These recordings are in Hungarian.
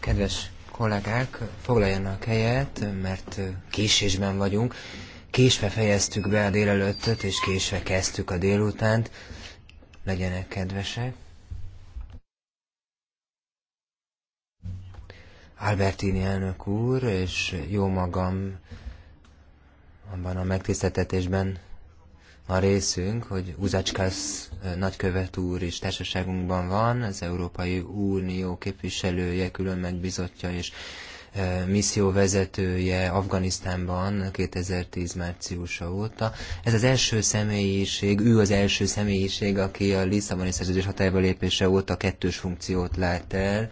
Kedves kollégák, foglaljanak helyet, mert késésben vagyunk. Késve fejeztük be a délelőttöt, és késve kezdtük a délutánt. Legyenek kedvesek. Albertini elnök úr, és jó magam abban a megtiszteltetésben a részünk, hogy Uzacskasz nagykövet úr is társaságunkban van, az Európai Unió képviselője, külön megbizotja és misszió vezetője Afganisztánban 2010 márciusa óta. Ez az első személyiség, ő az első személyiség, aki a Lisszaboni szerződés hatályba lépése óta kettős funkciót lát el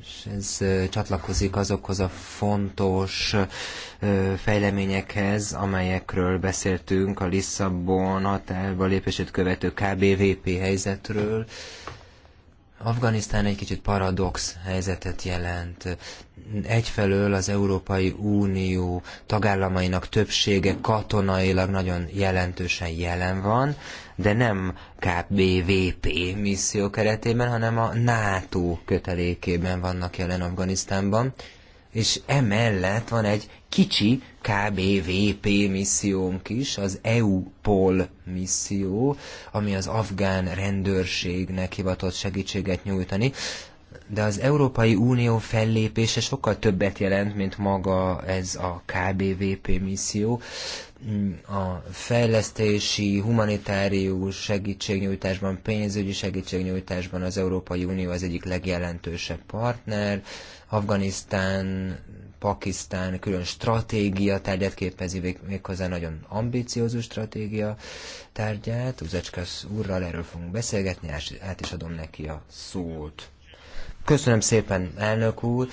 és ez csatlakozik azokhoz a fontos fejleményekhez, amelyekről beszéltünk a Lisszabon határba lépését követő KBVP helyzetről. Afganisztán egy kicsit paradox helyzetet jelent. Egyfelől az Európai Unió tagállamainak többsége katonailag nagyon jelentősen jelen van, de nem KBVP misszió keretében, hanem a NATO kötelékében vannak jelen Afganisztánban, és emellett van egy kicsi KBVP missziónk is, az EUPOL misszió, ami az afgán rendőrségnek hivatott segítséget nyújtani de az Európai Unió fellépése sokkal többet jelent, mint maga ez a KBVP misszió a fejlesztési, humanitárius segítségnyújtásban, pénzügyi segítségnyújtásban az Európai Unió az egyik legjelentősebb partner. Afganisztán, Pakisztán külön stratégia tárgyát képezi, méghozzá nagyon ambiciózus stratégia tárgyát. Uzecskász úrral erről fogunk beszélgetni, át is adom neki a szót. Köszönöm szépen, elnök úr,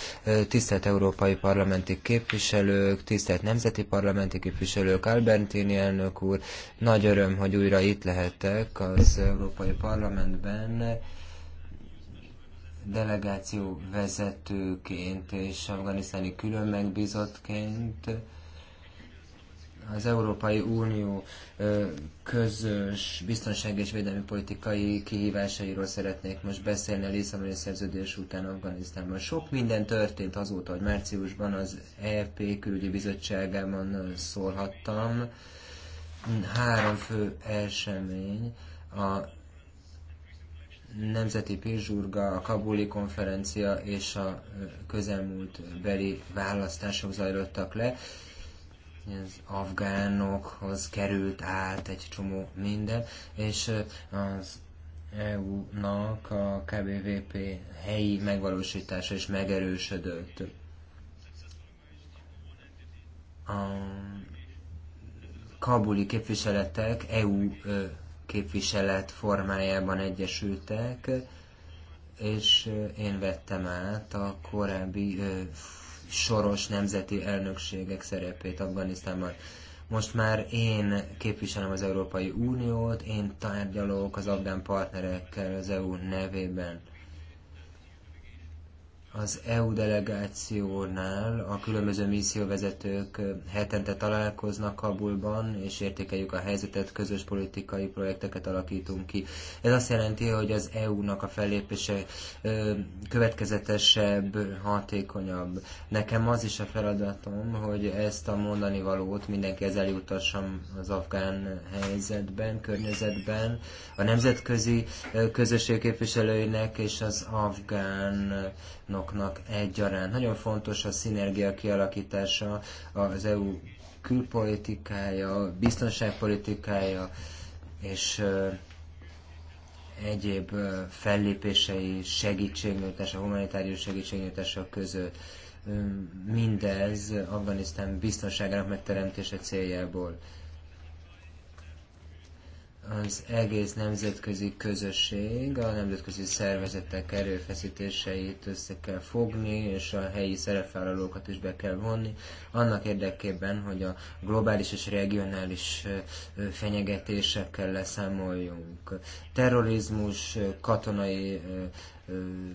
tisztelt európai parlamenti képviselők, tisztelt nemzeti parlamenti képviselők, Albertini elnök úr, nagy öröm, hogy újra itt lehetek az Európai Parlamentben delegáció vezetőként és afganisztáni külön megbízottként az Európai Unió közös biztonság és védelmi politikai kihívásairól szeretnék most beszélni a Lisszaboni szerződés után Afganisztánban. Sok minden történt azóta, hogy márciusban az EP külügyi bizottságában szólhattam. Három fő esemény a Nemzeti Pézsurga, a Kabuli konferencia és a közelmúlt beli választások zajlottak le az afgánokhoz került át egy csomó minden, és az EU-nak a KBVP helyi megvalósítása is megerősödött. A kabuli képviseletek EU képviselet formájában egyesültek, és én vettem át a korábbi soros nemzeti elnökségek szerepét Afganisztánban. Most már én képviselem az Európai Uniót, én tárgyalok az afgán partnerekkel az EU nevében az EU delegációnál a különböző misszióvezetők hetente találkoznak Kabulban, és értékeljük a helyzetet, közös politikai projekteket alakítunk ki. Ez azt jelenti, hogy az EU-nak a fellépése következetesebb, hatékonyabb. Nekem az is a feladatom, hogy ezt a mondani valót ezzel jutassam az afgán helyzetben, környezetben, a nemzetközi közösség képviselőinek és az afgán tagállamoknak egyaránt. Nagyon fontos a szinergia kialakítása az EU külpolitikája, biztonságpolitikája és egyéb fellépései, segítségnyújtása, humanitárius segítségnyújtása között mindez Afganisztán biztonságának megteremtése céljából az egész nemzetközi közösség, a nemzetközi szervezetek erőfeszítéseit össze kell fogni, és a helyi szerepvállalókat is be kell vonni, annak érdekében, hogy a globális és regionális fenyegetésekkel leszámoljunk. Terrorizmus, katonai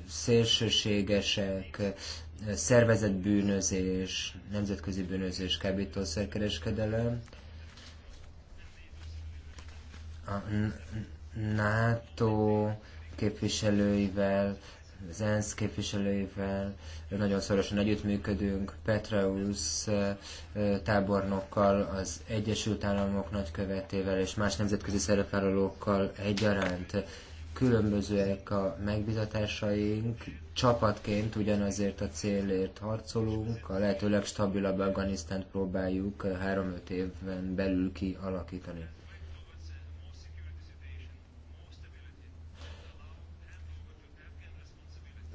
szélsőségesek, szervezetbűnözés, nemzetközi bűnözés, kábítószerkereskedelem, a NATO képviselőivel, az ENSZ képviselőivel nagyon szorosan együttműködünk, Petraeus tábornokkal, az Egyesült Államok nagykövetével és más nemzetközi szerepvállalókkal egyaránt. Különbözőek a megbizatásaink, csapatként ugyanazért a célért harcolunk, a lehető legstabilabb Afganisztánt próbáljuk 3-5 évben belül kialakítani.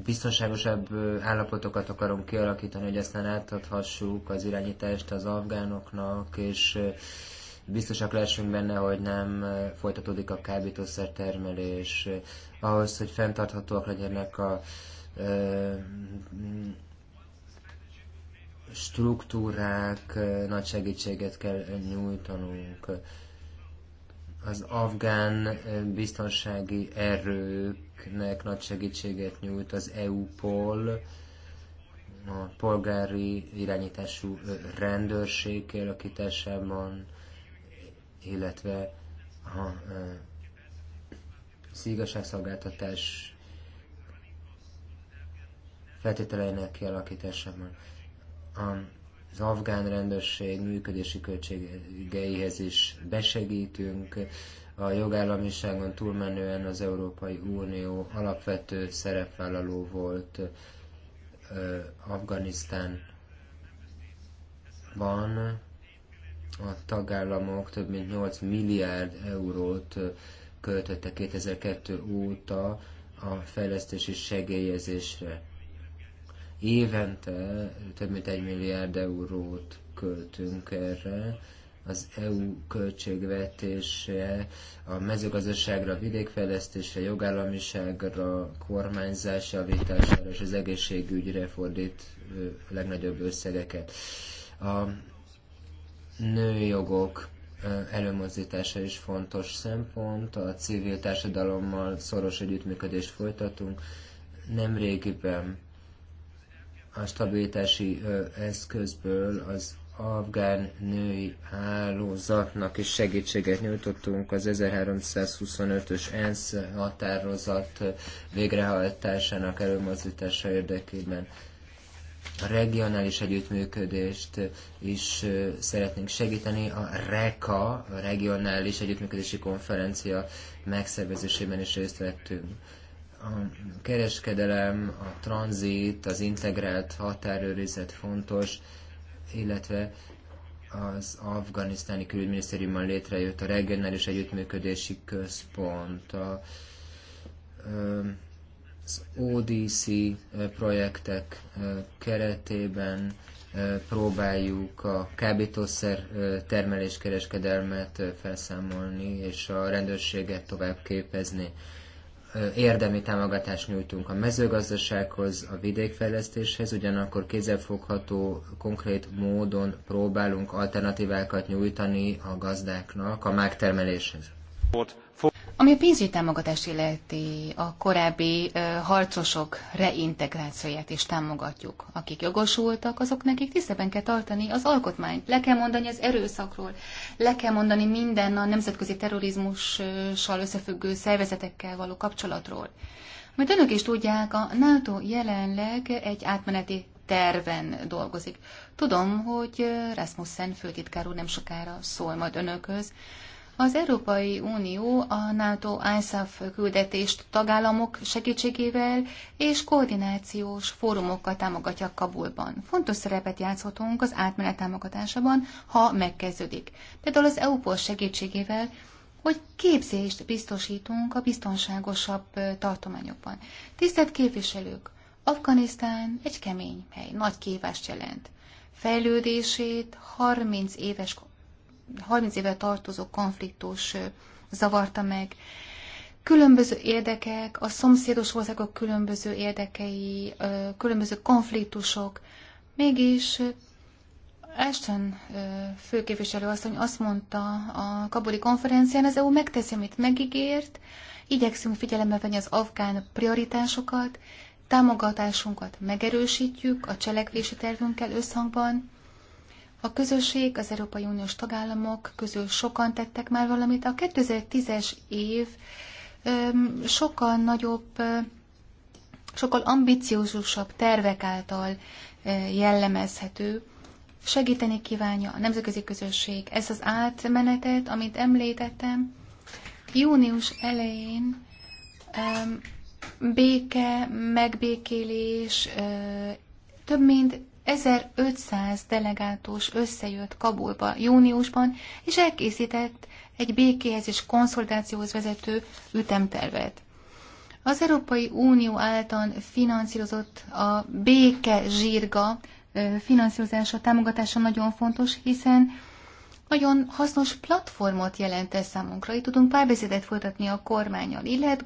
biztonságosabb állapotokat akarunk kialakítani, hogy aztán átadhassuk az irányítást az afgánoknak, és biztosak lehessünk benne, hogy nem folytatódik a kábítószer termelés, ahhoz, hogy fenntarthatóak legyenek a struktúrák, nagy segítséget kell nyújtanunk az afgán biztonsági erőknek nagy segítséget nyújt az EU-pol, a polgári irányítású rendőrség kialakításában, illetve a az feltételeinek kialakításában. A az afgán rendőrség működési költségeihez is besegítünk, a jogállamiságon túlmenően az Európai Unió alapvető szerepvállaló volt Afganisztánban. A tagállamok több mint 8 milliárd eurót költöttek 2002 óta a fejlesztési segélyezésre. Évente több mint egy milliárd eurót költünk erre, az EU költségvetése a mezőgazdaságra, a vidékfejlesztésre, jogállamiságra, kormányzás javítására és az egészségügyre fordít legnagyobb összegeket. A nőjogok előmozdítása is fontos szempont, a civil társadalommal szoros együttműködést folytatunk. Nemrégiben a stabilitási eszközből az afgán női hálózatnak is segítséget nyújtottunk az 1325-ös ENSZ határozat végrehajtásának előmozdítása érdekében. A regionális együttműködést is szeretnénk segíteni a RECA, a Regionális Együttműködési Konferencia megszervezésében is részt vettünk. A kereskedelem, a tranzit, az integrált határőrizet fontos, illetve az afganisztáni külügyminisztériumban létrejött a regionális együttműködési központ, a, az ODC projektek keretében próbáljuk a kábítószer termeléskereskedelmet felszámolni és a rendőrséget tovább képezni érdemi támogatást nyújtunk a mezőgazdasághoz, a vidékfejlesztéshez, ugyanakkor kézzelfogható, konkrét módon próbálunk alternatívákat nyújtani a gazdáknak a mágtermeléshez. Ami a pénzügyi támogatást illeti, a korábbi ö, harcosok reintegrációját is támogatjuk. Akik jogosultak, azok nekik tisztában kell tartani az alkotmányt. Le kell mondani az erőszakról, le kell mondani minden a nemzetközi terrorizmussal összefüggő szervezetekkel való kapcsolatról. Mert önök is tudják, a NATO jelenleg egy átmeneti terven dolgozik. Tudom, hogy Rasmussen főtitkár úr nem sokára szól majd önökhöz, az Európai Unió a NATO ISAF küldetést tagállamok segítségével és koordinációs fórumokkal támogatja Kabulban. Fontos szerepet játszhatunk az átmenet támogatásában, ha megkezdődik. Például az EUPOL segítségével, hogy képzést biztosítunk a biztonságosabb tartományokban. Tisztelt képviselők! Afganisztán egy kemény hely, nagy kívást jelent. Fejlődését 30 éves 30 éve tartozó konfliktus zavarta meg. Különböző érdekek, a szomszédos országok különböző érdekei, különböző konfliktusok, mégis Ashton főképviselő asszony azt mondta a kabuli konferencián, az EU megteszi, amit megígért, igyekszünk figyelembe venni az afgán prioritásokat, támogatásunkat megerősítjük a cselekvési tervünkkel összhangban, a közösség, az Európai Uniós tagállamok közül sokan tettek már valamit. A 2010-es év sokkal nagyobb, sokkal ambiciózusabb tervek által jellemezhető. Segíteni kívánja a nemzetközi közösség ezt az átmenetet, amit említettem. Június elején béke, megbékélés, több mint 1500 delegátus összejött Kabulba júniusban, és elkészített egy békéhez és konszolidációhoz vezető ütemtervet. Az Európai Unió által finanszírozott a béke zsírga finanszírozása, támogatása nagyon fontos, hiszen nagyon hasznos platformot jelent ez számunkra. Itt tudunk párbeszédet folytatni a kormányal. Így lehet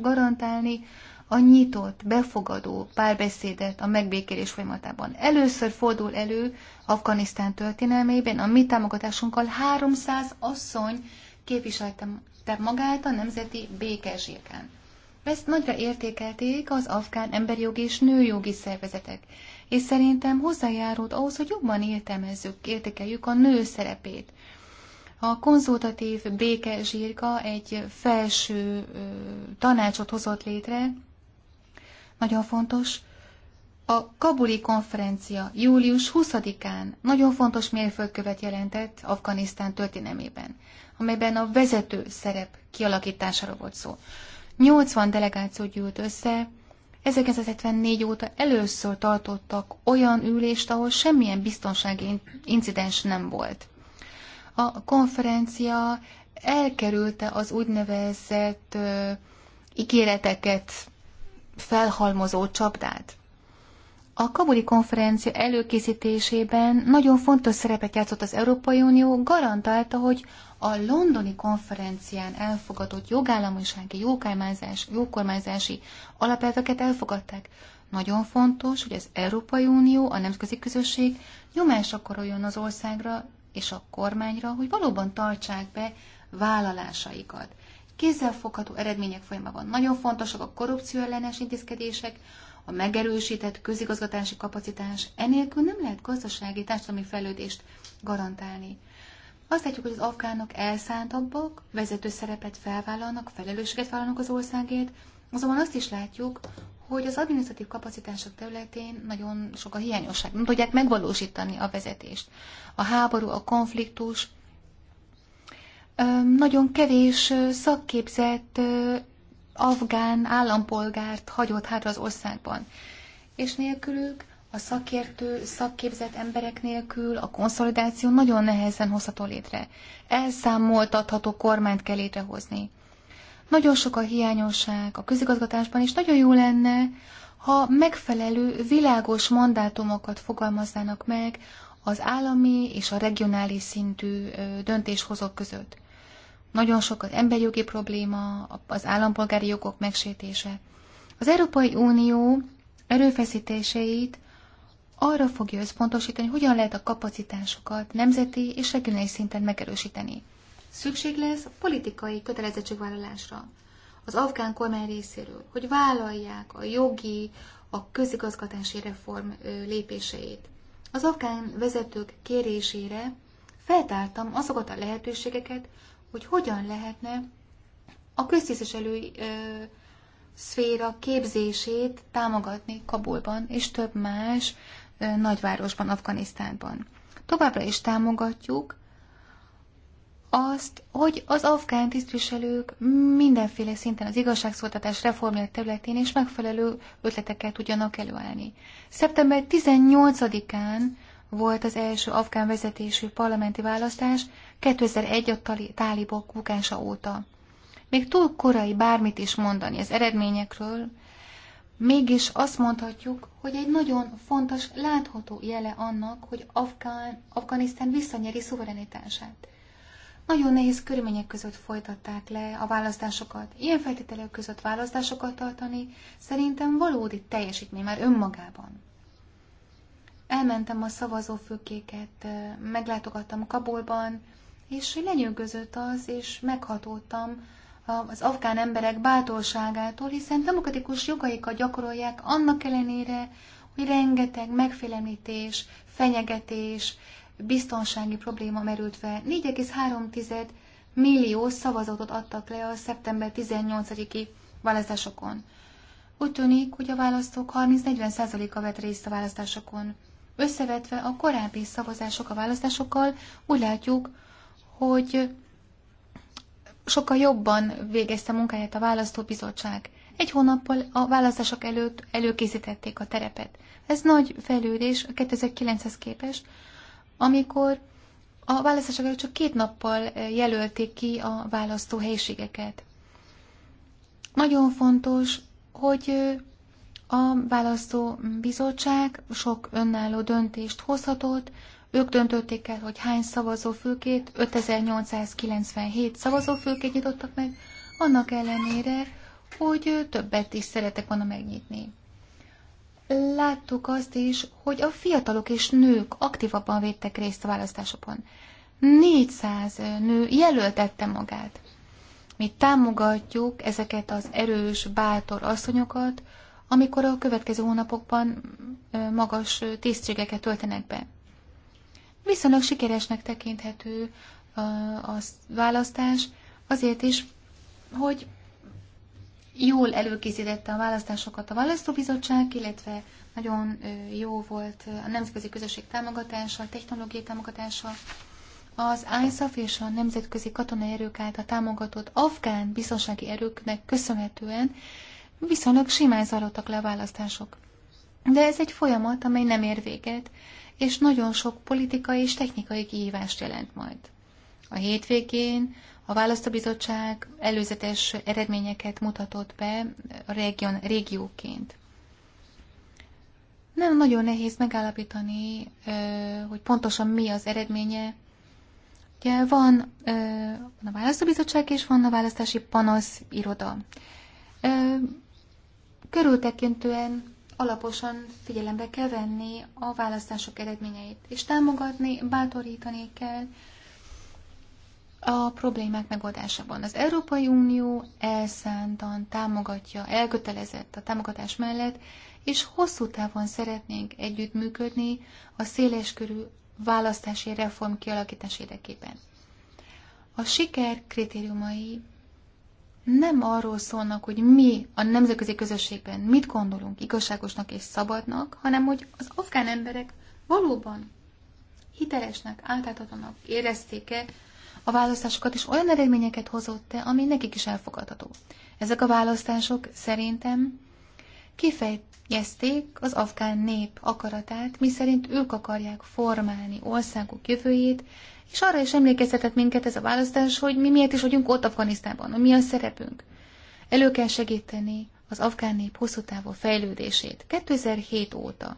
garantálni a nyitott, befogadó párbeszédet a megbékélés folyamatában. Először fordul elő Afganisztán történelmében a mi támogatásunkkal 300 asszony képviselte magát a nemzeti békezsírkán. Ezt nagyra értékelték az afgán emberjogi és nőjogi szervezetek, és szerintem hozzájárult ahhoz, hogy jobban értelmezzük, értékeljük a nő szerepét. A konzultatív béke zsírka egy felső ö, tanácsot hozott létre, nagyon fontos. A Kabuli konferencia július 20-án nagyon fontos mérföldkövet jelentett Afganisztán történelmében, amelyben a vezető szerep kialakítására volt szó. 80 delegáció gyűlt össze, 1974 óta először tartottak olyan ülést, ahol semmilyen biztonsági incidens nem volt. A konferencia elkerülte az úgynevezett ö, ígéreteket, felhalmozó csapdát. A kabuli konferencia előkészítésében nagyon fontos szerepet játszott az Európai Unió, garantálta, hogy a londoni konferencián elfogadott jogállamisági, jókormányzás, jókormányzási alapelveket elfogadták. Nagyon fontos, hogy az Európai Unió, a nemzetközi közösség nyomás akaroljon az országra és a kormányra, hogy valóban tartsák be vállalásaikat kézzelfogható eredmények folyamában. Nagyon fontosak a korrupció ellenes intézkedések, a megerősített közigazgatási kapacitás, enélkül nem lehet gazdasági, társadalmi fejlődést garantálni. Azt látjuk, hogy az afgánok elszántabbak, vezető szerepet felvállalnak, felelősséget vállalnak az országért, azonban azt is látjuk, hogy az adminisztratív kapacitások területén nagyon sok a hiányosság. Nem tudják megvalósítani a vezetést. A háború, a konfliktus nagyon kevés szakképzett afgán állampolgárt hagyott hátra az országban. És nélkülük, a szakértő, szakképzett emberek nélkül a konszolidáció nagyon nehezen hozható létre. Elszámoltatható kormányt kell létrehozni. Nagyon sok a hiányosság a közigazgatásban, és nagyon jó lenne, ha megfelelő, világos mandátumokat fogalmaznának meg az állami és a regionális szintű döntéshozók között. Nagyon sok az emberjogi probléma, az állampolgári jogok megsértése. Az Európai Unió erőfeszítéseit arra fogja összpontosítani, hogyan lehet a kapacitásokat nemzeti és regionális szinten megerősíteni. Szükség lesz politikai kötelezettségvállalásra az afgán kormány részéről, hogy vállalják a jogi, a közigazgatási reform lépéseit. Az afgán vezetők kérésére feltártam azokat a lehetőségeket, hogy hogyan lehetne a köztisztviselői szféra képzését támogatni Kabulban és több más ö, nagyvárosban, Afganisztánban. Továbbra is támogatjuk azt, hogy az afgán tisztviselők mindenféle szinten az igazságszoltatás reformja területén és megfelelő ötleteket tudjanak előállni. Szeptember 18-án volt az első afgán vezetésű parlamenti választás, 2001 a tálibok bukása óta. Még túl korai bármit is mondani az eredményekről, mégis azt mondhatjuk, hogy egy nagyon fontos, látható jele annak, hogy Afgán, Afganisztán visszanyeri szuverenitását. Nagyon nehéz körülmények között folytatták le a választásokat. Ilyen feltételek között választásokat tartani szerintem valódi teljesítmény már önmagában. Elmentem a szavazófülkéket, meglátogattam Kabulban, és lenyűgözött az, és meghatódtam az afgán emberek bátorságától, hiszen demokratikus jogaikat gyakorolják annak ellenére, hogy rengeteg megfélemlítés, fenyegetés, biztonsági probléma merült fel. 4,3 millió szavazatot adtak le a szeptember 18-i választásokon. Úgy tűnik, hogy a választók 30-40%-a vett részt a választásokon. Összevetve a korábbi szavazások a választásokkal, úgy látjuk, hogy sokkal jobban végezte munkáját a választóbizottság. Egy hónappal a választások előtt előkészítették a terepet. Ez nagy fejlődés a 2009-hez képest, amikor a választások előtt csak két nappal eh, jelölték ki a választóhelyiségeket. Nagyon fontos, hogy eh, a választóbizottság sok önálló döntést hozhatott, ők döntötték el, hogy hány szavazófülkét, 5897 szavazófülkét nyitottak meg, annak ellenére, hogy többet is szeretek volna megnyitni. Láttuk azt is, hogy a fiatalok és nők aktívabban védtek részt a választásokon. 400 nő jelöltette magát. Mi támogatjuk ezeket az erős, bátor asszonyokat, amikor a következő hónapokban magas tisztségeket töltenek be. Viszonylag sikeresnek tekinthető a választás, azért is, hogy jól előkészítette a választásokat a választóbizottság, illetve nagyon jó volt a nemzetközi közösség támogatása, a technológiai támogatása. Az ISAF és a nemzetközi katonai erők által támogatott afgán biztonsági erőknek köszönhetően viszonylag simán zajlottak le a választások. De ez egy folyamat, amely nem ér véget, és nagyon sok politikai és technikai kihívást jelent majd. A hétvégén a választóbizottság előzetes eredményeket mutatott be a region, régióként. Nem nagyon nehéz megállapítani, hogy pontosan mi az eredménye. Ugye van a választóbizottság és van a választási panasz iroda. Körültekintően alaposan figyelembe kell venni a választások eredményeit, és támogatni, bátorítani kell a problémák megoldásában. Az Európai Unió elszántan támogatja, elkötelezett a támogatás mellett, és hosszú távon szeretnénk együttműködni a széleskörű választási reform kialakítás érdekében. A siker kritériumai nem arról szólnak, hogy mi a nemzetközi közösségben mit gondolunk igazságosnak és szabadnak, hanem hogy az afgán emberek valóban hitelesnek, átláthatónak érezték-e a választásokat, és olyan eredményeket hozott-e, ami nekik is elfogadható. Ezek a választások szerintem kifejezték az afgán nép akaratát, miszerint ők akarják formálni országuk jövőjét, és arra is emlékeztetett minket ez a választás, hogy mi miért is vagyunk ott Afganisztában, hogy mi a szerepünk. Elő kell segíteni az afgán nép hosszú távú fejlődését. 2007 óta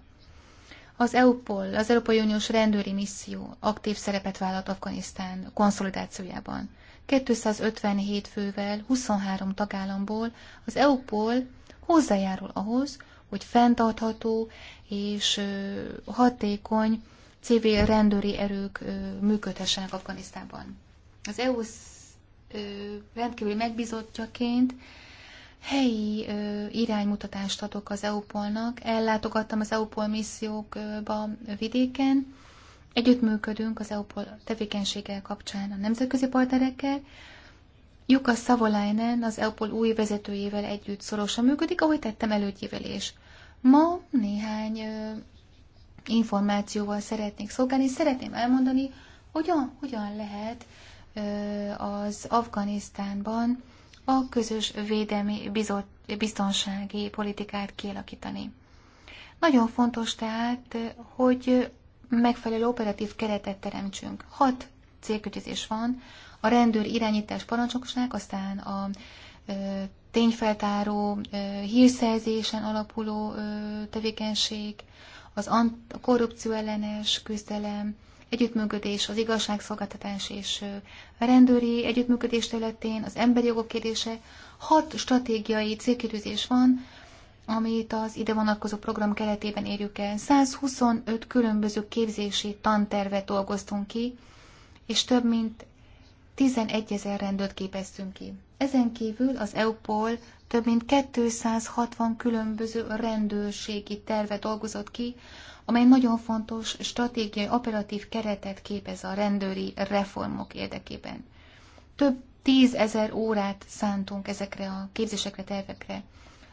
az EUPOL, az Európai Uniós Rendőri Misszió aktív szerepet vállalt Afganisztán konszolidációjában. 257 fővel, 23 tagállamból az EUPOL hozzájárul ahhoz, hogy fenntartható és hatékony civil rendőri erők működhessenek Afganisztánban. Az EU rendkívüli megbizottjaként helyi iránymutatást adok az EUPOL-nak. Ellátogattam az EUPOL missziókba vidéken. Együttműködünk az EUPOL tevékenységgel kapcsán a nemzetközi partnerekkel. Juka Savolainen az EUPOL új vezetőjével együtt szorosan működik, ahogy tettem elődjével is. Ma néhány információval szeretnék szolgálni, és szeretném elmondani, hogyan, hogyan lehet az Afganisztánban a közös védelmi biztonsági politikát kialakítani. Nagyon fontos tehát, hogy megfelelő operatív keretet teremtsünk. Hat célkütőzés van, a rendőr irányítás parancsoknak, aztán a ö, tényfeltáró, ö, hírszerzésen alapuló ö, tevékenység, az ant- korrupció ellenes küzdelem, együttműködés az igazságszolgáltatás és a rendőri együttműködés területén, az emberi jogok kérdése. Hat stratégiai célkérdőzés van, amit az ide vonatkozó program keretében érjük el. 125 különböző képzési tantervet dolgoztunk ki, és több mint 11 ezer rendőrt képeztünk ki. Ezen kívül az EUPOL több mint 260 különböző rendőrségi terve dolgozott ki, amely nagyon fontos stratégiai operatív keretet képez a rendőri reformok érdekében. Több tízezer órát szántunk ezekre a képzésekre, tervekre.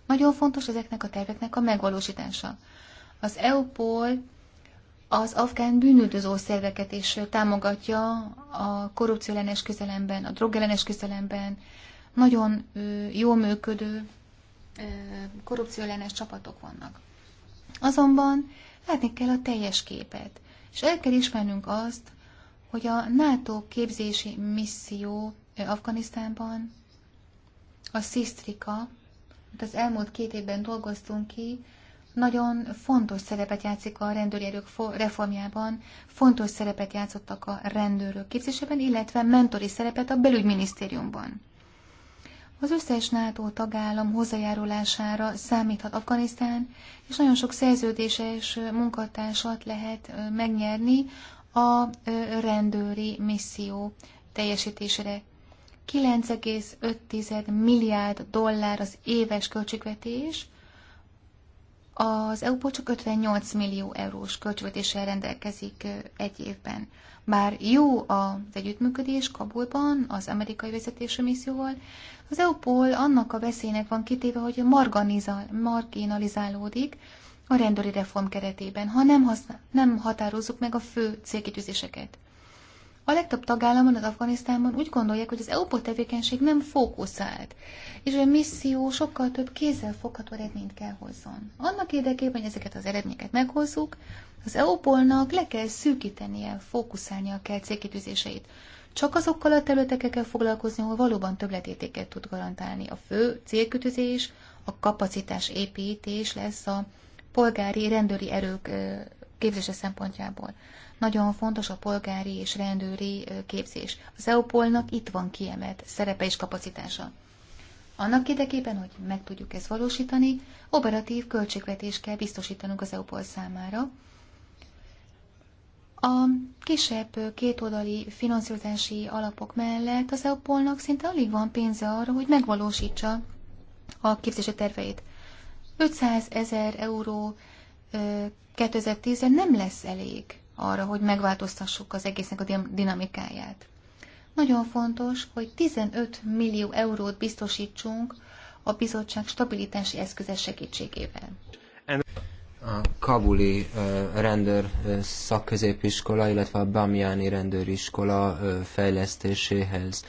Nagyon fontos ezeknek a terveknek a megvalósítása. Az EUPOL az afgán bűnüldöző szerveket is támogatja a korrupcióellenes közelemben, a drogellenes közelemben, nagyon jól működő korrupcióellenes csapatok vannak. Azonban látni kell a teljes képet, és el kell ismernünk azt, hogy a NATO képzési misszió Afganisztánban, a SZISZTRIKA, amit hát az elmúlt két évben dolgoztunk ki, nagyon fontos szerepet játszik a rendőri erők reformjában, fontos szerepet játszottak a rendőrök képzésében, illetve mentori szerepet a belügyminisztériumban. Az összes NATO tagállam hozzájárulására számíthat Afganisztán, és nagyon sok szerződéses munkatársat lehet megnyerni a rendőri misszió teljesítésére. 9,5 milliárd dollár az éves költségvetés, az EU-ból csak 58 millió eurós költségvetéssel rendelkezik egy évben. Bár jó az együttműködés Kabulban, az amerikai vezetésű misszióval, az EU-ból annak a veszélynek van kitéve, hogy marginalizálódik a rendőri reform keretében, ha nem, használ, nem határozzuk meg a fő célkitűzéseket. A legtöbb tagállamon az Afganisztánban úgy gondolják, hogy az eu tevékenység nem fókuszált, és a misszió sokkal több fogható eredményt kell hozzon. Annak érdekében, hogy ezeket az eredményeket meghozzuk, az EUPOL-nak le kell szűkítenie, fókuszálnia kell célkitűzéseit. Csak azokkal a területekkel kell foglalkozni, ahol valóban többletértéket tud garantálni. A fő célkütőzés, a kapacitás építés lesz a polgári, rendőri erők képzése szempontjából. Nagyon fontos a polgári és rendőri képzés. Az EUPOL-nak itt van kiemelt szerepe és kapacitása. Annak érdekében, hogy meg tudjuk ezt valósítani, operatív költségvetést kell biztosítanunk az EUPOL számára. A kisebb kétoldali finanszírozási alapok mellett az EUPOL-nak szinte alig van pénze arra, hogy megvalósítsa a képzési terveit. 500 ezer euró 2010 ben nem lesz elég arra, hogy megváltoztassuk az egésznek a dinamikáját. Nagyon fontos, hogy 15 millió eurót biztosítsunk a bizottság stabilitási eszköze segítségével. A kabuli rendőr szakközépiskola, illetve a Bamiani rendőriskola fejlesztéséhez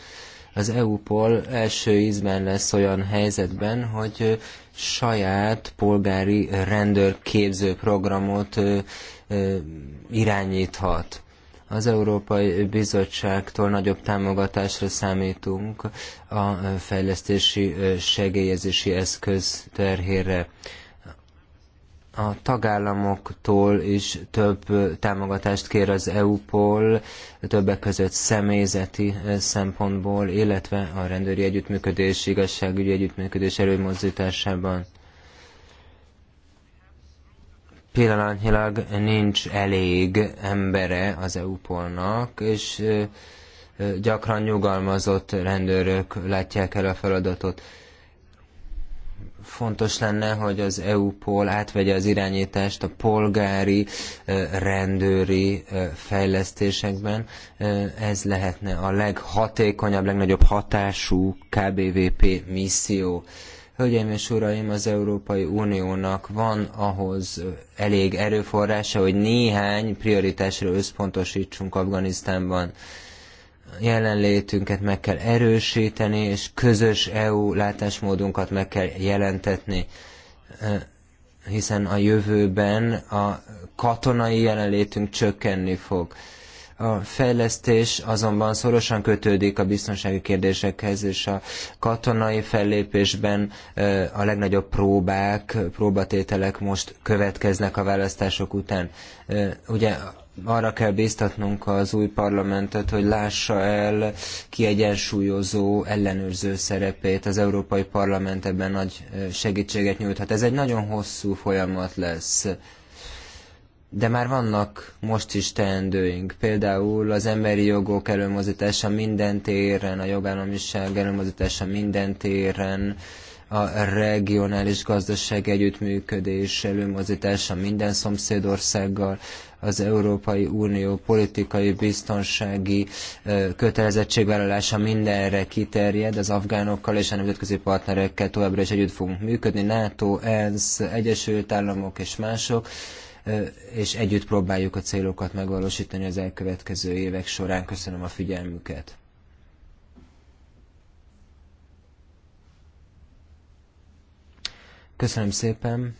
az EU pol. első ízben lesz olyan helyzetben, hogy saját polgári rendőrképző programot irányíthat. Az Európai Bizottságtól nagyobb támogatásra számítunk a fejlesztési segélyezési eszköz terhére a tagállamoktól is több támogatást kér az EU-pól, többek között személyzeti szempontból, illetve a rendőri együttműködés, igazságügyi együttműködés előmozdításában pillanatnyilag nincs elég embere az EUPOL-nak, és gyakran nyugalmazott rendőrök látják el a feladatot. Fontos lenne, hogy az EU-pol átvegye az irányítást a polgári, rendőri fejlesztésekben. Ez lehetne a leghatékonyabb, legnagyobb hatású KBVP misszió. Hölgyeim és uraim, az Európai Uniónak van ahhoz elég erőforrása, hogy néhány prioritásra összpontosítsunk Afganisztánban. Jelenlétünket meg kell erősíteni, és közös EU látásmódunkat meg kell jelentetni eh, hiszen a jövőben a katonai jelenlétünk csökkenni fog. A fejlesztés azonban szorosan kötődik a biztonsági kérdésekhez, és a katonai fellépésben a legnagyobb próbák, próbatételek most következnek a választások után. Ugye arra kell bíztatnunk az új parlamentet, hogy lássa el kiegyensúlyozó, ellenőrző szerepét. Az Európai Parlament ebben nagy segítséget nyújthat. Ez egy nagyon hosszú folyamat lesz de már vannak most is teendőink. Például az emberi jogok előmozítása minden téren, a jogállamiság előmozítása minden téren, a regionális gazdaság együttműködés előmozítása minden szomszédországgal, az Európai Unió politikai, biztonsági kötelezettségvállalása mindenre kiterjed, az afgánokkal és a nemzetközi partnerekkel továbbra is együtt fogunk működni, NATO, ENSZ, Egyesült Államok és mások és együtt próbáljuk a célokat megvalósítani az elkövetkező évek során. Köszönöm a figyelmüket! Köszönöm szépen!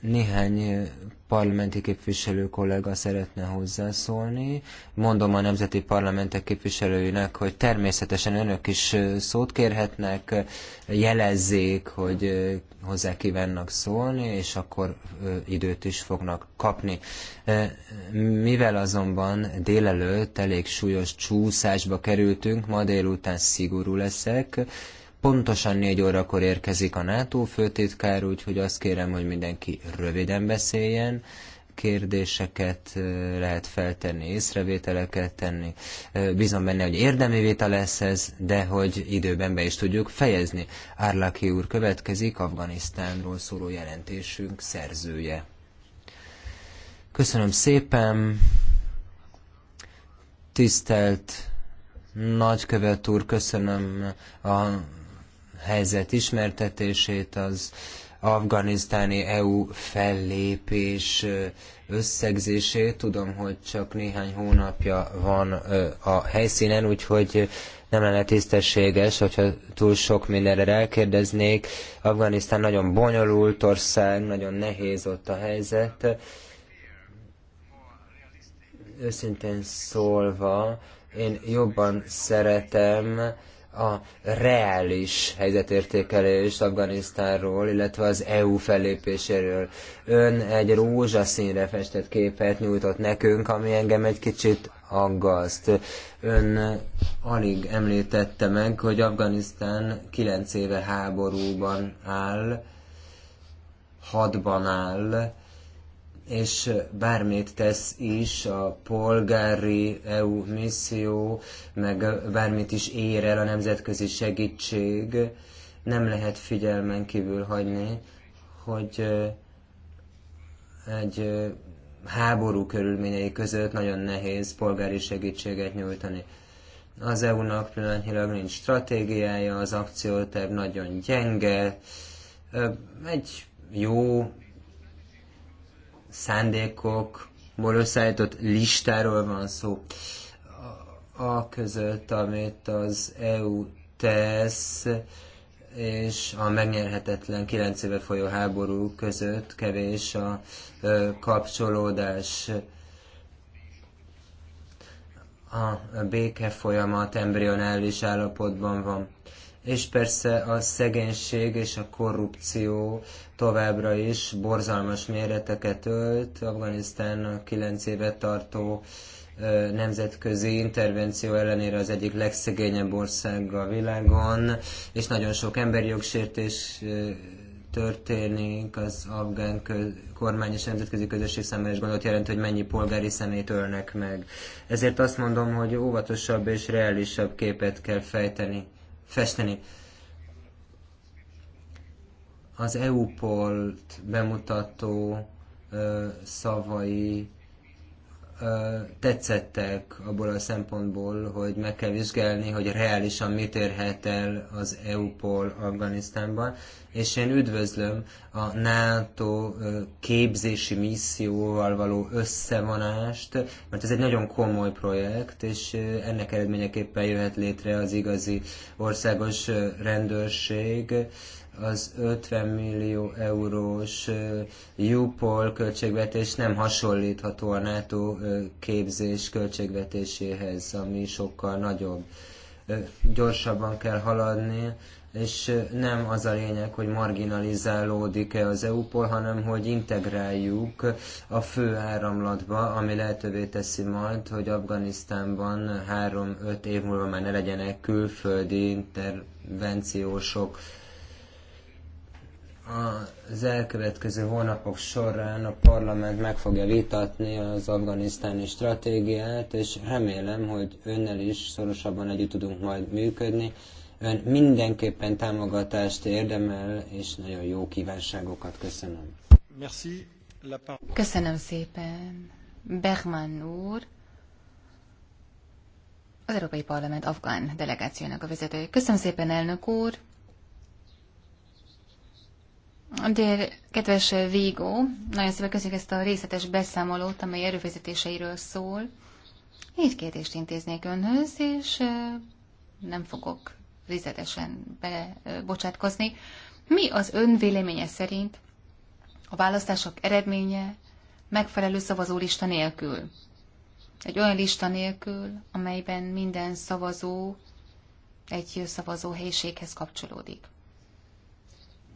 Néhány parlamenti képviselő kollega szeretne hozzászólni. Mondom a nemzeti parlamentek képviselőinek, hogy természetesen önök is szót kérhetnek, jelezzék, hogy hozzá kívánnak szólni, és akkor időt is fognak kapni. Mivel azonban délelőtt elég súlyos csúszásba kerültünk, ma délután szigorú leszek, Pontosan négy órakor érkezik a NATO főtitkár, úgyhogy azt kérem, hogy mindenki röviden beszéljen, kérdéseket lehet feltenni, észrevételeket tenni. Bízom benne, hogy érdemi vita lesz ez, de hogy időben be is tudjuk fejezni. Árlaki úr következik, Afganisztánról szóló jelentésünk szerzője. Köszönöm szépen, tisztelt nagykövet úr, köszönöm a helyzet ismertetését, az afganisztáni EU fellépés összegzését. Tudom, hogy csak néhány hónapja van a helyszínen, úgyhogy nem lenne tisztességes, hogyha túl sok mindenre rákérdeznék. Afganisztán nagyon bonyolult ország, nagyon nehéz ott a helyzet. Őszintén szólva, én jobban szeretem, a reális helyzetértékelést Afganisztánról, illetve az EU fellépéséről. Ön egy rózsaszínre festett képet nyújtott nekünk, ami engem egy kicsit aggaszt. Ön alig említette meg, hogy Afganisztán 9 éve háborúban áll, hadban áll, és bármit tesz is a polgári EU misszió, meg bármit is ér el a nemzetközi segítség, nem lehet figyelmen kívül hagyni, hogy egy háború körülményei között nagyon nehéz polgári segítséget nyújtani. Az EU-nak pillanatnyilag nincs stratégiája, az akcióterv nagyon gyenge, egy jó szándékokból összeállított listáról van szó. A között, amit az EU tesz, és a megnyerhetetlen 9 éve folyó háború között kevés a kapcsolódás. A béke folyamat embrionális állapotban van és persze a szegénység és a korrupció továbbra is borzalmas méreteket ölt. Afganisztán kilenc éve tartó nemzetközi intervenció ellenére az egyik legszegényebb ország a világon, és nagyon sok emberi jogsértés történik, az afgán kormány és nemzetközi közösség számára is gondot jelent, hogy mennyi polgári szemét ölnek meg. Ezért azt mondom, hogy óvatosabb és reálisabb képet kell fejteni festeni. Az EU-polt bemutató szavai tetszettek abból a szempontból, hogy meg kell vizsgálni, hogy reálisan mit érhet el az EU-pol Afganisztánban, és én üdvözlöm a NATO képzési misszióval való összevonást, mert ez egy nagyon komoly projekt, és ennek eredményeképpen jöhet létre az igazi országos rendőrség, az 50 millió eurós Jupol költségvetés nem hasonlítható a NATO képzés költségvetéséhez, ami sokkal nagyobb. Gyorsabban kell haladni, és nem az a lényeg, hogy marginalizálódik-e az EU-pol, hanem hogy integráljuk a fő áramlatba, ami lehetővé teszi majd, hogy Afganisztánban 3-5 év múlva már ne legyenek külföldi intervenciósok az elkövetkező hónapok során a parlament meg fogja vitatni az afganisztáni stratégiát, és remélem, hogy önnel is szorosabban együtt tudunk majd működni. Ön mindenképpen támogatást érdemel, és nagyon jó kívánságokat köszönöm. Köszönöm szépen. Berman úr, az Európai Parlament afgán delegációnak a vezetője. Köszönöm szépen, elnök úr. De kedves Vigo, nagyon szépen köszönjük ezt a részletes beszámolót, amely erőfeszítéseiről szól. Négy kérdést intéznék önhöz, és nem fogok részletesen belebocsátkozni. Mi az ön véleménye szerint a választások eredménye megfelelő szavazólista nélkül? Egy olyan lista nélkül, amelyben minden szavazó egy helyiséghez kapcsolódik.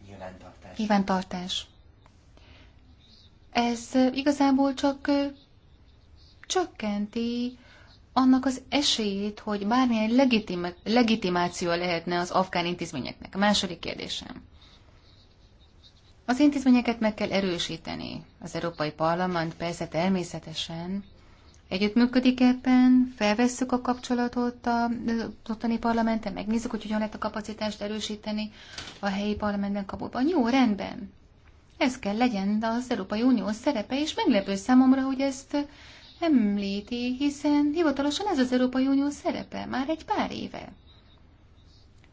Nyilvántartás nyilvántartás. Ez igazából csak csökkenti annak az esélyét, hogy bármilyen legitima- legitimáció lehetne az afgán intézményeknek. A második kérdésem. Az intézményeket meg kell erősíteni. Az Európai Parlament persze természetesen együttműködik ebben, felvesszük a kapcsolatot a ottani parlamenten, megnézzük, hogy hogyan lehet a kapacitást erősíteni a helyi parlamenten kapóban. Jó, rendben. Ez kell legyen az Európai Unió szerepe, és meglepő számomra, hogy ezt említi, hiszen hivatalosan ez az Európai Unió szerepe már egy pár éve.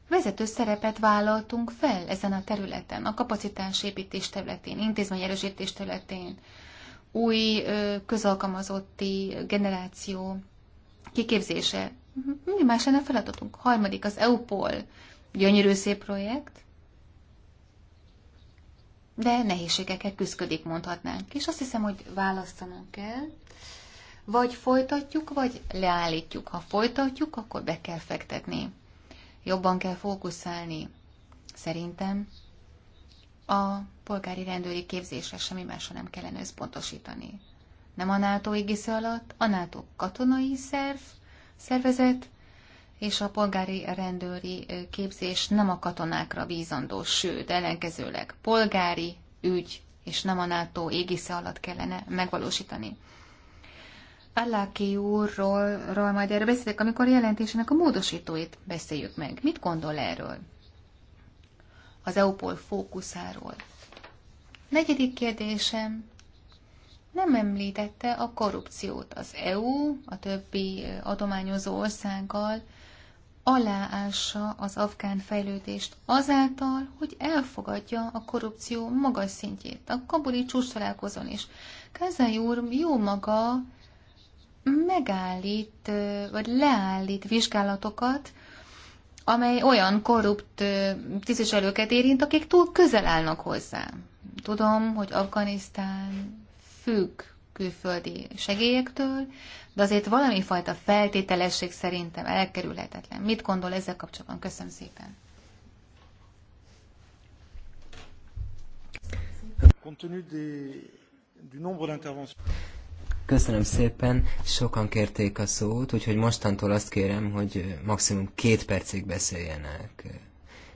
Vezető szerepet vállaltunk fel ezen a területen, a kapacitásépítés területén, intézményerősítés területén új közalkalmazotti generáció kiképzése. Mi más lenne a feladatunk? Harmadik, az EUPOL. Gyönyörű szép projekt, de nehézségekkel küzdködik, mondhatnánk. És azt hiszem, hogy választanunk kell. Vagy folytatjuk, vagy leállítjuk. Ha folytatjuk, akkor be kell fektetni. Jobban kell fókuszálni. Szerintem a polgári rendőri képzésre semmi másra nem kellene összpontosítani. Nem a NATO égisze alatt, a NATO katonai szerv, szervezet, és a polgári rendőri képzés nem a katonákra bízandó, sőt, ellenkezőleg polgári ügy, és nem a NATO égisze alatt kellene megvalósítani. Alláki úrról majd erről beszélek, amikor a jelentésének a módosítóit beszéljük meg. Mit gondol erről? az EUPOL fókuszáról. Negyedik kérdésem, nem említette a korrupciót. Az EU a többi adományozó országgal aláássa az afgán fejlődést azáltal, hogy elfogadja a korrupció magas szintjét. A kabuli csúcs találkozón is. Kázai úr jó maga megállít, vagy leállít vizsgálatokat, amely olyan korrupt tisztviselőket érint, akik túl közel állnak hozzá. Tudom, hogy Afganisztán függ külföldi segélyektől, de azért valami fajta feltételesség szerintem elkerülhetetlen. Mit gondol ezzel kapcsolatban? Köszönöm szépen. Compte tenu des, du nombre d'interventions. Köszönöm szépen, sokan kérték a szót, úgyhogy mostantól azt kérem, hogy maximum két percig beszéljenek.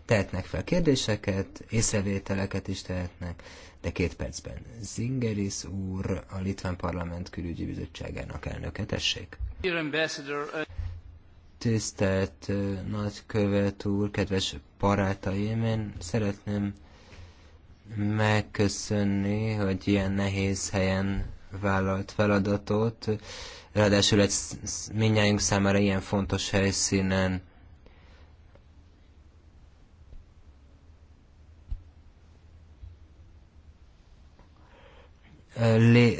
Tehetnek fel kérdéseket, észrevételeket is tehetnek, de két percben. Zingeris úr, a Litván Parlament külügyi bizottságának elnöke, tessék. Tisztelt nagykövet úr, kedves barátaim, én szeretném megköszönni, hogy ilyen nehéz helyen vállalt feladatot, ráadásul egy minnyájunk számára ilyen fontos helyszínen.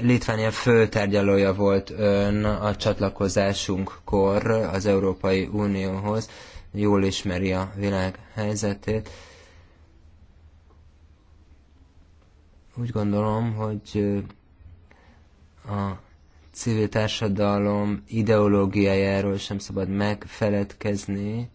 Litvánia főtárgyalója volt ön a csatlakozásunkkor az Európai Unióhoz, jól ismeri a világ helyzetét. Úgy gondolom, hogy a civil társadalom ideológiájáról sem szabad megfeledkezni.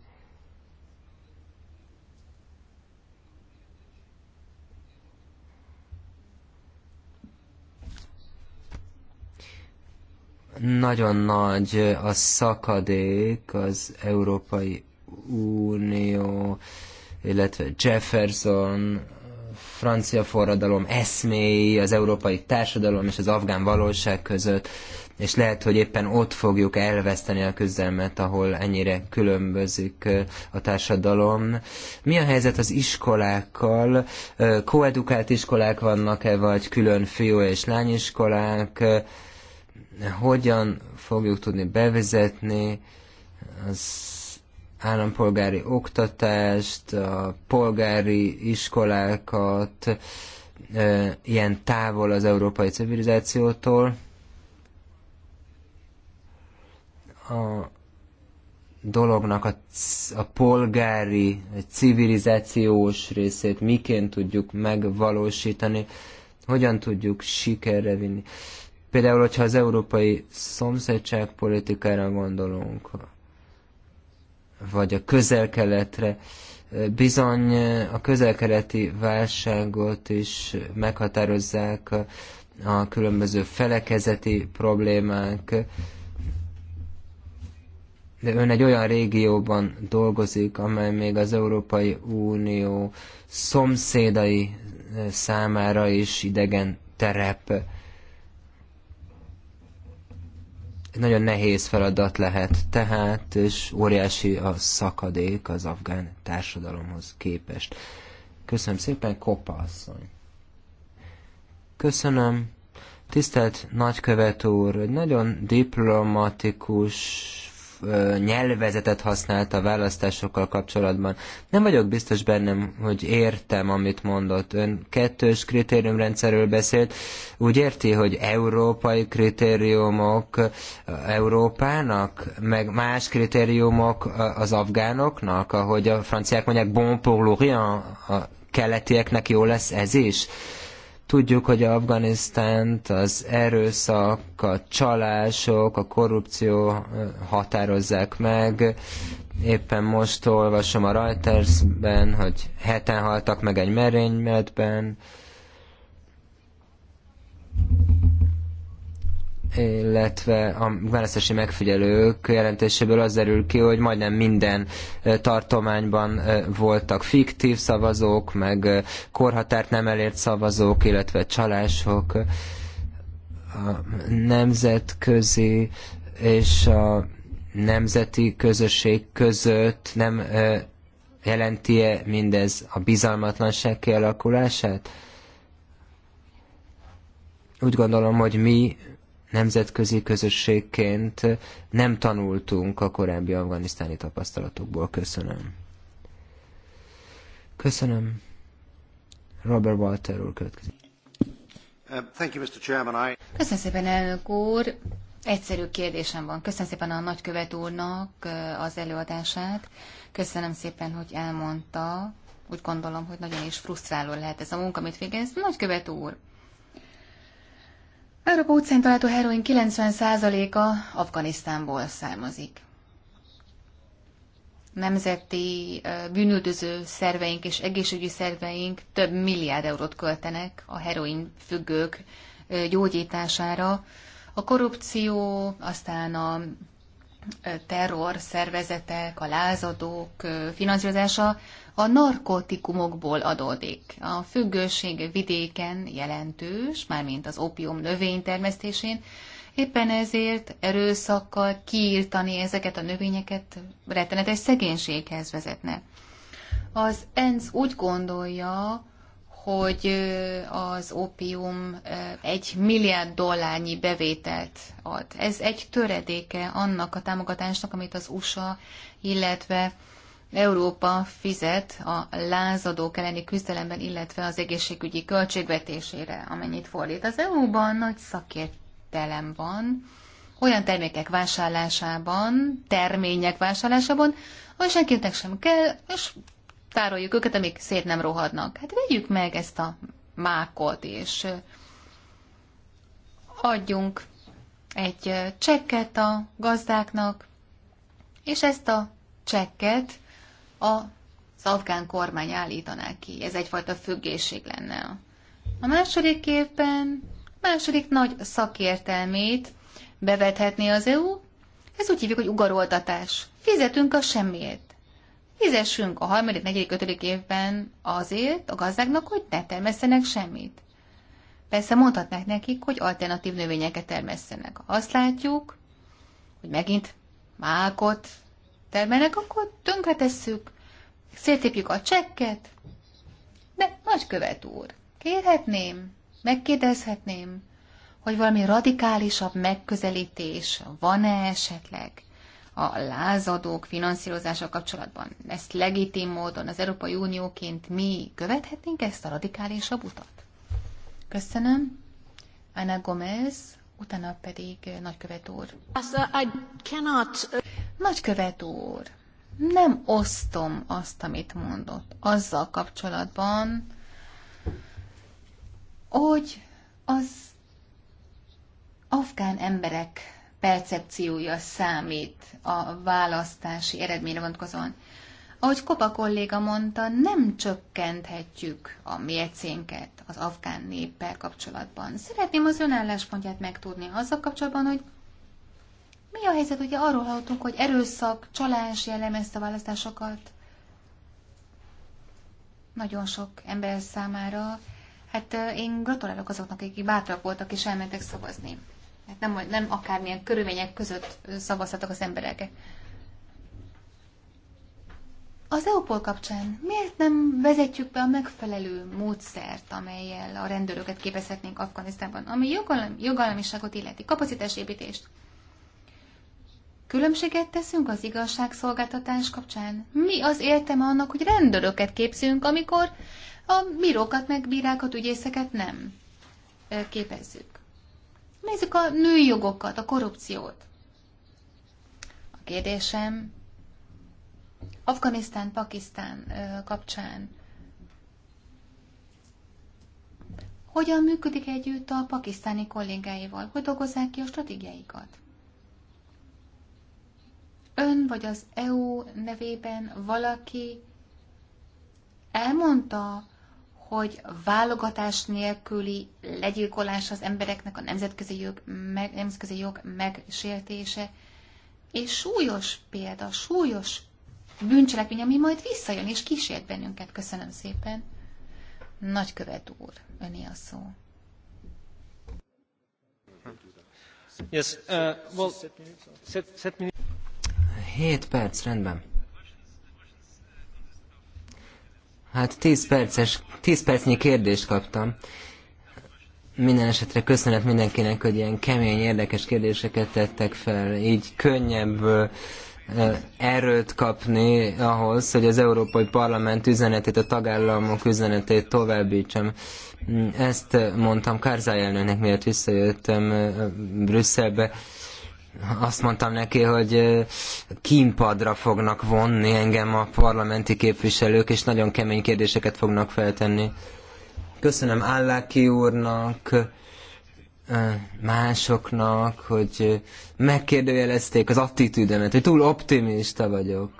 Nagyon nagy a szakadék az Európai Unió, illetve Jefferson, francia forradalom eszméi, az európai társadalom és az afgán valóság között, és lehet, hogy éppen ott fogjuk elveszteni a küzdelmet, ahol ennyire különbözik a társadalom. Mi a helyzet az iskolákkal? Koedukált iskolák vannak-e, vagy külön fiú- és lányiskolák? Hogyan fogjuk tudni bevezetni az állampolgári oktatást, a polgári iskolákat, ilyen távol az európai civilizációtól. A dolognak a, a polgári, vagy civilizációs részét miként tudjuk megvalósítani, hogyan tudjuk sikerre vinni. Például, hogyha az európai szomszédságpolitikára gondolunk, vagy a közelkeletre. Bizony a közelkeleti válságot is meghatározzák a, a különböző felekezeti problémák. De ön egy olyan régióban dolgozik, amely még az Európai Unió szomszédai számára is idegen terep Egy nagyon nehéz feladat lehet tehát, és óriási a szakadék az afgán társadalomhoz képest. Köszönöm szépen, Kopa asszony. Köszönöm. Tisztelt nagykövet úr, egy nagyon diplomatikus nyelvezetet használt a választásokkal kapcsolatban. Nem vagyok biztos bennem, hogy értem, amit mondott. Ön kettős kritériumrendszerről beszélt. Úgy érti, hogy európai kritériumok Európának, meg más kritériumok az afgánoknak, ahogy a franciák mondják, bon pour rien, a keletieknek jó lesz ez is? Tudjuk, hogy Afganisztánt az erőszak, a csalások, a korrupció határozzák meg. Éppen most olvasom a Reutersben, hogy heten haltak meg egy merényletben illetve a választási megfigyelők jelentéséből az derül ki, hogy majdnem minden tartományban voltak fiktív szavazók, meg korhatárt nem elért szavazók, illetve csalások. A nemzetközi és a nemzeti közösség között nem jelenti-e mindez a bizalmatlanság kialakulását? Úgy gondolom, hogy mi nemzetközi közösségként nem tanultunk a korábbi afganisztáni tapasztalatokból. Köszönöm. Köszönöm. Robert Walter úr következik. Uh, Köszönöm szépen, elnök úr. Egyszerű kérdésem van. Köszönöm szépen a nagykövet úrnak uh, az előadását. Köszönöm szépen, hogy elmondta. Úgy gondolom, hogy nagyon is frusztráló lehet ez a munka, amit végez. Nagykövet úr, Európa utcán található heroin 90%-a Afganisztánból származik. Nemzeti bűnüldöző szerveink és egészségügyi szerveink több milliárd eurót költenek a heroin függők gyógyítására. A korrupció, aztán a terror szervezetek, a lázadók finanszírozása a narkotikumokból adódik. A függőség vidéken jelentős, mármint az opium növénytermesztésén, éppen ezért erőszakkal kiirtani ezeket a növényeket rettenetes szegénységhez vezetne. Az ENSZ úgy gondolja, hogy az ópium egy milliárd dollárnyi bevételt ad. Ez egy töredéke annak a támogatásnak, amit az USA, illetve Európa fizet a lázadók elleni küzdelemben, illetve az egészségügyi költségvetésére, amennyit fordít. Az EU-ban nagy szakértelem van, olyan termékek vásárlásában, termények vásárlásában, hogy senkinek sem kell, és tároljuk őket, amik szét nem rohadnak. Hát vegyük meg ezt a mákot, és adjunk egy csekket a gazdáknak, és ezt a csekket az afgán kormány állítaná ki. Ez egyfajta függésség lenne. A második évben második nagy szakértelmét bevethetné az EU, ez úgy hívjuk, hogy ugaroltatás. Fizetünk a semmiért. Fizessünk a harmadik, negyedik, ötödik évben azért a gazdáknak, hogy ne termesztenek semmit. Persze mondhatnák nekik, hogy alternatív növényeket termesztenek. Azt látjuk, hogy megint mákot termelnek, akkor tönkretesszük, széttépjük a csekket. De nagykövet úr, kérhetném, megkérdezhetném, hogy valami radikálisabb megközelítés van-e esetleg a lázadók finanszírozása kapcsolatban? Ezt legitim módon az Európai Unióként mi követhetnénk ezt a radikálisabb utat? Köszönöm. Ana Gomez, utána pedig eh, nagykövet úr. I cannot... Nagykövet úr, nem osztom azt, amit mondott azzal kapcsolatban, hogy az afgán emberek percepciója számít a választási eredményre vonatkozóan. Ahogy Kopa kolléga mondta, nem csökkenthetjük a mércénket az afgán néppel kapcsolatban. Szeretném az ön álláspontját megtudni azzal kapcsolatban, hogy mi a helyzet, ugye arról hallottunk, hogy erőszak, csalás jellemezte a választásokat nagyon sok ember számára. Hát én gratulálok azoknak, akik bátrak voltak és elmentek szavazni. Hát nem, nem akármilyen körülmények között szavazhatok az emberek. Az EUPOL kapcsán miért nem vezetjük be a megfelelő módszert, amelyel a rendőröket képezhetnénk Afganisztánban, ami jogalom, jogállamiságot illeti, kapacitásépítést? Különbséget teszünk az igazságszolgáltatás kapcsán? Mi az értelme annak, hogy rendőröket képzünk, amikor a bírókat, meg bírákat, ügyészeket nem képezzük? Nézzük a női jogokat, a korrupciót. A kérdésem, Afganisztán, Pakisztán kapcsán. Hogyan működik együtt a pakisztáni kollégáival? Hogy dolgozzák ki a stratégiáikat? Ön vagy az EU nevében valaki elmondta, hogy válogatás nélküli legyilkolás az embereknek a nemzetközi jog, meg, nemzetközi jog megsértése, és súlyos példa, súlyos bűncselekmény, ami majd visszajön és kísért bennünket. Köszönöm szépen. Nagykövet úr, öné a szó. Yes, uh, well, set, set me... 7 perc, rendben. Hát 10 perces, 10 percnyi kérdést kaptam. Minden esetre köszönet mindenkinek, hogy ilyen kemény, érdekes kérdéseket tettek fel. Így könnyebb uh, erőt kapni ahhoz, hogy az Európai Parlament üzenetét, a tagállamok üzenetét továbbítsam. Ezt mondtam Kárzály elnőnek, miért visszajöttem Brüsszelbe. Azt mondtam neki, hogy kínpadra fognak vonni engem a parlamenti képviselők, és nagyon kemény kérdéseket fognak feltenni. Köszönöm Álláki úrnak, másoknak, hogy megkérdőjelezték az attitűdemet, hogy túl optimista vagyok.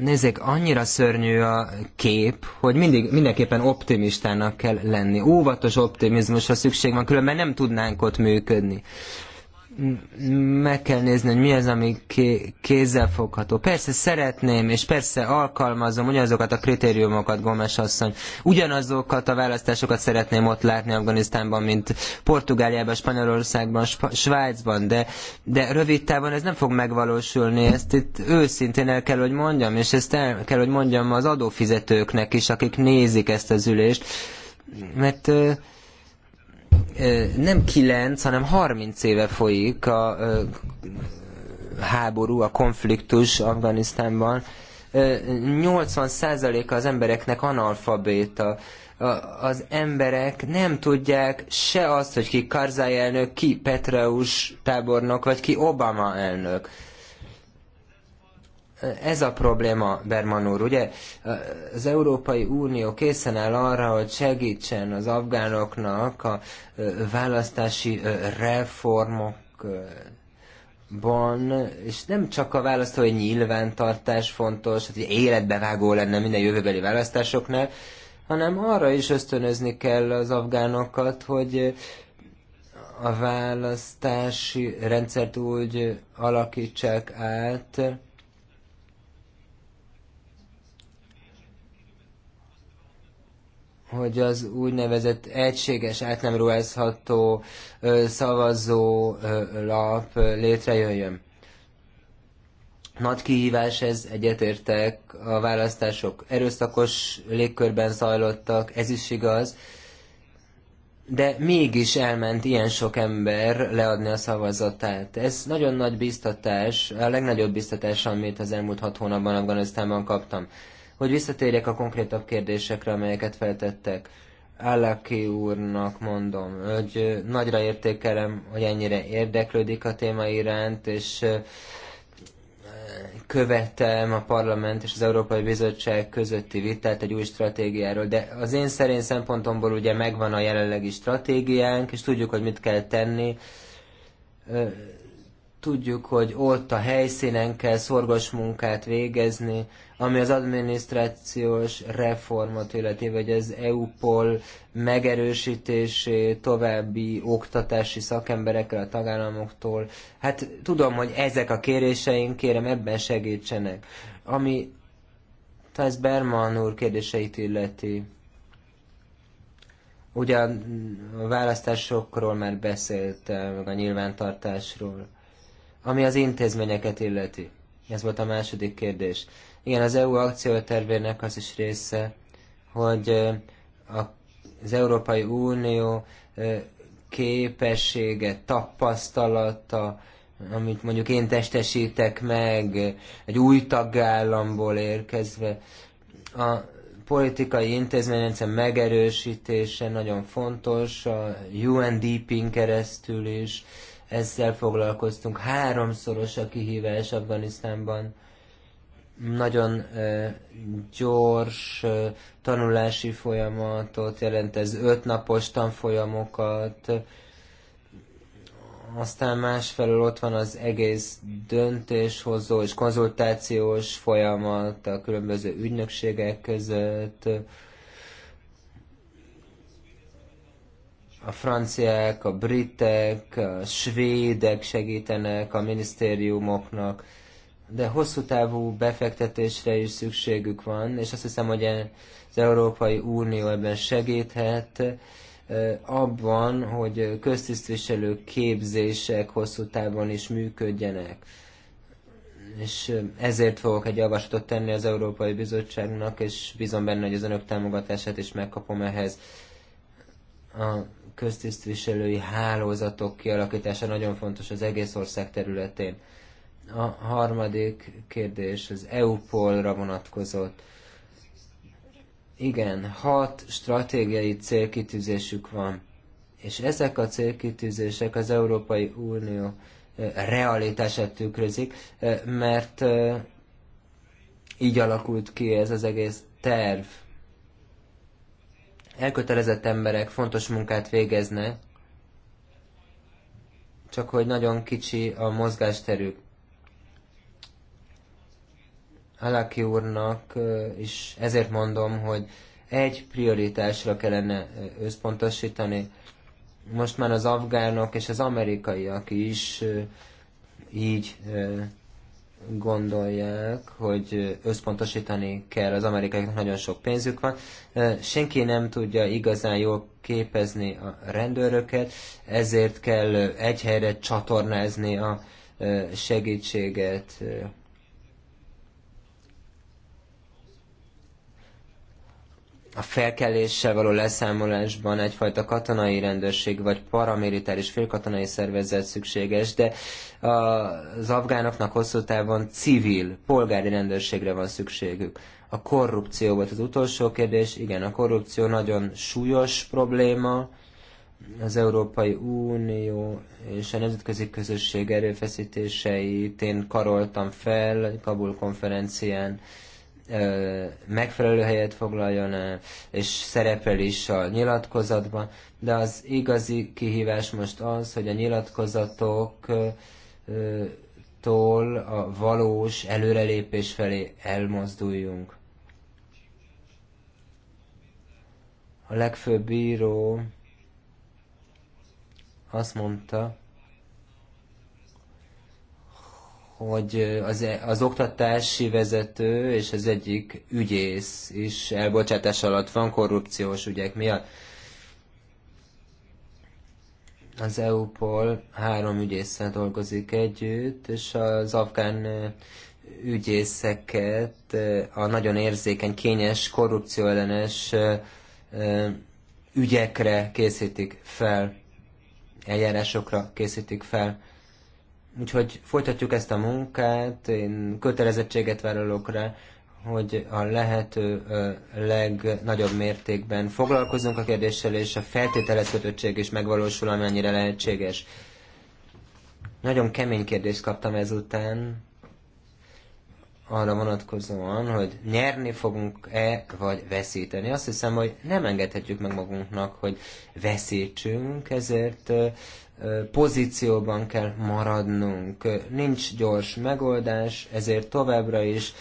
Nézzék, annyira szörnyű a kép, hogy mindig, mindenképpen optimistának kell lenni. Óvatos optimizmusra szükség van, különben nem tudnánk ott működni meg kell nézni, hogy mi az, ami fogható. Persze szeretném, és persze alkalmazom ugyanazokat a kritériumokat, Gomes asszony. Ugyanazokat a választásokat szeretném ott látni Afganisztánban, mint Portugáliában, Spanyolországban, Sp- Svájcban, de, de rövid távon ez nem fog megvalósulni. Ezt itt őszintén el kell, hogy mondjam, és ezt el kell, hogy mondjam az adófizetőknek is, akik nézik ezt az ülést, mert nem 9, hanem 30 éve folyik a háború, a konfliktus Afganisztánban. 80%-a az embereknek analfabéta. Az emberek nem tudják se azt, hogy ki Karzai elnök, ki Petreus tábornok, vagy ki Obama elnök ez a probléma, Berman úr, ugye az Európai Unió készen áll arra, hogy segítsen az afgánoknak a választási reformokban, és nem csak a választói nyilvántartás fontos, hogy életbevágó lenne minden jövőbeli választásoknál, hanem arra is ösztönözni kell az afgánokat, hogy a választási rendszert úgy alakítsák át, hogy az úgynevezett egységes, át nem ruházható szavazó lap létrejöjjön. Nagy kihívás ez, egyetértek, a választások erőszakos légkörben zajlottak, ez is igaz, de mégis elment ilyen sok ember leadni a szavazatát. Ez nagyon nagy biztatás, a legnagyobb biztatás, amit az elmúlt hat hónapban Afganisztánban kaptam. Hogy visszatérjek a konkrétabb kérdésekre, amelyeket feltettek. Állaki úrnak mondom, hogy nagyra értékelem, hogy ennyire érdeklődik a téma iránt, és követem a parlament és az Európai Bizottság közötti vitát egy új stratégiáról, de az én szerint szempontomból ugye megvan a jelenlegi stratégiánk, és tudjuk, hogy mit kell tenni. Tudjuk, hogy ott a helyszínen kell szorgos munkát végezni, ami az adminisztrációs reformot illeti, vagy az EU-pol EU-pol megerősítésé további oktatási szakemberekkel a tagállamoktól, hát tudom, hogy ezek a kéréseink, kérem ebben segítsenek. Ami Thijs Berman úr kérdéseit illeti, Ugye a választásokról már beszélt meg a nyilvántartásról. Ami az intézményeket illeti. Ez volt a második kérdés. Igen, az EU akciótervének az is része, hogy az Európai Unió képessége, tapasztalata, amit mondjuk én testesítek meg egy új tagállamból érkezve, a politikai intézményrendszer megerősítése nagyon fontos, a UNDP-n keresztül is ezzel foglalkoztunk. Háromszoros a kihívás Afganisztánban nagyon gyors tanulási folyamatot jelent ez, ötnapos tanfolyamokat, aztán másfelől ott van az egész döntéshozó és konzultációs folyamat a különböző ügynökségek között. A franciák, a britek, a svédek segítenek a minisztériumoknak de hosszú távú befektetésre is szükségük van, és azt hiszem, hogy az Európai Unió ebben segíthet, abban, hogy köztisztviselők képzések hosszú távon is működjenek. És ezért fogok egy javaslatot tenni az Európai Bizottságnak, és bízom benne, hogy az önök támogatását is megkapom ehhez. A köztisztviselői hálózatok kialakítása nagyon fontos az egész ország területén. A harmadik kérdés az EU-polra vonatkozott. Igen, hat stratégiai célkitűzésük van, és ezek a célkitűzések az Európai Unió realitását tükrözik, mert így alakult ki ez az egész terv. Elkötelezett emberek fontos munkát végeznek, csak hogy nagyon kicsi a mozgásterük. Halaki úrnak és ezért mondom, hogy egy prioritásra kellene összpontosítani. Most már az afgánok és az amerikaiak is így gondolják, hogy összpontosítani kell, az amerikaiaknak nagyon sok pénzük van. Senki nem tudja igazán jól képezni a rendőröket, ezért kell egy helyre csatornázni a segítséget a felkeléssel való leszámolásban egyfajta katonai rendőrség vagy paramilitáris félkatonai szervezet szükséges, de az afgánoknak hosszú távon civil, polgári rendőrségre van szükségük. A korrupció volt az utolsó kérdés. Igen, a korrupció nagyon súlyos probléma. Az Európai Unió és a nemzetközi közösség erőfeszítéseit én karoltam fel Kabul konferencián megfelelő helyet foglaljon és szerepel is a nyilatkozatban, de az igazi kihívás most az, hogy a nyilatkozatoktól a valós előrelépés felé elmozduljunk. A legfőbb bíró azt mondta, hogy az, e- az oktatási vezető és az egyik ügyész is elbocsátás alatt van korrupciós ügyek miatt. Az EU-pol három ügyésszel dolgozik együtt, és az afgán ügyészeket a nagyon érzékeny, kényes, korrupcióellenes ügyekre készítik fel, eljárásokra készítik fel Úgyhogy folytatjuk ezt a munkát, én kötelezettséget vállalok rá, hogy a lehető legnagyobb mértékben foglalkozunk a kérdéssel, és a feltételez is megvalósul, amennyire lehetséges. Nagyon kemény kérdést kaptam ezután, arra vonatkozóan, hogy nyerni fogunk-e, vagy veszíteni. Azt hiszem, hogy nem engedhetjük meg magunknak, hogy veszítsünk, ezért pozícióban kell maradnunk. Nincs gyors megoldás, ezért továbbra is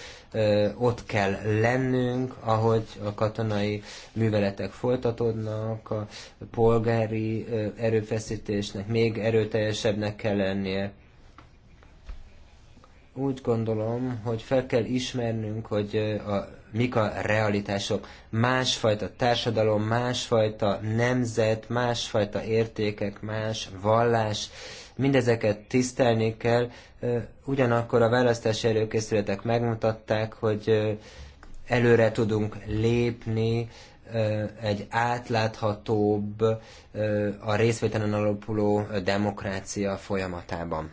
ott kell lennünk, ahogy a katonai műveletek folytatódnak, a polgári erőfeszítésnek még erőteljesebbnek kell lennie. Úgy gondolom, hogy fel kell ismernünk, hogy a, mik a realitások. Másfajta társadalom, másfajta nemzet, másfajta értékek, más vallás, mindezeket tisztelni kell. Ugyanakkor a választási előkészületek megmutatták, hogy előre tudunk lépni, egy átláthatóbb, a részvételen alapuló demokrácia folyamatában.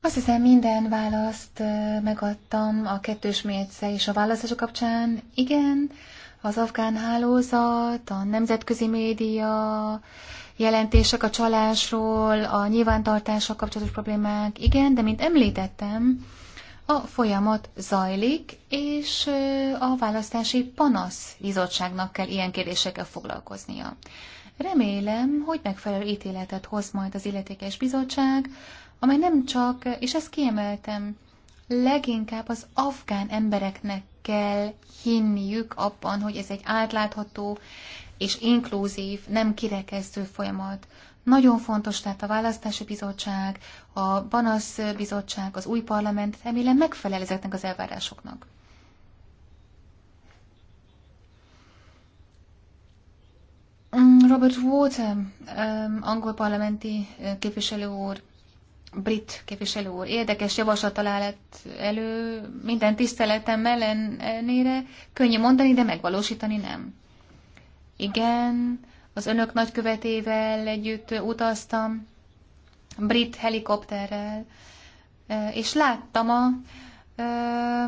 Azt hiszem minden választ megadtam a kettős mérce és a választások kapcsán. Igen, az afgán hálózat, a nemzetközi média, jelentések a csalásról, a nyilvántartással kapcsolatos problémák, igen, de mint említettem, a folyamat zajlik, és a választási panasz bizottságnak kell ilyen kérdésekkel foglalkoznia. Remélem, hogy megfelelő ítéletet hoz majd az illetékes bizottság, amely nem csak, és ezt kiemeltem, leginkább az afgán embereknek kell hinniük abban, hogy ez egy átlátható és inkluzív, nem kirekesztő folyamat. Nagyon fontos tehát a választási bizottság, a Banasz bizottság, az új parlament, remélem megfelel ezeknek az elvárásoknak. Mm, Robert Water, angol parlamenti eh, képviselő úr, brit képviselő úr érdekes javaslat talált elő, minden tiszteletem ellenére könnyű mondani, de megvalósítani nem. Igen, az önök nagykövetével együtt utaztam, brit helikopterrel, eh, és láttam a, eh,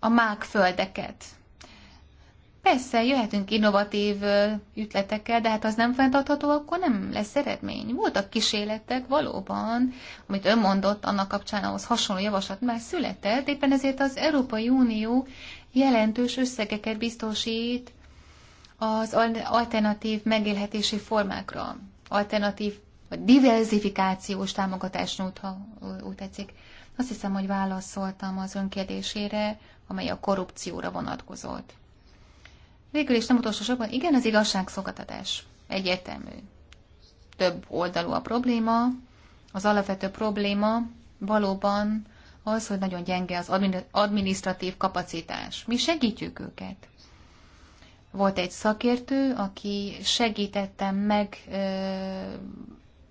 a mák földeket. Persze, jöhetünk innovatív ütletekkel, de hát az nem fenntartható, akkor nem lesz eredmény. Voltak kísérletek valóban, amit ön mondott, annak kapcsán ahhoz hasonló javaslat már született, éppen ezért az Európai Unió jelentős összegeket biztosít az alternatív megélhetési formákra, alternatív vagy diversifikációs támogatás nyújt, ha úgy tetszik. Azt hiszem, hogy válaszoltam az önkérdésére, amely a korrupcióra vonatkozott. Végül is nem utolsó sorban, igen, az igazságszolgáltatás egyértelmű. Több oldalú a probléma, az alapvető probléma valóban az, hogy nagyon gyenge az administratív kapacitás. Mi segítjük őket. Volt egy szakértő, aki segítettem meg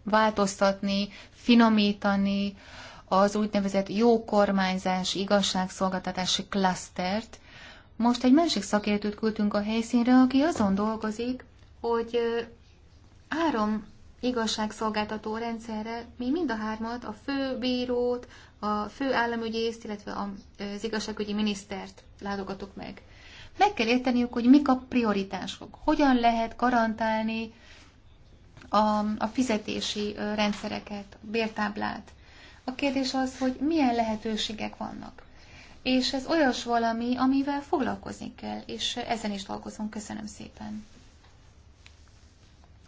változtatni, finomítani az úgynevezett jó kormányzás, igazságszolgáltatási klasztert, most egy másik szakértőt küldtünk a helyszínre, aki azon dolgozik, hogy három igazságszolgáltató rendszerre mi mind a hármat, a főbírót, a fő államügyészt, illetve az igazságügyi minisztert látogatok meg. Meg kell érteniük, hogy mik a prioritások, hogyan lehet garantálni a, a fizetési rendszereket, a bértáblát. A kérdés az, hogy milyen lehetőségek vannak és ez olyas valami, amivel foglalkozni kell, és ezen is dolgozom. Köszönöm szépen.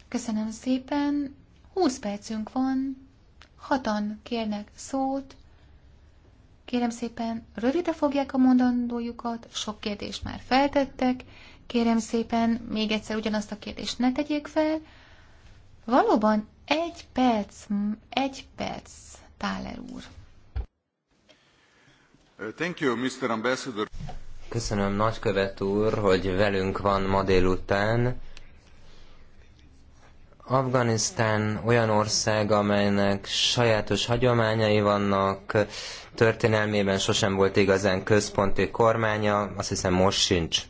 Köszönöm szépen. 20 percünk van. Hatan kérnek szót. Kérem szépen, rövide fogják a mondandójukat, sok kérdést már feltettek. Kérem szépen, még egyszer ugyanazt a kérdést ne tegyék fel. Valóban egy perc, egy perc, Táler úr. Thank you, Mr. Ambassador. Köszönöm, nagykövet úr, hogy velünk van ma délután. Afganisztán olyan ország, amelynek sajátos hagyományai vannak, történelmében sosem volt igazán központi kormánya, azt hiszem most sincs.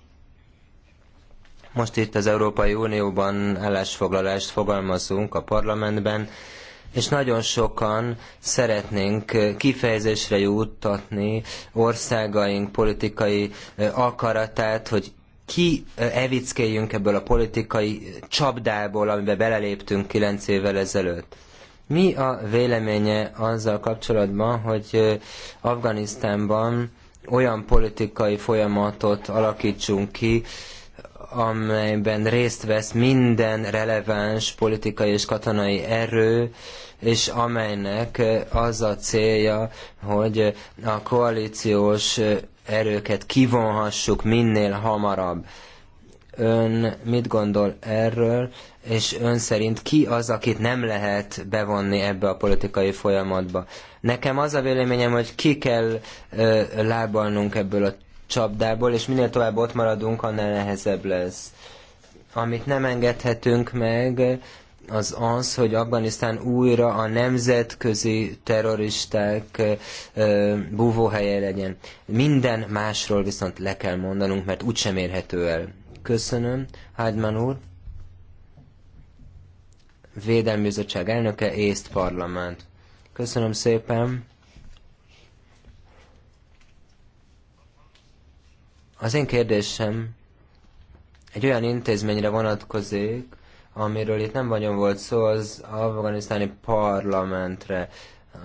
Most itt az Európai Unióban állásfoglalást fogalmazunk a parlamentben, és nagyon sokan szeretnénk kifejezésre juttatni országaink politikai akaratát, hogy ki evickéljünk ebből a politikai csapdából, amiben beleléptünk kilenc évvel ezelőtt. Mi a véleménye azzal kapcsolatban, hogy Afganisztánban olyan politikai folyamatot alakítsunk ki, amelyben részt vesz minden releváns politikai és katonai erő, és amelynek az a célja, hogy a koalíciós erőket kivonhassuk minél hamarabb. Ön mit gondol erről, és ön szerint ki az, akit nem lehet bevonni ebbe a politikai folyamatba? Nekem az a véleményem, hogy ki kell ö, lábalnunk ebből a csapdából, és minél tovább ott maradunk, annál nehezebb lesz. Amit nem engedhetünk meg, az az, hogy Afganisztán újra a nemzetközi terroristák búvóhelye legyen. Minden másról viszont le kell mondanunk, mert úgysem érhető el. Köszönöm, Hádman úr. Védelmi Bizottság elnöke, Észt Parlament. Köszönöm szépen. Az én kérdésem egy olyan intézményre vonatkozik, amiről itt nem nagyon volt szó, az afganisztáni parlamentre.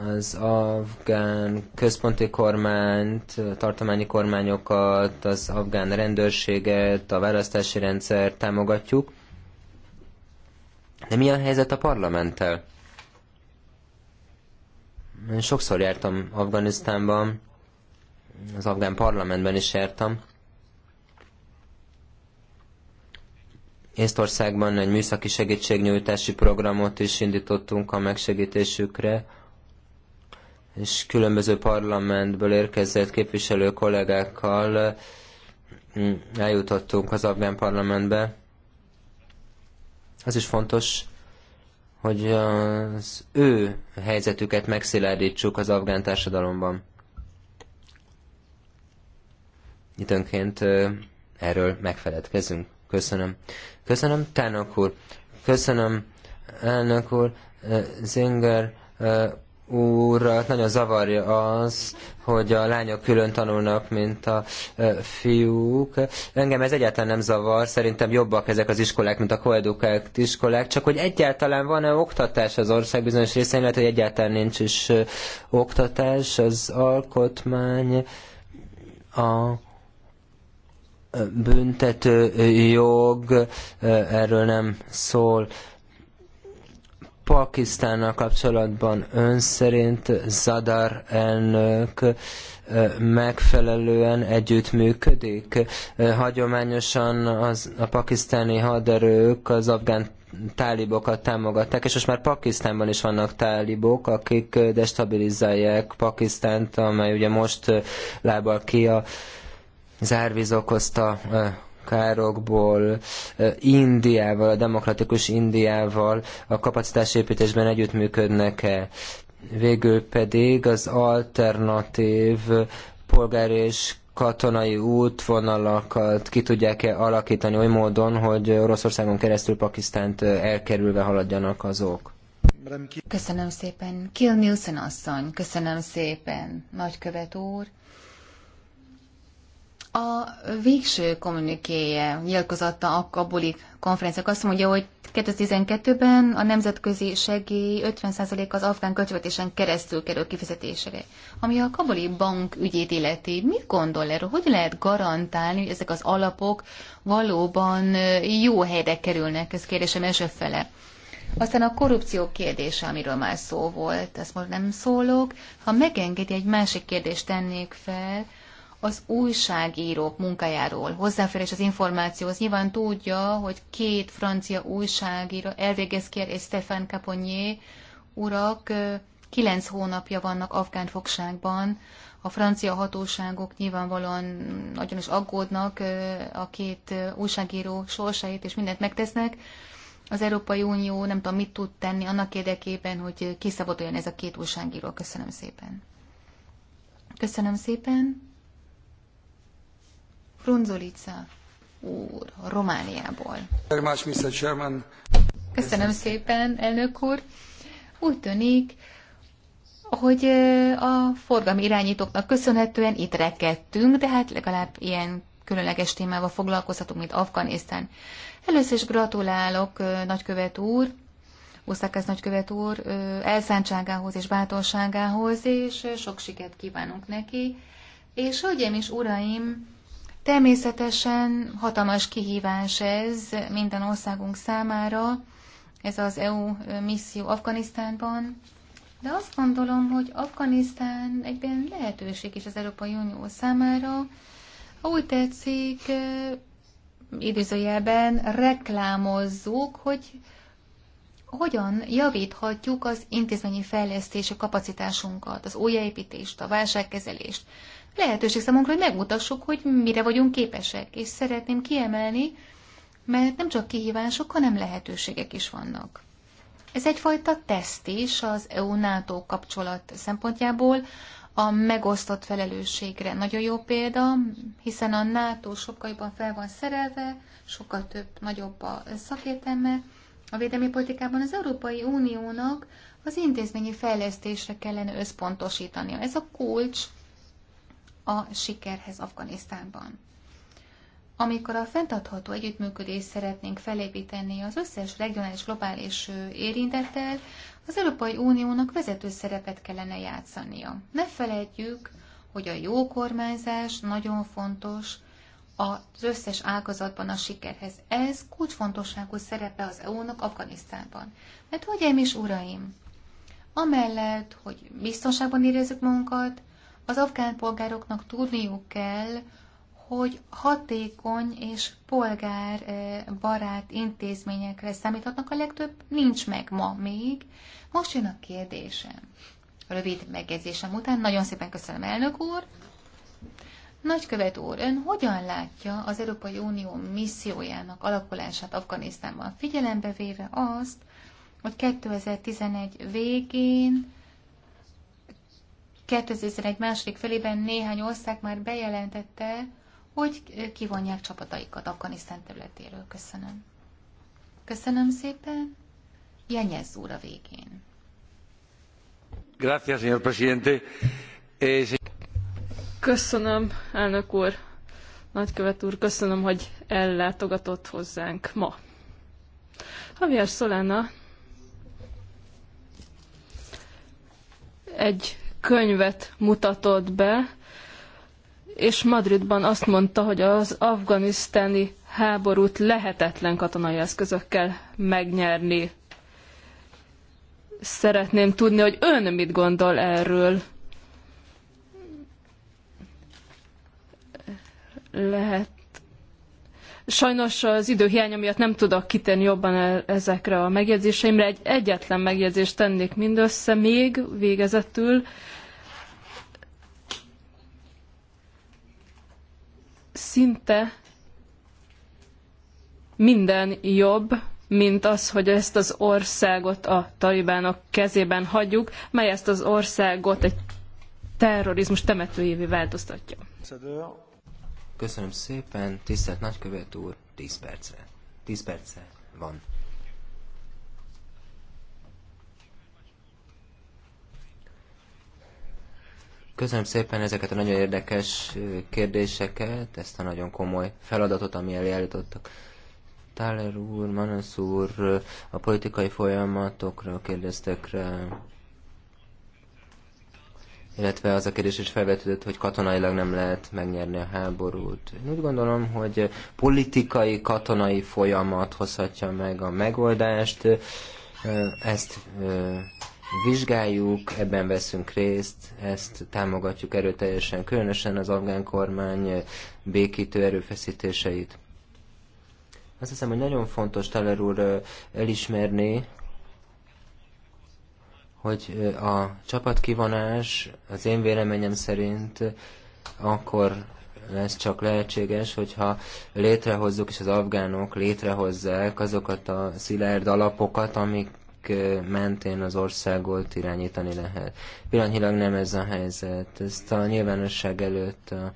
Az afgán központi kormányt, tartományi kormányokat, az afgán rendőrséget, a választási rendszer támogatjuk. De mi a helyzet a parlamenttel? Én sokszor jártam Afganisztánban, az afgán parlamentben is jártam. Észtországban egy műszaki segítségnyújtási programot is indítottunk a megsegítésükre, és különböző parlamentből érkezett képviselő kollégákkal mm, eljutottunk az afgán parlamentbe. Az is fontos, hogy az ő helyzetüket megszilárdítsuk az afgán társadalomban. Időnként erről megfeledkezünk. Köszönöm. Köszönöm, Tánok úr. Köszönöm, elnök úr. Zinger úrat nagyon zavarja az, hogy a lányok külön tanulnak, mint a fiúk. Engem ez egyáltalán nem zavar, szerintem jobbak ezek az iskolák, mint a koedukált iskolák, csak hogy egyáltalán van-e oktatás az ország bizonyos részein, lehet, hogy egyáltalán nincs is oktatás, az alkotmány, a büntető jog erről nem szól. Pakisztánnal kapcsolatban ön szerint Zadar elnök megfelelően együttműködik. Hagyományosan az, a pakisztáni haderők az afgán tálibokat támogatták, és most már Pakisztánban is vannak tálibok, akik destabilizálják Pakisztánt, amely ugye most lábal ki a zárvíz okozta károkból, Indiával, a demokratikus Indiával a kapacitásépítésben együttműködnek-e. Végül pedig az alternatív polgár és katonai útvonalakat ki tudják-e alakítani oly módon, hogy Oroszországon keresztül Pakisztánt elkerülve haladjanak azok? Köszönöm szépen. Kill Nielsen asszony, köszönöm szépen. Nagykövet úr, a végső kommunikéje, nyilatkozatta a Kabuli konferenciák azt mondja, hogy 2012-ben a nemzetközi segély 50% az afgán költségvetésen keresztül kerül kifizetésre. Ami a Kabuli bank ügyét illeti, mit gondol erről? Hogy lehet garantálni, hogy ezek az alapok valóban jó helyre kerülnek? Ez kérdésem első fele. Aztán a korrupció kérdése, amiről már szó volt, ezt most nem szólok. Ha megengedi, egy másik kérdést tennék fel, az újságírók munkájáról, hozzáfér és az információhoz. Nyilván tudja, hogy két francia újságíró, Hervé Geszkier és Stéphane Caponnier urak kilenc hónapja vannak afgán fogságban. A francia hatóságok nyilvánvalóan nagyon is aggódnak a két újságíró sorsait, és mindent megtesznek. Az Európai Unió nem tudom mit tud tenni annak érdekében, hogy kiszabaduljon ez a két újságíró. Köszönöm szépen. Köszönöm szépen. Frunzolica úr Romániából. Köszönöm szépen, elnök úr. Úgy tűnik, hogy a forgalmi irányítóknak köszönhetően itt rekedtünk, de hát legalább ilyen különleges témával foglalkozhatunk, mint Afganisztán. Először is gratulálok, nagykövet úr, Uszakász nagykövet úr elszántságához és bátorságához, és sok sikert kívánunk neki. És hölgyeim és uraim, Természetesen hatalmas kihívás ez minden országunk számára, ez az EU misszió Afganisztánban, de azt gondolom, hogy Afganisztán egyben lehetőség is az Európai Unió számára, ha úgy tetszik, időzőjelben reklámozzuk, hogy hogyan javíthatjuk az intézményi fejlesztési kapacitásunkat, az újjáépítést, a válságkezelést lehetőség számunkra, hogy megmutassuk, hogy mire vagyunk képesek. És szeretném kiemelni, mert nem csak kihívások, hanem lehetőségek is vannak. Ez egyfajta teszt is az EU-NATO kapcsolat szempontjából, a megosztott felelősségre nagyon jó példa, hiszen a NATO sokkal jobban fel van szerelve, sokkal több, nagyobb a szakértelme. A védelmi politikában az Európai Uniónak az intézményi fejlesztésre kellene összpontosítania. Ez a kulcs a sikerhez Afganisztánban. Amikor a fenntartható együttműködést szeretnénk felépíteni az összes regionális globális érintettel, az Európai Uniónak vezető szerepet kellene játszania. Ne felejtjük, hogy a jó kormányzás nagyon fontos az összes ágazatban a sikerhez. Ez kulcsfontosságú szerepe az EU-nak Afganisztánban. Mert hogy is uraim, amellett, hogy biztonságban érezzük magunkat, az afgán polgároknak tudniuk kell, hogy hatékony és polgárbarát eh, intézményekre számíthatnak, a legtöbb nincs meg ma még. Most jön a kérdésem. Rövid megjegyzésem után nagyon szépen köszönöm, elnök úr. Nagykövet úr, ön hogyan látja az Európai Unió missziójának alakulását Afganisztánban figyelembe véve azt, hogy 2011 végén 2001 második felében néhány ország már bejelentette, hogy kivonják csapataikat Afganisztán területéről. Köszönöm. Köszönöm szépen. Jenyez úr a végén. Gracias, señor presidente. Eh, köszönöm, elnök úr. Nagykövet úr, köszönöm, hogy ellátogatott hozzánk ma. Javier Solana egy könyvet mutatott be, és Madridban azt mondta, hogy az afganisztáni háborút lehetetlen katonai eszközökkel megnyerni. Szeretném tudni, hogy ön mit gondol erről. Lehet. Sajnos az idő hiánya miatt nem tudok kitérni jobban ezekre a megjegyzéseimre. Egy egyetlen megjegyzést tennék mindössze még végezetül. szinte minden jobb, mint az, hogy ezt az országot a talibánok kezében hagyjuk, mely ezt az országot egy terrorizmus temetőjévé változtatja. Köszönöm szépen, tisztelt nagykövet úr, 10 percre. 10 perce van. Köszönöm szépen ezeket a nagyon érdekes kérdéseket, ezt a nagyon komoly feladatot, ami elé állítottak. Táler úr, Manasz úr, a politikai folyamatokra kérdeztek rá, illetve az a kérdés is felvetődött, hogy katonailag nem lehet megnyerni a háborút. Én úgy gondolom, hogy politikai, katonai folyamat hozhatja meg a megoldást, ezt vizsgáljuk, ebben veszünk részt, ezt támogatjuk erőteljesen, különösen az afgán kormány békítő erőfeszítéseit. Azt hiszem, hogy nagyon fontos Taler úr elismerni, hogy a csapatkivonás az én véleményem szerint akkor lesz csak lehetséges, hogyha létrehozzuk és az afgánok létrehozzák azokat a szilárd alapokat, amik Eh, mentén az országot irányítani lehet. Pillanatnyilag nem ez a helyzet. Ezt a nyilvánosság előtt, a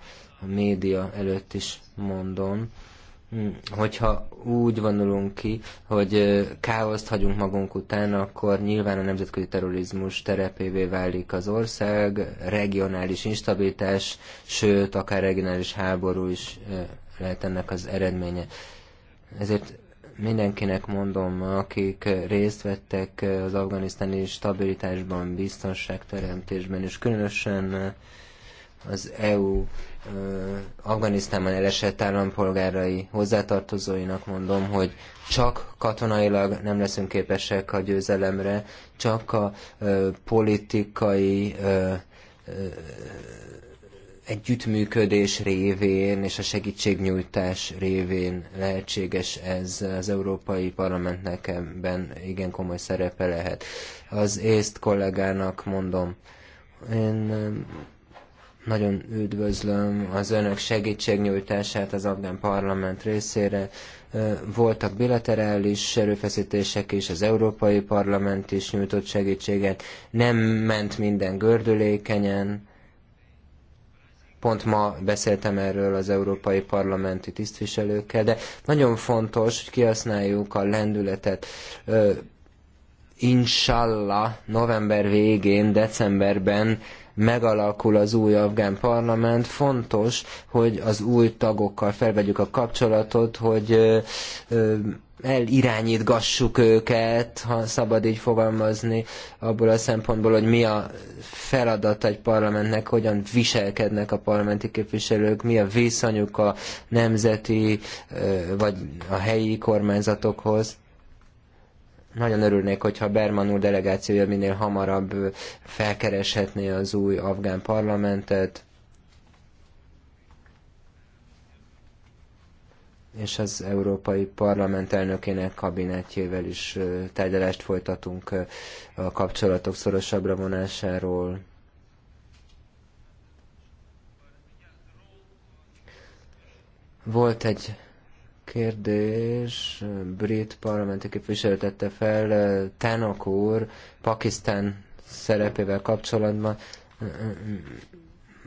média előtt is mondom hm, hogyha úgy vonulunk ki, hogy eh, káoszt hagyunk magunk után, akkor nyilván a nemzetközi terrorizmus terepévé válik az ország, regionális instabilitás, sőt, akár regionális háború is eh, lehet ennek az eredménye. Ezért mindenkinek mondom, akik részt vettek az afganisztáni stabilitásban, biztonságteremtésben, és különösen az EU Afganisztánban elesett állampolgárai hozzátartozóinak mondom, hogy csak katonailag nem leszünk képesek a győzelemre, csak a politikai együttműködés révén és a segítségnyújtás révén lehetséges ez az Európai Parlamentnek ebben igen komoly szerepe lehet. Az észt kollégának mondom, én nagyon üdvözlöm az önök segítségnyújtását az afgán parlament részére. Voltak bilaterális erőfeszítések is, az Európai Parlament is nyújtott segítséget. Nem ment minden gördülékenyen, Pont ma beszéltem erről az európai parlamenti tisztviselőkkel, de nagyon fontos, hogy kihasználjuk a lendületet. Inshallah, november végén, decemberben megalakul az új afgán parlament, fontos, hogy az új tagokkal felvegyük a kapcsolatot, hogy elirányítgassuk őket, ha szabad így fogalmazni, abból a szempontból, hogy mi a feladat egy parlamentnek, hogyan viselkednek a parlamenti képviselők, mi a viszonyuk a nemzeti vagy a helyi kormányzatokhoz. Nagyon örülnék, hogyha Berman úr delegációja minél hamarabb felkereshetné az új afgán parlamentet, és az Európai Parlament elnökének kabinetjével is tárgyalást folytatunk a kapcsolatok szorosabbra vonásáról. Volt egy kérdés, brit parlamenti képviselő tette fel, Tanok úr, Pakisztán szerepével kapcsolatban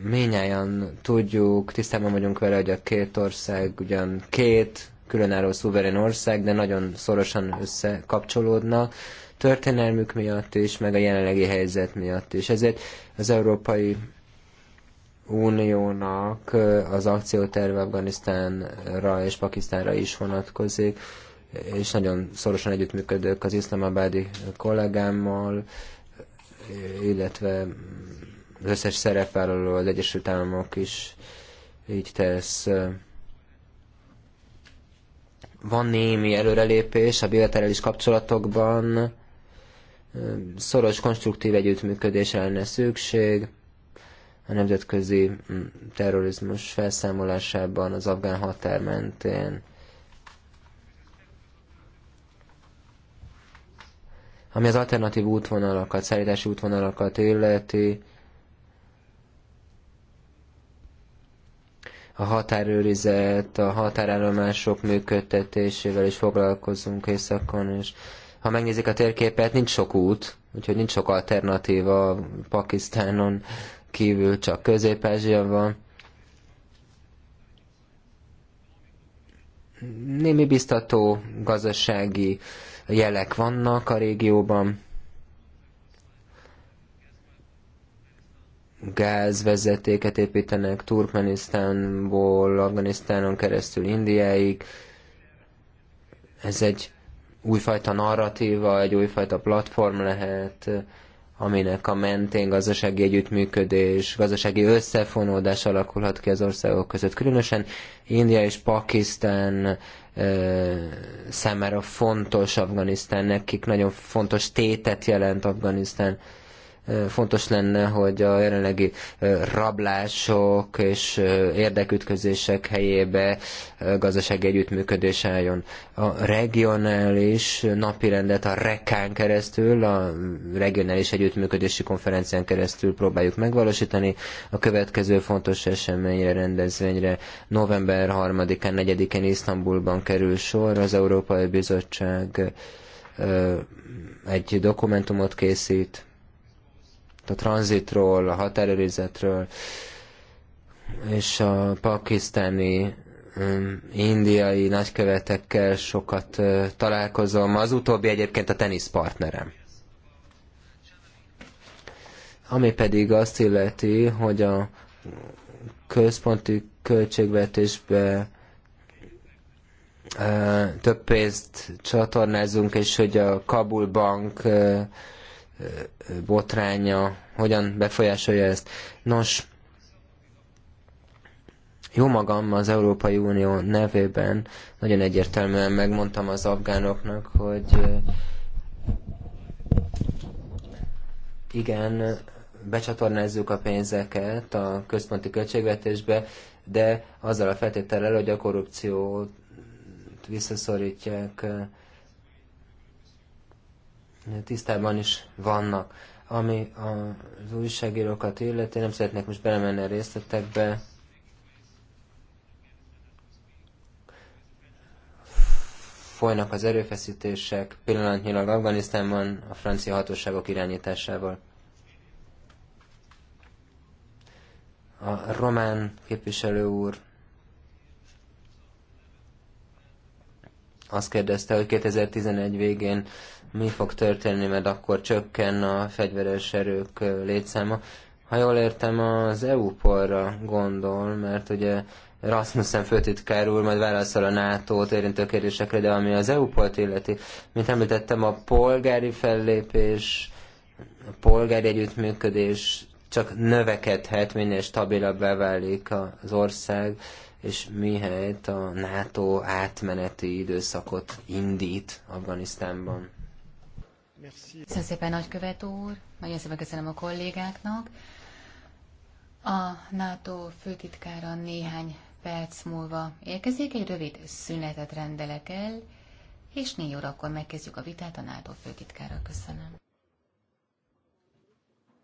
Minnyáján tudjuk, tisztában vagyunk vele, hogy a két ország ugyan két különálló szuverén ország, de nagyon szorosan összekapcsolódnak történelmük miatt is, meg a jelenlegi helyzet miatt is. Ezért az Európai Uniónak az akcióterve Afganisztánra és Pakisztánra is vonatkozik, és nagyon szorosan együttműködök az iszlamabádi kollégámmal, illetve az összes szerepvállaló az Egyesült Államok is így tesz. Van némi előrelépés a bilaterális kapcsolatokban, szoros konstruktív együttműködésre lenne szükség a nemzetközi mm, terrorizmus felszámolásában az afgán határ mentén. Ami az alternatív útvonalakat, szállítási útvonalakat illeti, a határőrizet, a határállomások működtetésével is foglalkozunk északon, és ha megnézik a térképet, nincs sok út, úgyhogy nincs sok alternatíva Pakisztánon kívül, csak Közép-Ázsia van. Némi biztató gazdasági jelek vannak a régióban, gázvezetéket építenek Turkmenisztánból, Afganisztánon keresztül Indiáig. Ez egy újfajta narratíva, egy újfajta platform lehet, aminek a mentén gazdasági együttműködés, gazdasági összefonódás alakulhat ki az országok között. Különösen India és Pakisztán ö, számára fontos Afganisztán, nekik nagyon fontos tétet jelent Afganisztán. Ö, fontos lenne, hogy a jelenlegi rablások és érdekütközések helyébe gazdasági együttműködés álljon. A regionális napirendet a rekán keresztül, a regionális együttműködési konferencián keresztül próbáljuk megvalósítani. A következő fontos eseményre, rendezvényre november 3-án, 4-én Isztambulban kerül sor az Európai Bizottság egy dokumentumot készít, a tranzitról, a határőrizetről, és a pakisztáni mm, indiai nagykövetekkel sokat találkozom. Az utóbbi egyébként a teniszpartnerem. Ami pedig azt illeti, hogy a központi költségvetésbe több pénzt csatornázunk, és hogy a Kabul Bank botránya hogyan befolyásolja ezt. Nos, jó magam az Európai Unió nevében nagyon egyértelműen megmondtam az afgánoknak, hogy igen, becsatornázzuk a pénzeket a központi költségvetésbe, de azzal a feltétellel, hogy a korrupciót visszaszorítják tisztában is vannak. Ami az újságírókat illeti, nem szeretnék most belemenni a részletekbe, folynak az erőfeszítések pillanatnyilag Afganisztánban a francia hatóságok irányításával. A román képviselő úr azt kérdezte, hogy 2011 végén mi fog történni, mert akkor csökken a fegyveres erők létszáma. Ha jól értem, az EU-porra gondol, mert ugye Rasmussen főtitkár úr majd válaszol a NATO-t érintő kérdésekre, de ami az eu port illeti, mint említettem, a polgári fellépés, a polgári együttműködés csak növekedhet, minél stabilabbá válik az ország, és mihelyt a NATO átmeneti időszakot indít Afganisztánban. Köszönöm szépen, nagykövet úr. Nagyon szépen köszönöm a kollégáknak. A NATO főtitkára néhány perc múlva érkezik, egy rövid szünetet rendelek el, és négy órakor megkezdjük a vitát a NATO főtitkára. Köszönöm.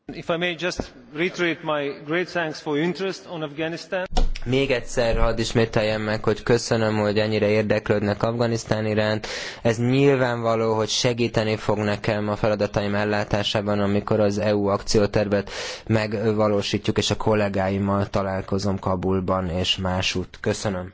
If I may just reiterate my great thanks for your interest on Afghanistan. Még egyszer hadd ismételjem meg, hogy köszönöm, hogy ennyire érdeklődnek Afganisztán iránt. Ez nyilvánvaló, hogy segíteni fog nekem a feladataim ellátásában, amikor az EU akciótervet megvalósítjuk, és a kollégáimmal találkozom Kabulban és másút. Köszönöm.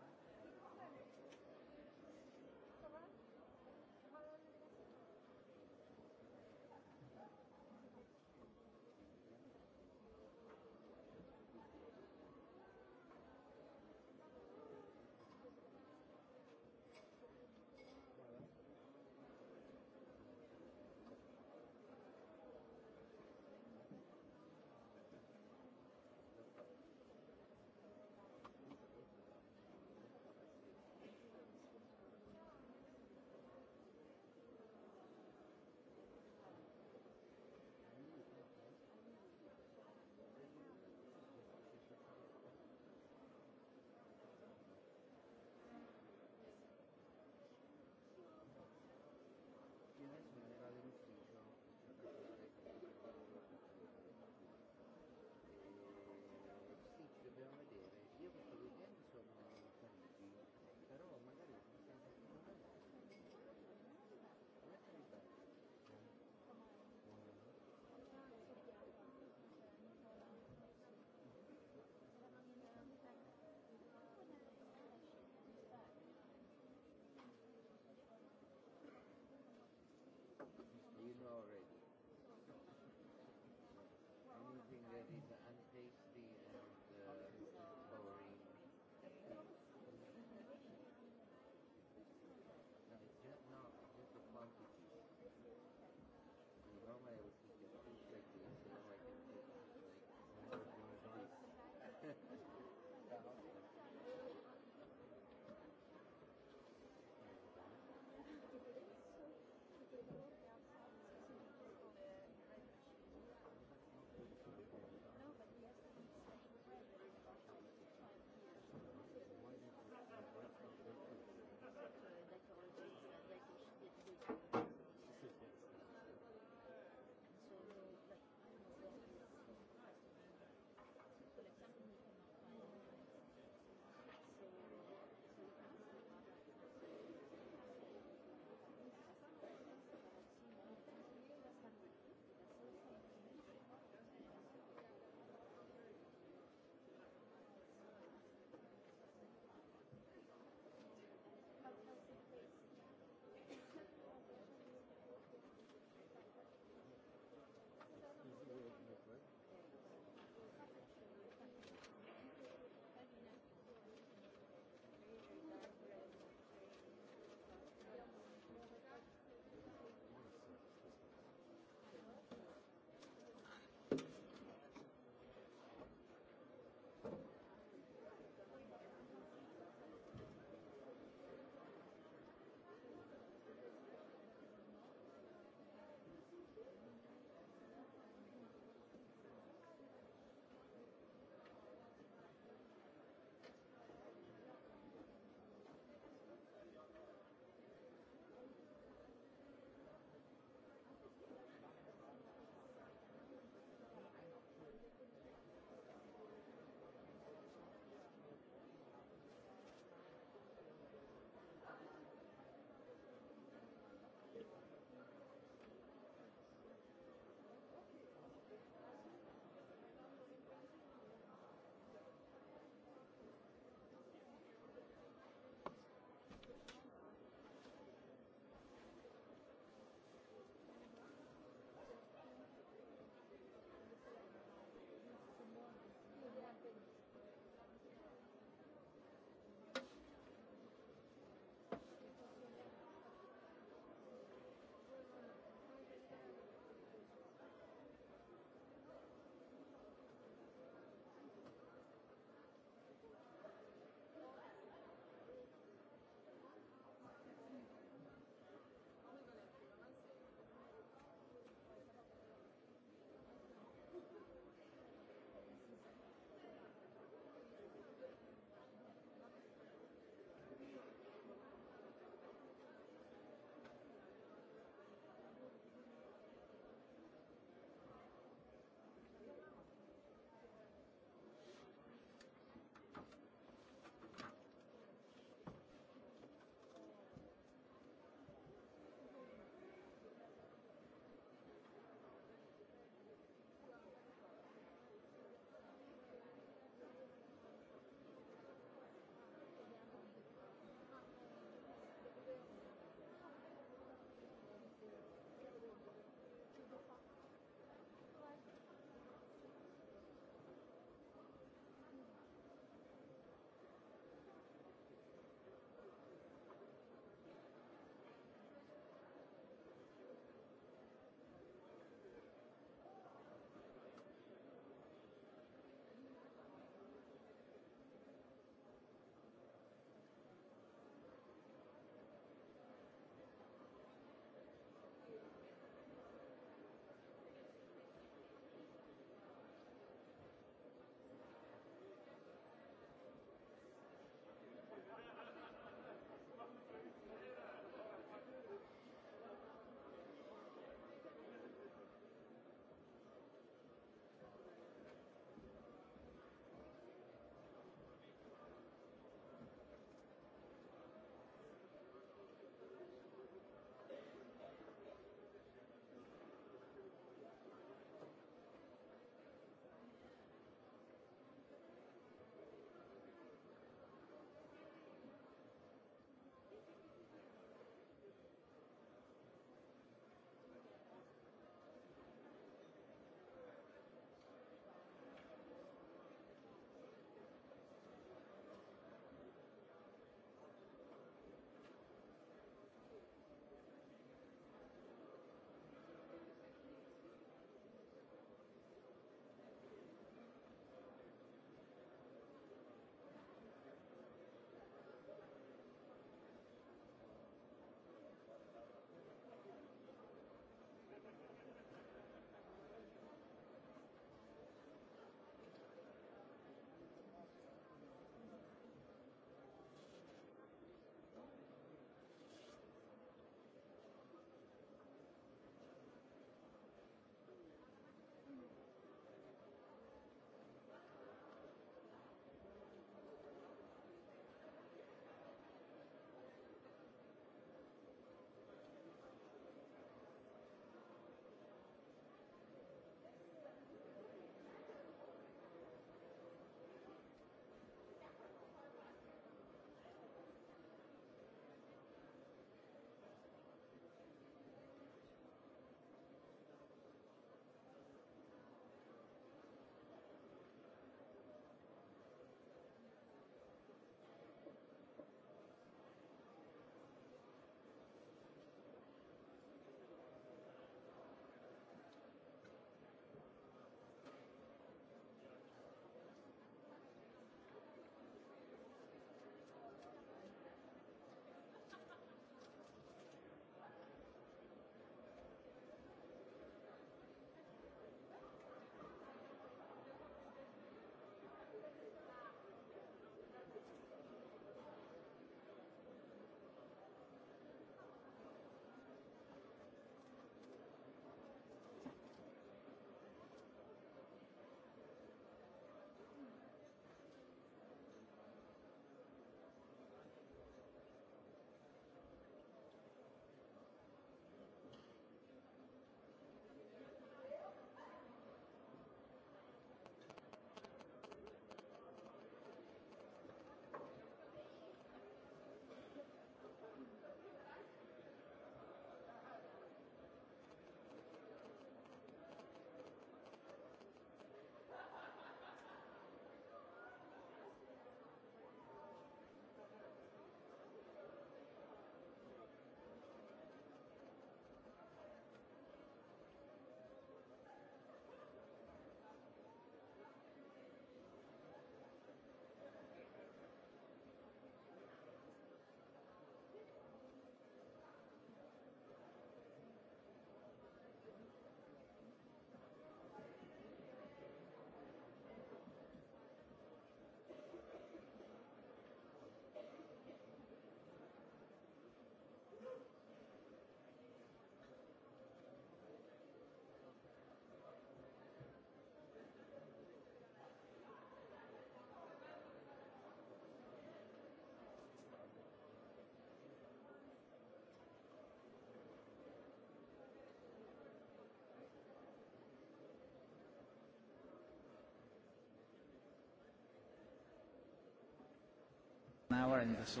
hour and so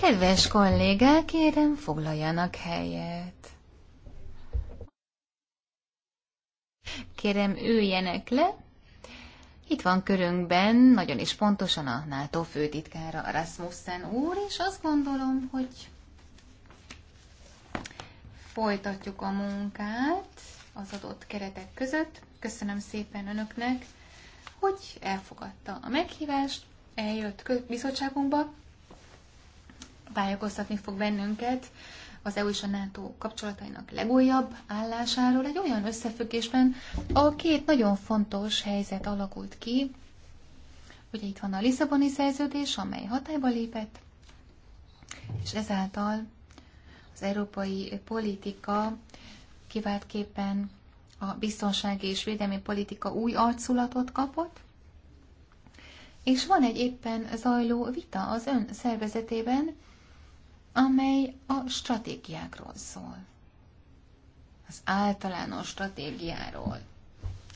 Kedves kollégák, kérem foglaljanak helyet. Kérem, üljenek le. Itt van körünkben nagyon is pontosan a NATO főtitkára Rasmussen úr, és azt gondolom, hogy folytatjuk a munkát az adott keretek között. Köszönöm szépen önöknek, hogy elfogadta a meghívást, eljött bizottságunkba, tájékoztatni fog bennünket az EU és a NATO kapcsolatainak legújabb állásáról egy olyan összefüggésben, ahol két nagyon fontos helyzet alakult ki. Ugye itt van a Lisszaboni szerződés, amely hatályba lépett, és ezáltal az európai politika kiváltképpen a biztonsági és védelmi politika új arculatot kapott, és van egy éppen zajló vita az ön szervezetében, amely a stratégiákról szól. Az általános stratégiáról,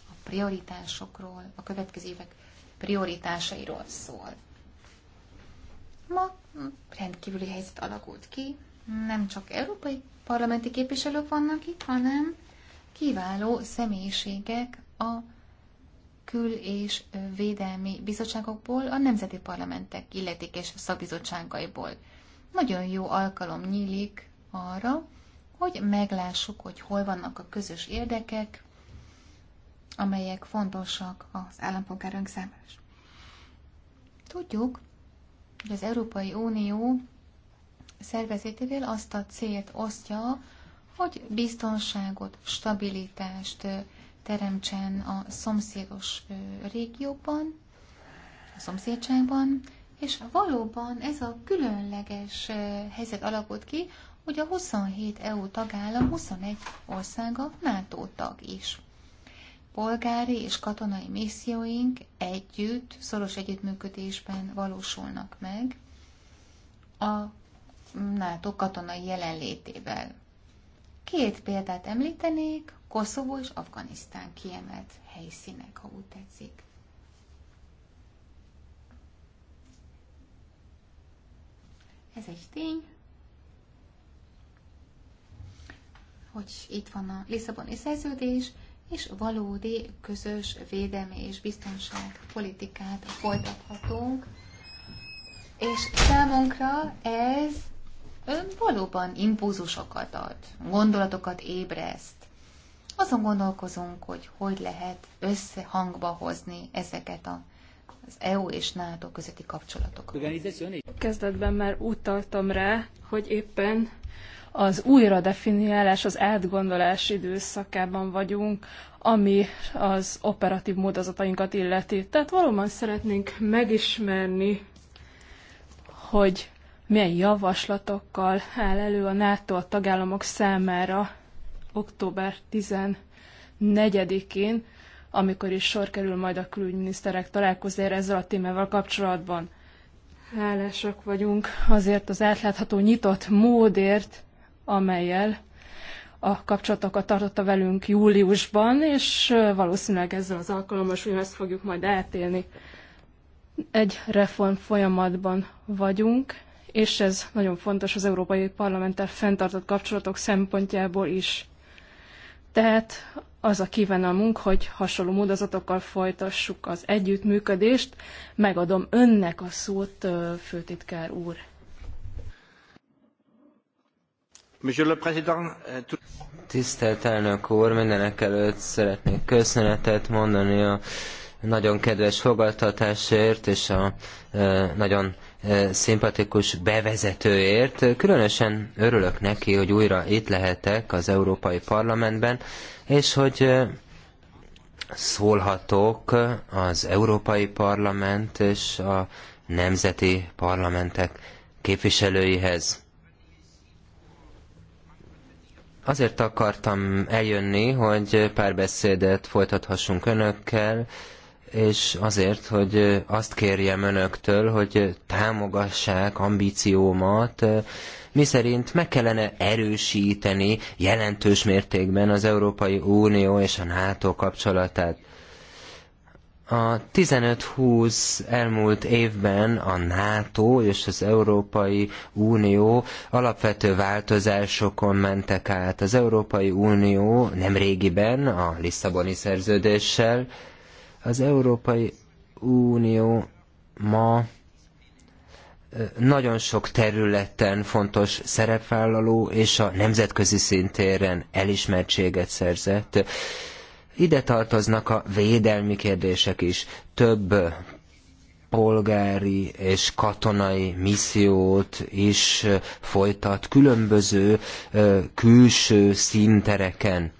a prioritásokról, a következő évek prioritásairól szól. Ma rendkívüli helyzet alakult ki, nem csak európai parlamenti képviselők vannak itt, hanem kiváló személyiségek a kül- és védelmi bizottságokból, a nemzeti parlamentek illetékes szakbizottságaiból. Nagyon jó alkalom nyílik arra, hogy meglássuk, hogy hol vannak a közös érdekek, amelyek fontosak az állampolgárunk számára. Tudjuk, hogy az Európai Unió szervezetével azt a célt osztja, hogy biztonságot, stabilitást teremtsen a szomszédos régióban, a szomszédságban, és valóban ez a különleges helyzet alakult ki, hogy a 27 EU tagállam 21 országa NATO tag is. Polgári és katonai misszióink együtt, szoros együttműködésben valósulnak meg. A NATO katonai jelenlétével. Két példát említenék, Koszovó és Afganisztán kiemelt helyszínek, ha úgy tetszik. Ez egy tény, hogy itt van a Lisszaboni szerződés, és valódi közös védelmi és biztonság politikát folytathatunk. És számunkra ez valóban impulzusokat ad, gondolatokat ébreszt. Azon gondolkozunk, hogy hogy lehet összehangba hozni ezeket a az EU és NATO közötti kapcsolatok. Kezdetben már tartom rá, hogy éppen az újra definiálás, az átgondolás időszakában vagyunk, ami az operatív módozatainkat illeti. Tehát valóban szeretnénk megismerni, hogy milyen javaslatokkal áll elő a NATO a tagállamok számára október 14-én, amikor is sor kerül majd a külügyminiszterek találkozójára ezzel a témával kapcsolatban. Hálásak vagyunk azért az átlátható nyitott módért, amelyel a kapcsolatokat tartotta velünk júliusban, és valószínűleg ezzel az alkalommal is ezt fogjuk majd átélni. Egy reform folyamatban vagyunk, és ez nagyon fontos az Európai Parlamenttel fenntartott kapcsolatok szempontjából is. Tehát az a kívánalmunk, hogy hasonló módozatokkal folytassuk az együttműködést. Megadom önnek a szót, főtitkár úr. Euh, Tisztelt elnök úr, mindenek előtt szeretnék köszönetet mondani a nagyon kedves fogadtatásért és a nagyon E, szimpatikus bevezetőért. Különösen örülök neki, hogy újra itt lehetek az Európai Parlamentben, és hogy e, szólhatok az Európai Parlament és a nemzeti parlamentek képviselőihez. Azért akartam eljönni, hogy párbeszédet folytathassunk önökkel, és azért, hogy azt kérjem önöktől, hogy támogassák ambíciómat, miszerint meg kellene erősíteni jelentős mértékben az Európai Unió és a NATO kapcsolatát. A 15-20 elmúlt évben a NATO és az Európai Unió alapvető változásokon mentek át. Az Európai Unió nem régiben a Lisszaboni szerződéssel az Európai Unió ma nagyon sok területen fontos szerepvállaló és a nemzetközi szintéren elismertséget szerzett. Ide tartoznak a védelmi kérdések is. Több polgári és katonai missziót is folytat különböző külső szintereken.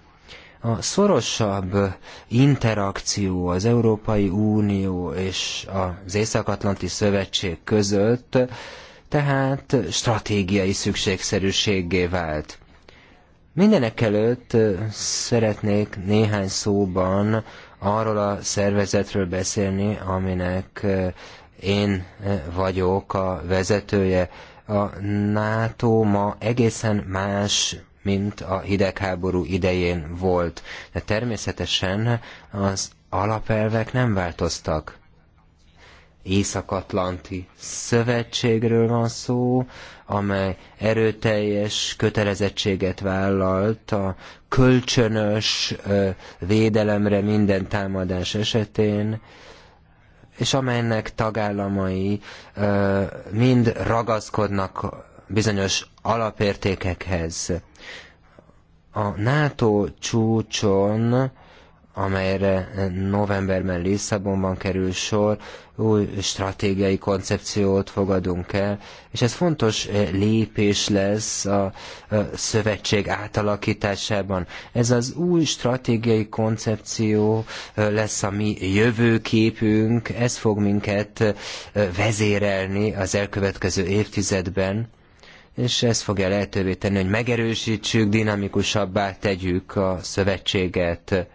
A szorosabb interakció az Európai Unió és az Észak-Atlanti Szövetség között tehát stratégiai szükségszerűségé vált. Mindenek előtt szeretnék néhány szóban arról a szervezetről beszélni, aminek én vagyok a vezetője. A NATO ma egészen más mint a hidegháború idején volt. De természetesen az alapelvek nem változtak. Észak-Atlanti Szövetségről van szó, amely erőteljes kötelezettséget vállalt a kölcsönös védelemre minden támadás esetén, és amelynek tagállamai mind ragaszkodnak bizonyos alapértékekhez. A NATO csúcson amelyre novemberben Lisszabonban kerül sor, új stratégiai koncepciót fogadunk el, és ez fontos eh, lépés lesz a szövetség átalakításában. Ez az új stratégiai koncepció eh, lesz a mi jövőképünk, ez fog minket eh, vezérelni az elkövetkező évtizedben, és ez fogja lehetővé tenni, hogy megerősítsük, dinamikusabbá tegyük a szövetséget.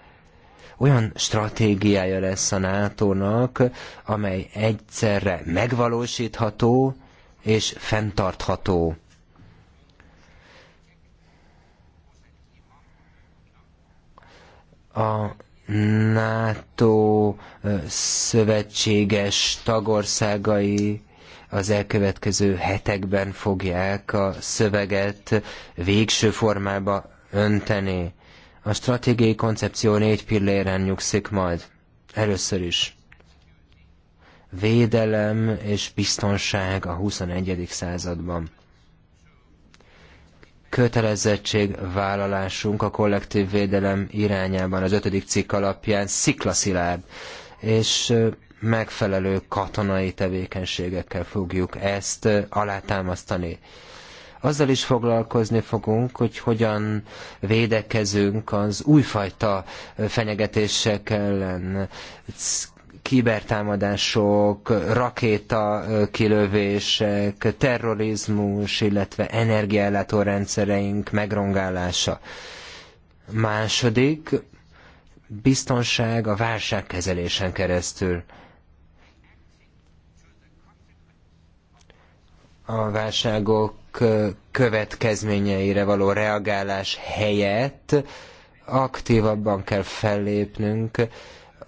Olyan stratégiája lesz a NATO-nak, amely egyszerre megvalósítható és fenntartható. A NATO szövetséges tagországai az elkövetkező hetekben fogják a szöveget végső formába önteni. A stratégiai koncepció négy pilléren nyugszik majd. Először is. Védelem és biztonság a 21. században kötelezettség vállalásunk a kollektív védelem irányában az ötödik cikk alapján sziklaszilárd. És megfelelő katonai tevékenységekkel fogjuk ezt alátámasztani. Azzal is foglalkozni fogunk, hogy hogyan védekezünk az újfajta fenyegetések ellen, kibertámadások, rakéta kilövések, terrorizmus, illetve energiállátó rendszereink megrongálása. Második, biztonság a válságkezelésen keresztül. a válságok következményeire való reagálás helyett aktívabban kell fellépnünk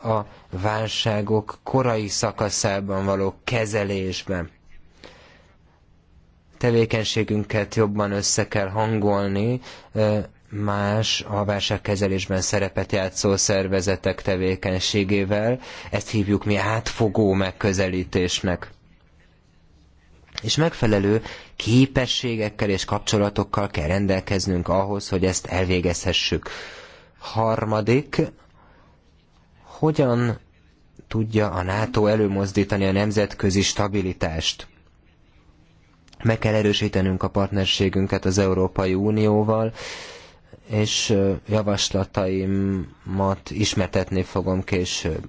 a válságok korai szakaszában való kezelésben. Tevékenységünket jobban össze kell hangolni más a válságkezelésben szerepet játszó szervezetek tevékenységével. Ezt hívjuk mi átfogó megközelítésnek és megfelelő képességekkel és kapcsolatokkal kell rendelkeznünk ahhoz, hogy ezt elvégezhessük. Harmadik, hogyan tudja a NATO előmozdítani a nemzetközi stabilitást? Meg kell erősítenünk a partnerségünket az Európai Unióval, és javaslataimat ismertetni fogom később.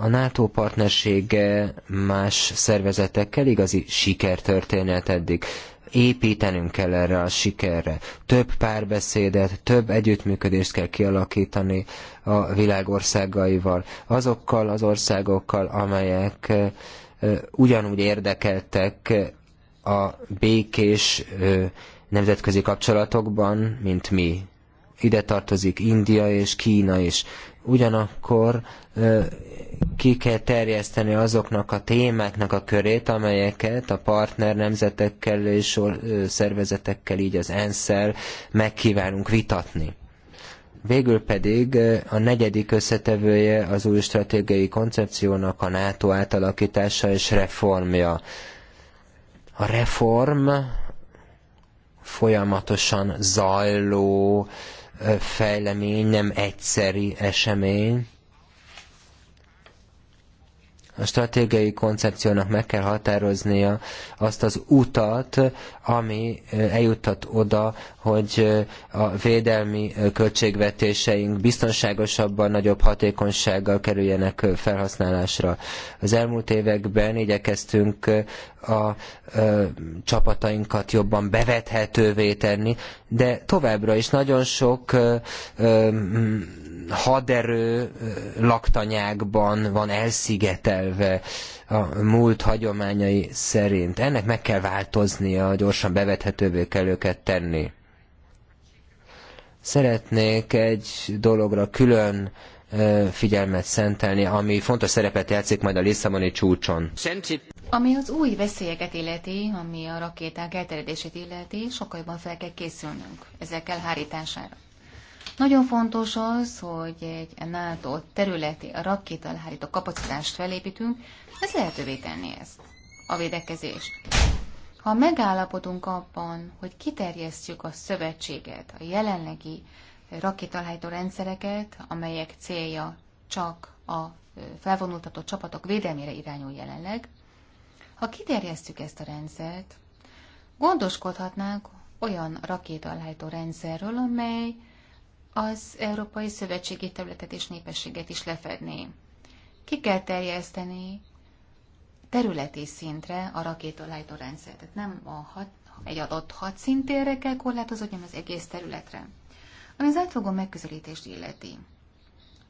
A NATO partnersége más szervezetekkel igazi sikertörténet eddig. Építenünk kell erre a sikerre. Több párbeszédet, több együttműködést kell kialakítani a világ országaival. Azokkal az országokkal, amelyek ugyanúgy érdekeltek a békés nemzetközi kapcsolatokban, mint mi. Ide tartozik India és Kína is. Ugyanakkor ki kell terjeszteni azoknak a témáknak a körét, amelyeket a partner nemzetekkel és szervezetekkel, így az ENSZ-szel megkívánunk vitatni. Végül pedig a negyedik összetevője az új stratégiai koncepciónak a NATO átalakítása és reformja. A reform folyamatosan zajló fejlemény, nem egyszeri esemény, a stratégiai koncepciónak meg kell határoznia azt az utat, ami eljuttat oda, hogy a védelmi költségvetéseink biztonságosabban, nagyobb hatékonysággal kerüljenek felhasználásra. Az elmúlt években igyekeztünk a ö, csapatainkat jobban bevethetővé tenni, de továbbra is nagyon sok ö, ö, haderő laktanyákban van elszigetelve a múlt hagyományai szerint. Ennek meg kell változnia, gyorsan bevethetővé kell őket tenni. Szeretnék egy dologra külön figyelmet szentelni, ami fontos szerepet játszik majd a Lisszaboni csúcson. Ami az új veszélyeket illeti, ami a rakéták elterjedését illeti, sokkal jobban fel kell készülnünk ezekkel hárítására. Nagyon fontos az, hogy egy NATO területi a rakéta elhárító kapacitást felépítünk, ez lehetővé tenni ezt, a védekezést. Ha megállapodunk abban, hogy kiterjesztjük a szövetséget, a jelenlegi rakétalhajtó rendszereket, amelyek célja csak a felvonultatott csapatok védelmére irányul jelenleg, ha kiterjesztjük ezt a rendszert, gondoskodhatnánk olyan rakétalállító rendszerről, amely az Európai Szövetségi Területet és Népességet is lefedné. Ki kell terjeszteni területi szintre a rakétalállító rendszert. Tehát nem a hat, egy adott hat szintére kell korlátozódni, hanem az egész területre. Ami az átfogó megközelítést illeti.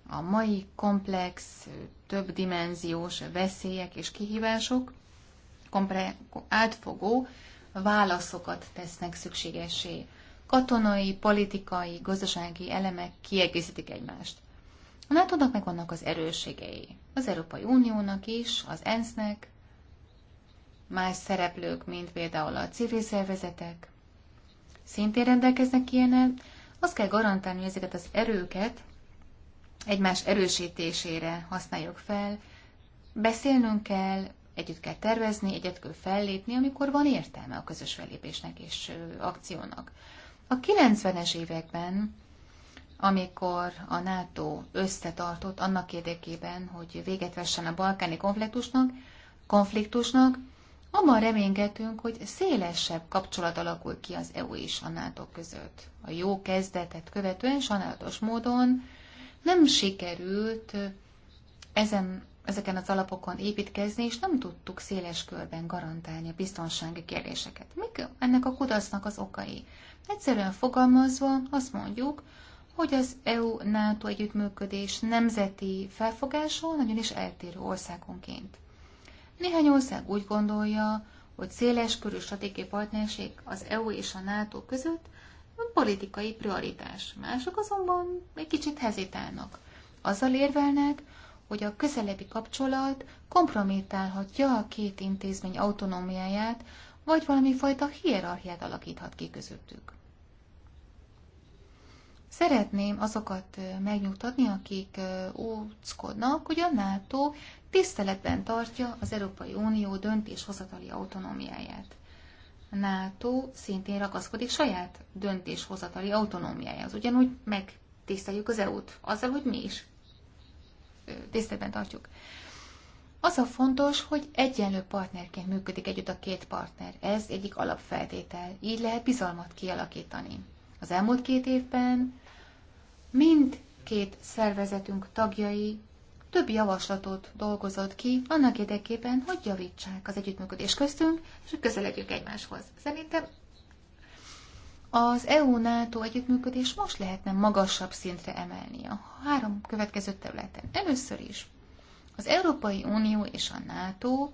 A mai komplex, többdimenziós veszélyek és kihívások kompre, átfogó válaszokat tesznek szükségesé. Katonai, politikai, gazdasági elemek kiegészítik egymást. A nato meg vannak az erősségei. Az Európai Uniónak is, az ENSZ-nek, más szereplők, mint például a civil szervezetek, szintén rendelkeznek ilyenek. azt kell garantálni, hogy ezeket az erőket egymás erősítésére használjuk fel, beszélnünk kell, együtt kell tervezni, egyet kell fellépni, amikor van értelme a közös fellépésnek és akciónak. A 90-es években, amikor a NATO összetartott annak érdekében, hogy véget vessen a balkáni konfliktusnak, konfliktusnak, abban reménykedtünk, hogy szélesebb kapcsolat alakul ki az EU és a NATO között. A jó kezdetet követően sajnálatos módon nem sikerült ezen ezeken az alapokon építkezni, és nem tudtuk széles körben garantálni a biztonsági kérdéseket. Mik ennek a kudasznak az okai? Egyszerűen fogalmazva azt mondjuk, hogy az EU-NATO együttműködés nemzeti felfogása nagyon is eltérő országonként. Néhány ország úgy gondolja, hogy széles körű stratégiai partnerség az EU és a NATO között politikai prioritás. Mások azonban egy kicsit hezitálnak. Azzal érvelnek, hogy a közelebbi kapcsolat kompromittálhatja a két intézmény autonómiáját, vagy valami fajta hierarchiát alakíthat ki közöttük. Szeretném azokat megnyugtatni, akik óckodnak, hogy a NATO tiszteletben tartja az Európai Unió döntéshozatali autonómiáját. A NATO szintén ragaszkodik saját döntéshozatali autonómiájához, ugyanúgy megtiszteljük az EU-t, azzal, hogy mi is tiszteletben tartjuk. Az a fontos, hogy egyenlő partnerként működik együtt a két partner. Ez egyik alapfeltétel. Így lehet bizalmat kialakítani. Az elmúlt két évben Mind két szervezetünk tagjai több javaslatot dolgozott ki annak érdekében, hogy javítsák az együttműködés köztünk, és hogy közeledjük egymáshoz. Szerintem az EU-NATO együttműködés most lehetne magasabb szintre emelni a három következő területen. Először is az Európai Unió és a NATO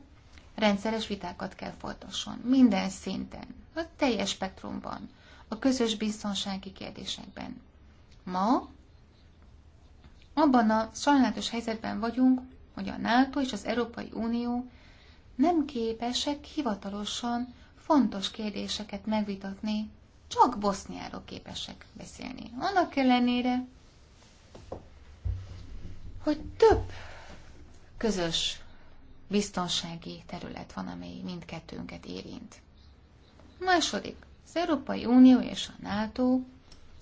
rendszeres vitákat kell folytasson minden szinten, a teljes spektrumban, a közös biztonsági kérdésekben. Ma abban a sajnálatos helyzetben vagyunk, hogy a NATO és az Európai Unió nem képesek hivatalosan fontos kérdéseket megvitatni csak boszniáról képesek beszélni. Annak ellenére, hogy több közös biztonsági terület van, amely mindkettőnket érint. Második, az Európai Unió és a NATO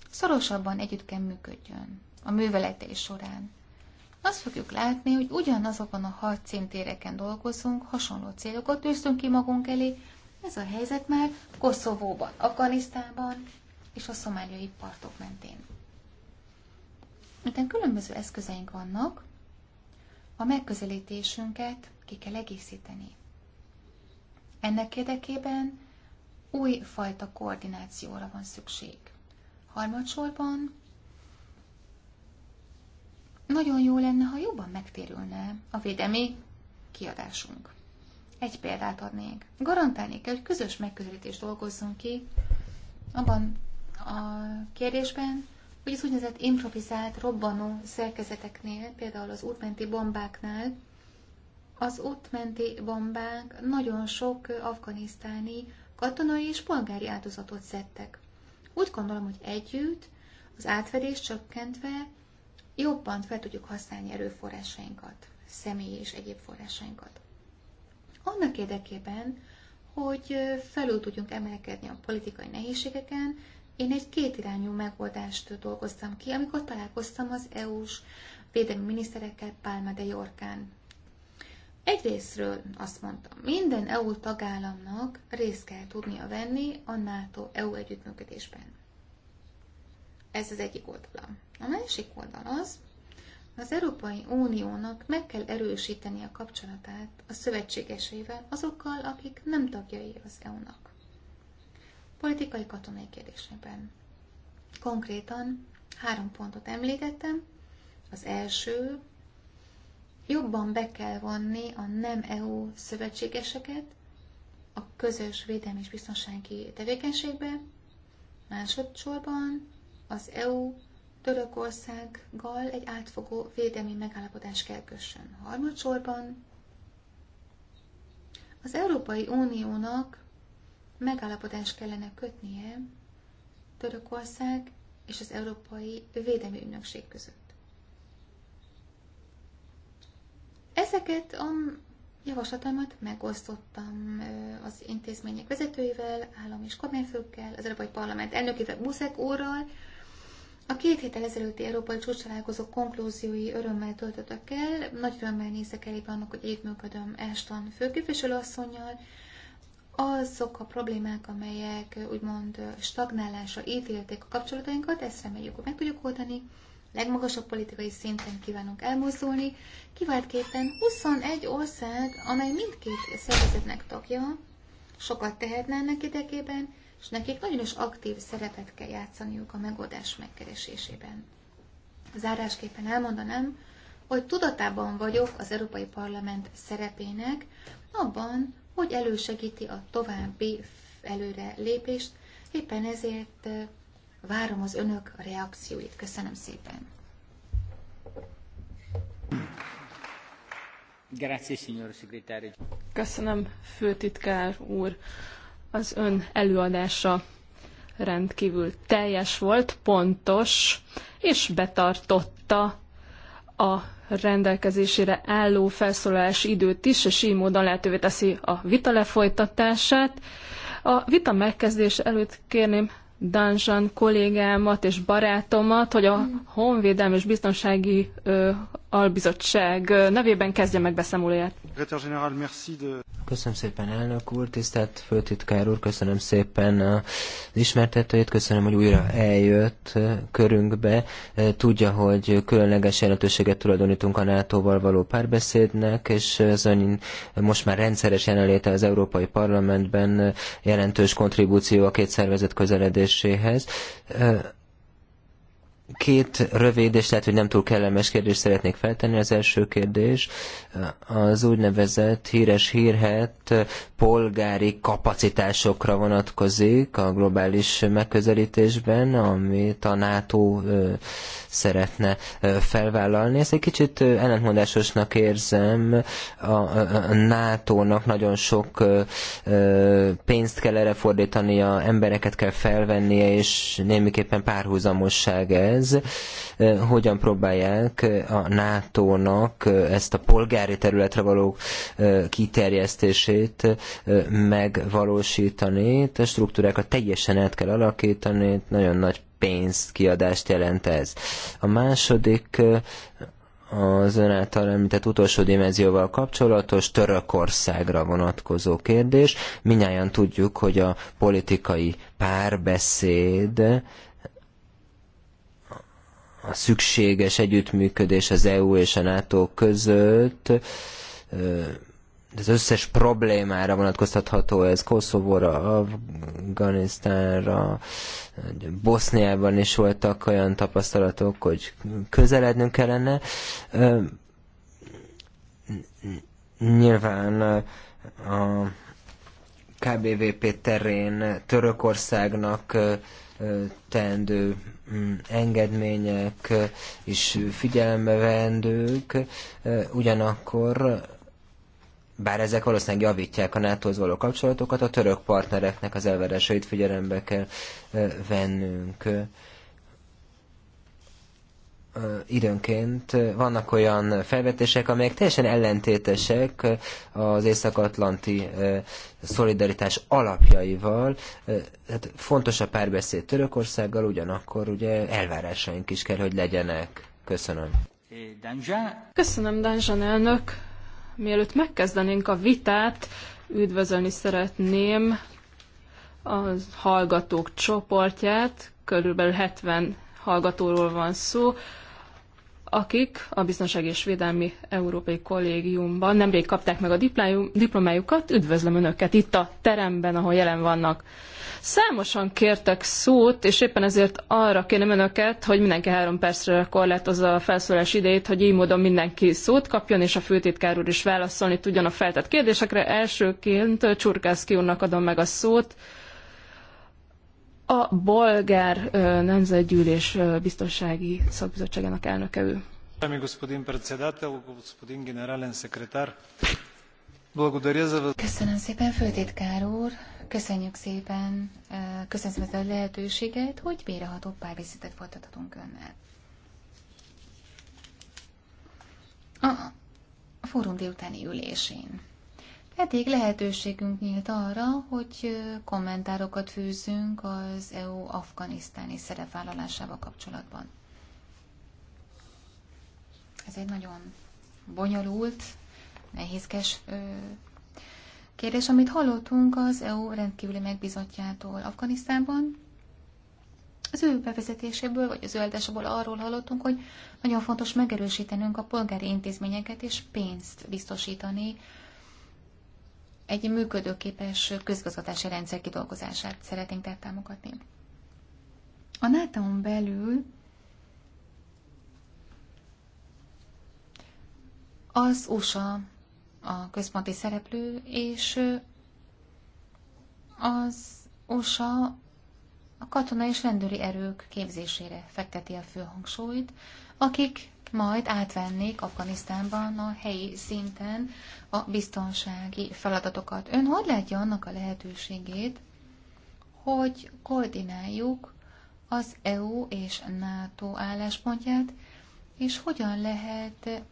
szorosabban együtt kell működjön a műveletei során. Azt fogjuk látni, hogy ugyanazokon a szintéreken dolgozunk, hasonló célokat tűztünk ki magunk elé, ez a helyzet már Koszovóban, Afganisztánban és a szomáliai partok mentén. Miután különböző eszközeink vannak, a megközelítésünket ki kell egészíteni. Ennek érdekében új fajta koordinációra van szükség. Harmadsorban nagyon jó lenne, ha jobban megtérülne a védelmi kiadásunk. Egy példát adnék. Garantálni kell, hogy közös megközelítést dolgozzunk ki abban a kérdésben, hogy az úgynevezett improvizált, robbanó szerkezeteknél, például az útmenti bombáknál, az útmenti bombák nagyon sok afganisztáni katonai és polgári áldozatot szedtek. Úgy gondolom, hogy együtt, az átfedés csökkentve jobban fel tudjuk használni erőforrásainkat, személyi és egyéb forrásainkat annak érdekében, hogy felül tudjunk emelkedni a politikai nehézségeken, én egy kétirányú megoldást dolgoztam ki, amikor találkoztam az EU-s védelmi miniszterekkel Pálma de Jorkán. Egyrésztről azt mondtam, minden EU tagállamnak részt kell tudnia venni a NATO-EU együttműködésben. Ez az egyik oldala. A másik oldal az, az Európai Uniónak meg kell erősíteni a kapcsolatát a szövetségeseivel, azokkal, akik nem tagjai az EU-nak. Politikai katonai kérdésében. Konkrétan három pontot említettem. Az első, jobban be kell vonni a nem EU szövetségeseket a közös védelmi és biztonsági tevékenységbe, másodszorban az EU Törökországgal egy átfogó védelmi megállapodás kell kössön. Harmadsorban az Európai Uniónak megállapodást kellene kötnie Törökország és az Európai Védelmi Ügynökség között. Ezeket a javaslatomat megosztottam az intézmények vezetőivel, állam és kormányfőkkel, az Európai Parlament elnökével Buszek úrral, a két héttel ezelőtti európai csúcstalálkozó konklúziói örömmel töltöttek el, nagy örömmel nézek elébe annak, hogy együttműködöm Ashton főképviselőasszonynal, azok a problémák, amelyek úgymond stagnálásra ítélték a kapcsolatainkat, ezt reméljük, hogy meg tudjuk oldani. Legmagasabb politikai szinten kívánunk elmozdulni, kiváltképpen 21 ország, amely mindkét szervezetnek tagja, sokat tehetne ennek idegében, és nekik nagyon is aktív szerepet kell játszaniuk a megoldás megkeresésében. Zárásképpen elmondanám, hogy tudatában vagyok az Európai Parlament szerepének abban, hogy elősegíti a további előre lépést, éppen ezért eh, várom az önök reakcióit. Köszönöm szépen! Grazie, signor segretario. Köszönöm, főtitkár úr. Az ön előadása rendkívül teljes volt, pontos, és betartotta a rendelkezésére álló felszólalási időt is, és így módon lehetővé teszi a vita lefolytatását. A vita megkezdés előtt kérném Danzsan kollégámat és barátomat, hogy a mm. Honvédelmi és Biztonsági albizottság nevében kezdje meg beszámolóját. Köszönöm szépen, elnök úr, tisztelt főtitkár úr, köszönöm szépen az ismertetőjét, köszönöm, hogy újra eljött körünkbe. Tudja, hogy különleges jelentőséget tulajdonítunk a NATO-val való párbeszédnek, és az ön most már rendszeres jelenléte az Európai Parlamentben jelentős kontribúció a két szervezet közeledéséhez Két rövid és lehet, hogy nem túl kellemes kérdést szeretnék feltenni. Az első kérdés az úgynevezett híres hírhet polgári kapacitásokra vonatkozik a globális megközelítésben, amit a NATO szeretne felvállalni. Ezt egy kicsit ellentmondásosnak érzem. A NATO-nak nagyon sok pénzt kell erre fordítania, embereket kell felvennie, és némiképpen párhuzamosság ez ez, eh, hogyan próbálják eh, a NATO-nak eh, ezt a polgári területre való kiterjesztését megvalósítani. A struktúrákat teljesen át kell alakítani, nagyon nagy pénzt, kiadást jelent ez. A második az ön által említett utolsó dimenzióval kapcsolatos Törökországra vonatkozó kérdés. Minnyáján tudjuk, hogy a politikai párbeszéd a szükséges együttműködés az EU és a NATO között, az összes problémára vonatkoztatható ez Koszovóra, Afganisztánra, Boszniában is voltak olyan tapasztalatok, hogy közelednünk kellene. Nyilván a KBVP terén Törökországnak teendő Mm, engedmények is figyelembe vendők, ugyanakkor bár ezek valószínűleg javítják a nato való kapcsolatokat, a török partnereknek az elvárásait figyelembe kell vennünk időnként vannak olyan felvetések, amelyek teljesen ellentétesek az észak-atlanti szolidaritás alapjaival. Tehát fontos a párbeszéd Törökországgal, ugyanakkor ugye elvárásaink is kell, hogy legyenek. Köszönöm. Köszönöm, Danzsan elnök. Mielőtt megkezdenénk a vitát, üdvözölni szeretném a hallgatók csoportját, körülbelül 70 hallgatóról van szó, akik a Biztonság és Védelmi Európai Kollégiumban nemrég kapták meg a diplomájukat. Üdvözlöm Önöket itt a teremben, ahol jelen vannak. Számosan kértek szót, és éppen ezért arra kérem Önöket, hogy mindenki három percre korlátozza a felszólás idejét, hogy így módon mindenki szót kapjon, és a főtitkár úr is válaszolni tudjon a feltett kérdésekre. Elsőként Csurkászki úrnak adom meg a szót a bolgár nemzetgyűlés biztonsági szakbizottságának elnöke ő. Köszönöm szépen, főtitkár úr! Köszönjük szépen, köszönöm szépen a lehetőséget, hogy béreható párbeszédet folytathatunk önnel. A fórum délutáni ülésén Eddig lehetőségünk nyílt arra, hogy kommentárokat fűzünk az EU afganisztáni szerepvállalásával kapcsolatban. Ez egy nagyon bonyolult, nehézkes kérdés, amit hallottunk az EU rendkívüli megbizotjától Afganisztánban. Az ő bevezetéséből, vagy az ő eldásából arról hallottunk, hogy nagyon fontos megerősítenünk a polgári intézményeket és pénzt biztosítani egy működőképes közgazgatási rendszer kidolgozását szeretnénk tehát támogatni. A nato belül az USA a központi szereplő, és az USA a katona és rendőri erők képzésére fekteti a főhangsúlyt, akik majd átvennék Afganisztánban a helyi szinten a biztonsági feladatokat. Ön hogy látja annak a lehetőségét, hogy koordináljuk az EU és NATO álláspontját, és hogyan lehet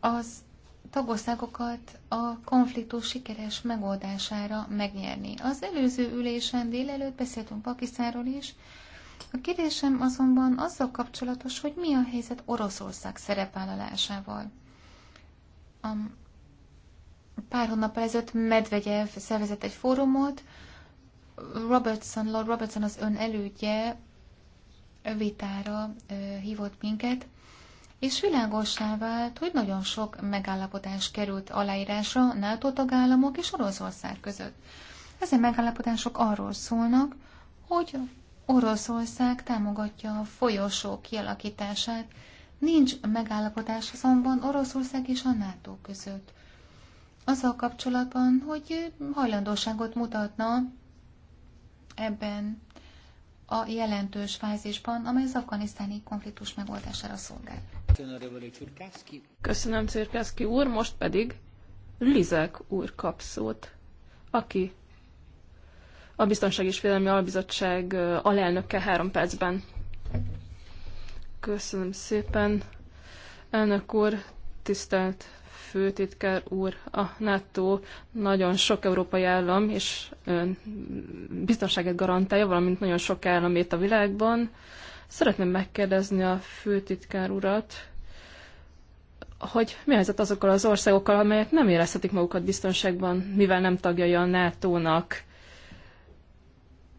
az tagországokat a konfliktus sikeres megoldására megnyerni. Az előző ülésen délelőtt beszéltünk Pakisztánról is. A kérdésem azonban azzal kapcsolatos, hogy mi a helyzet Oroszország szerepvállalásával pár hónappal ezelőtt Medvegyev szervezett egy fórumot, Robertson, Lord Robertson az ön elődje vitára hívott minket, és világosá vált, hogy nagyon sok megállapodás került aláírásra NATO tagállamok és Oroszország között. Ezen megállapodások arról szólnak, hogy Oroszország támogatja a folyosó kialakítását Nincs megállapodás azonban Oroszország és a NATO között. Azzal kapcsolatban, hogy hajlandóságot mutatna ebben a jelentős fázisban, amely az afganisztáni konfliktus megoldására szolgál. Köszönöm, Cirkászki úr, most pedig Lizek úr kap szót, aki a Biztonság és Félelmi Albizottság alelnöke három percben. Köszönöm szépen. Elnök úr, tisztelt főtitkár úr, a NATO nagyon sok európai állam és biztonságet garantálja, valamint nagyon sok államét a világban. Szeretném megkérdezni a főtitkár urat, hogy mi a helyzet azokkal az országokkal, amelyek nem érezhetik magukat biztonságban, mivel nem tagjai a NATO-nak.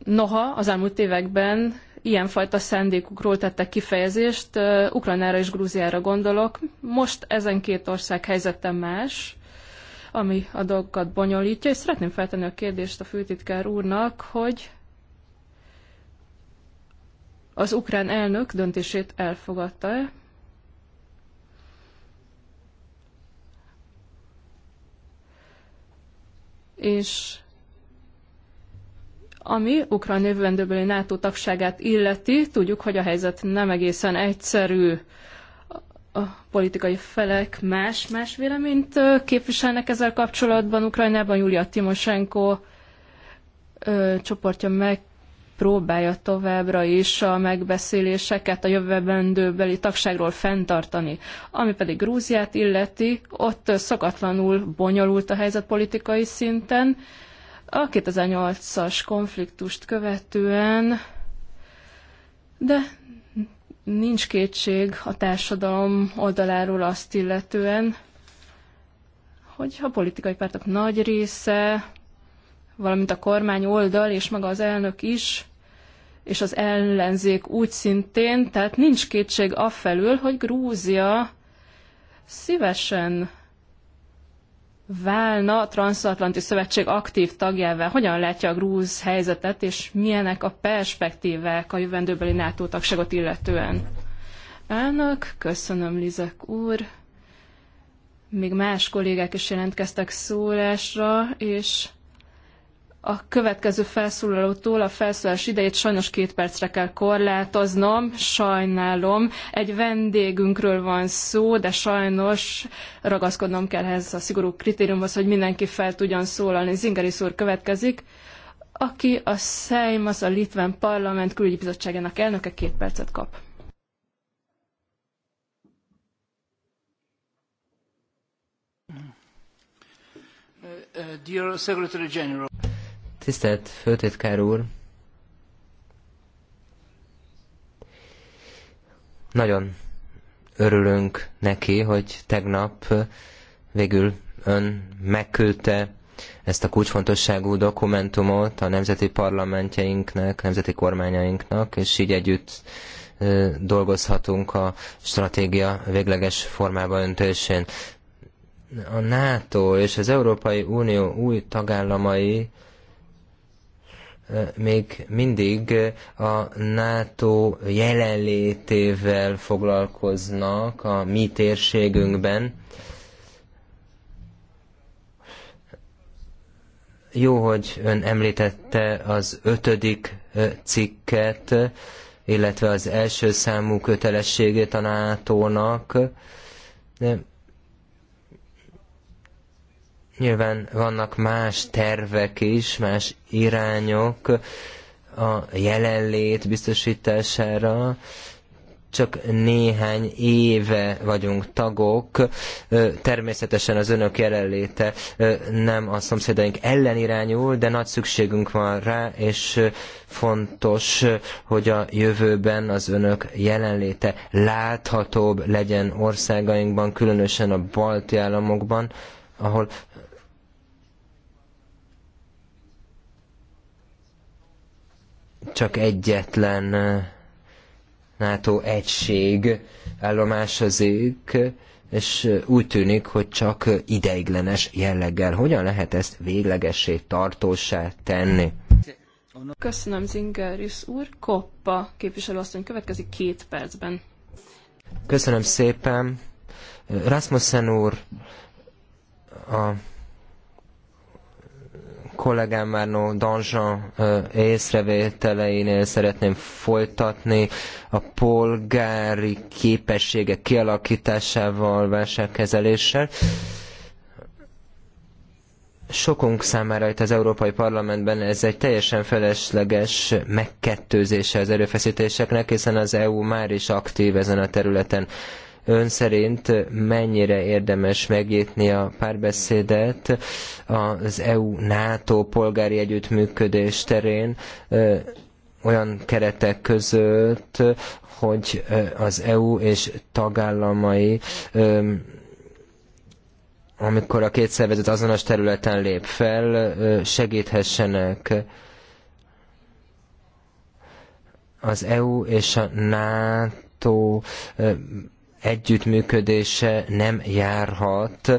Noha az elmúlt években ilyenfajta szándékukról tettek kifejezést. Ukrajnára és Grúziára gondolok. Most ezen két ország helyzete más, ami a dolgokat bonyolítja, és szeretném feltenni a kérdést a főtitkár úrnak, hogy az ukrán elnök döntését elfogadta-e? És ami Ukrajna jövendőbeli NATO tagságát illeti, tudjuk, hogy a helyzet nem egészen egyszerű. A politikai felek más-más véleményt képviselnek ezzel kapcsolatban. Ukrajnában Julia Timoshenko csoportja meg próbálja továbbra is a megbeszéléseket a jövendőbeli tagságról fenntartani. Ami pedig Grúziát illeti, ott szokatlanul bonyolult a helyzet politikai szinten, a 2008-as konfliktust követően, de nincs kétség a társadalom oldaláról azt illetően, hogy a politikai pártok nagy része, valamint a kormány oldal és maga az elnök is, és az ellenzék úgy szintén, tehát nincs kétség afelől, hogy Grúzia szívesen válna a Transatlanti Szövetség aktív tagjává? Hogyan látja a grúz helyzetet, és milyenek a perspektívek a jövendőbeli NATO tagságot illetően? Elnök, köszönöm Lizek úr. Még más kollégák is jelentkeztek szólásra, és a következő felszólalótól a felszólalás idejét sajnos két percre kell korlátoznom, sajnálom. Egy vendégünkről van szó, de sajnos ragaszkodnom kell ehhez a szigorú kritériumhoz, hogy mindenki fel tudjon szólalni. Zingeri úr következik, aki a Szejm, az a Litván Parlament külügyi bizottságának elnöke két percet kap. dear Secretary General. Tisztelt Főtitkár úr! Nagyon örülünk neki, hogy tegnap végül ön megküldte ezt a kulcsfontosságú dokumentumot a nemzeti parlamentjeinknek, nemzeti kormányainknak, és így együtt dolgozhatunk a stratégia végleges formába öntésén. A NATO és az Európai Unió új tagállamai még mindig a NATO jelenlétével foglalkoznak a mi térségünkben. Jó, hogy ön említette az ötödik cikket, illetve az első számú kötelességét a NATO-nak, de Nyilván vannak más tervek is, más irányok a jelenlét biztosítására, csak néhány éve vagyunk tagok, természetesen az önök jelenléte nem a szomszédaink ellen irányul, de nagy szükségünk van rá, és fontos, hogy a jövőben az önök jelenléte láthatóbb legyen országainkban, különösen a balti államokban, ahol csak egyetlen NATO egység állomásozik, és úgy tűnik, hogy csak ideiglenes jelleggel. Hogyan lehet ezt véglegessé, tartósá tenni? Köszönöm Zingerius úr. Koppa képviselőasszony következik két percben. Köszönöm szépen. Rasmussen úr, a kollégám Márnó Danzsan észrevételeinél szeretném folytatni a polgári képességek kialakításával, válságkezeléssel. Sokunk számára itt az Európai Parlamentben ez egy teljesen felesleges megkettőzése az erőfeszítéseknek, hiszen az EU már is aktív ezen a területen ön szerint mennyire érdemes megnyitni a párbeszédet az EU-NATO polgári együttműködés terén olyan keretek között, hogy az EU és tagállamai amikor a két szervezet azonos területen lép fel, segíthessenek az EU és a NATO együttműködése nem járhat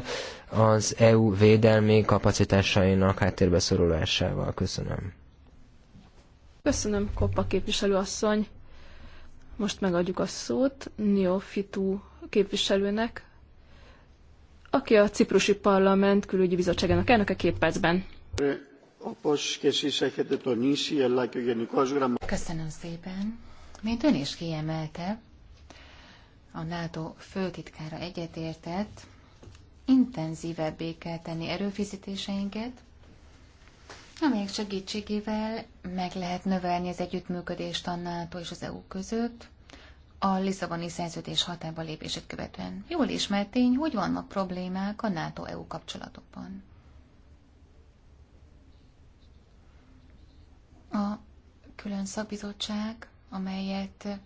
az EU védelmi kapacitásainak háttérbe szorulásával. Köszönöm. Köszönöm, Koppa képviselőasszony. Most megadjuk a szót Neofitu képviselőnek, aki a Ciprusi Parlament külügyi bizottságának elnöke két percben. Köszönöm szépen. Mint ön is kiemelte, a NATO főtitkára egyetértett, intenzívebbé kell tenni erőfizetéseinket, amelyek segítségével meg lehet növelni az együttműködést a NATO és az EU között, a Lisszaboni szerződés hatába lépését követően. Jól ismert tény, hogy vannak problémák a NATO-EU kapcsolatokban. A külön szakbizottság, amelyet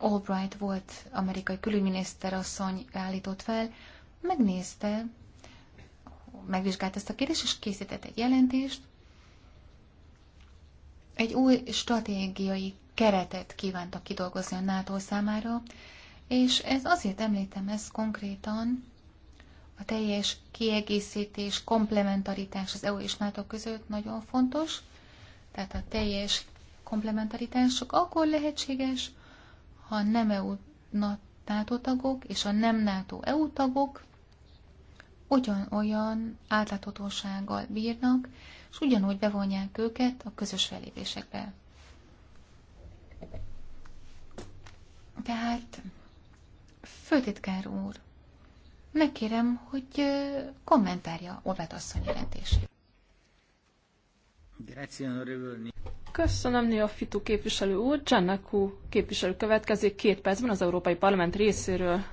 Albright volt amerikai külügyminiszter asszony állított fel, megnézte, megvizsgált ezt a kérdést, és készített egy jelentést. Egy új stratégiai keretet kívántak kidolgozni a NATO számára, és ez azért említem ezt konkrétan, a teljes kiegészítés, komplementaritás az EU és NATO között nagyon fontos, tehát a teljes komplementaritás csak akkor lehetséges, ha nem EU NATO tagok és a nem NATO EU tagok ugyanolyan átláthatósággal bírnak, és ugyanúgy bevonják őket a közös fellépésekbe. Tehát, főtitkár úr, megkérem, hogy kommentárja Olvet asszony jelentését. Köszönöm, Neofitu képviselő úr. Giannaku képviselő következik két percben az Európai Parlament részéről.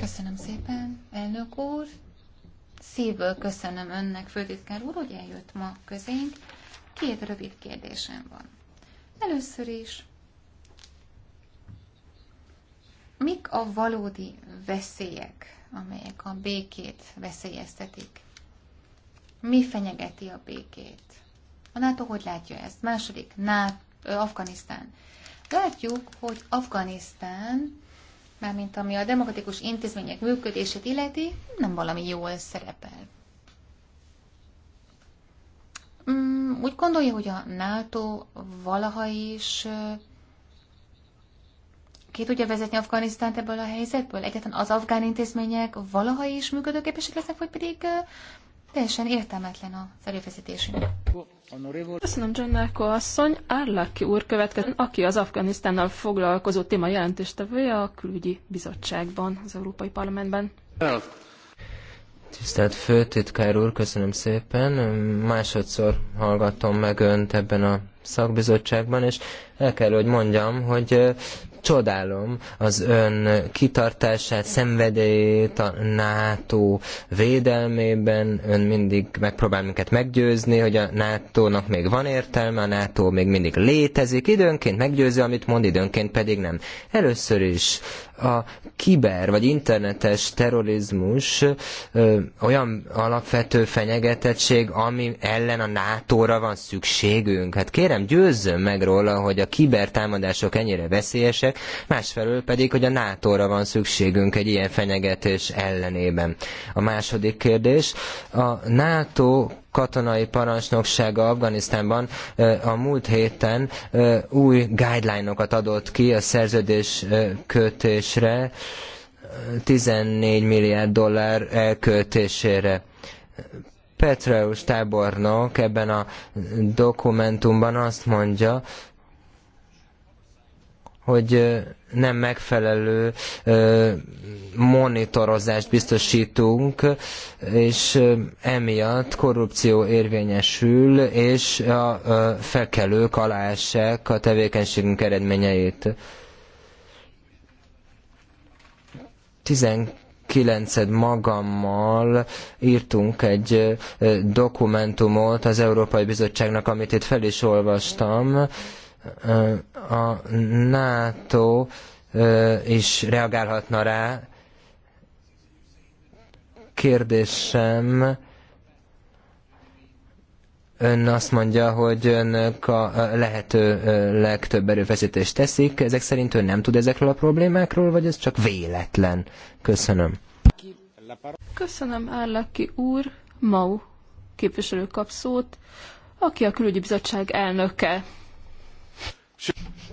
Köszönöm szépen, elnök úr. Szívből köszönöm önnek, főtitkár úr, hogy eljött ma közénk. Két rövid kérdésem van. Először is, mik a valódi veszélyek, amelyek a békét veszélyeztetik? Mi fenyegeti a békét? A NATO hogy látja ezt? Második, NATO, Afganisztán. Látjuk, hogy Afganisztán, mármint ami a demokratikus intézmények működését illeti, nem valami jól szerepel. Mm, úgy gondolja, hogy a NATO valaha is ki tudja vezetni Afganisztánt ebből a helyzetből? Egyáltalán az afgán intézmények valaha is működőképesek lesznek, vagy pedig Teljesen értelmetlen a erőfeszítésünk. Köszönöm, Giannelko asszony. Árlaki úr következő, aki az Afganisztánnal foglalkozó téma jelentéstevője a külügyi bizottságban, az Európai Parlamentben. Tisztelt főtitkár úr, köszönöm szépen. Másodszor hallgatom meg önt ebben a szakbizottságban, és el kell, hogy mondjam, hogy Csodálom az ön kitartását, szenvedélyét a NATO védelmében. Ön mindig megpróbál minket meggyőzni, hogy a NATO-nak még van értelme, a NATO még mindig létezik. Időnként meggyőző, amit mond, időnként pedig nem. Először is a kiber vagy internetes terrorizmus ö, olyan alapvető fenyegetettség, ami ellen a NATO-ra van szükségünk. Hát kérem, győzzön meg róla, hogy a támadások ennyire veszélyesek, másfelől pedig, hogy a NATO-ra van szükségünk egy ilyen fenyegetés ellenében. A második kérdés, a NATO katonai parancsnoksága Afganisztánban a múlt héten új guideline-okat adott ki a szerződés kötésre, 14 milliárd dollár elköltésére. Petreus tábornok ebben a dokumentumban azt mondja, hogy nem megfelelő monitorozást biztosítunk, és emiatt korrupció érvényesül, és a felkelők aláessek a tevékenységünk eredményeit. 19 magammal írtunk egy dokumentumot az Európai Bizottságnak, amit itt fel is olvastam, a NATO is reagálhatna rá. Kérdésem, ön azt mondja, hogy önök a lehető legtöbb erőfeszítést teszik. Ezek szerint ön nem tud ezekről a problémákról, vagy ez csak véletlen? Köszönöm. Köszönöm, Állaki úr. Mau képviselő kap szót, aki a külügyi bizottság elnöke.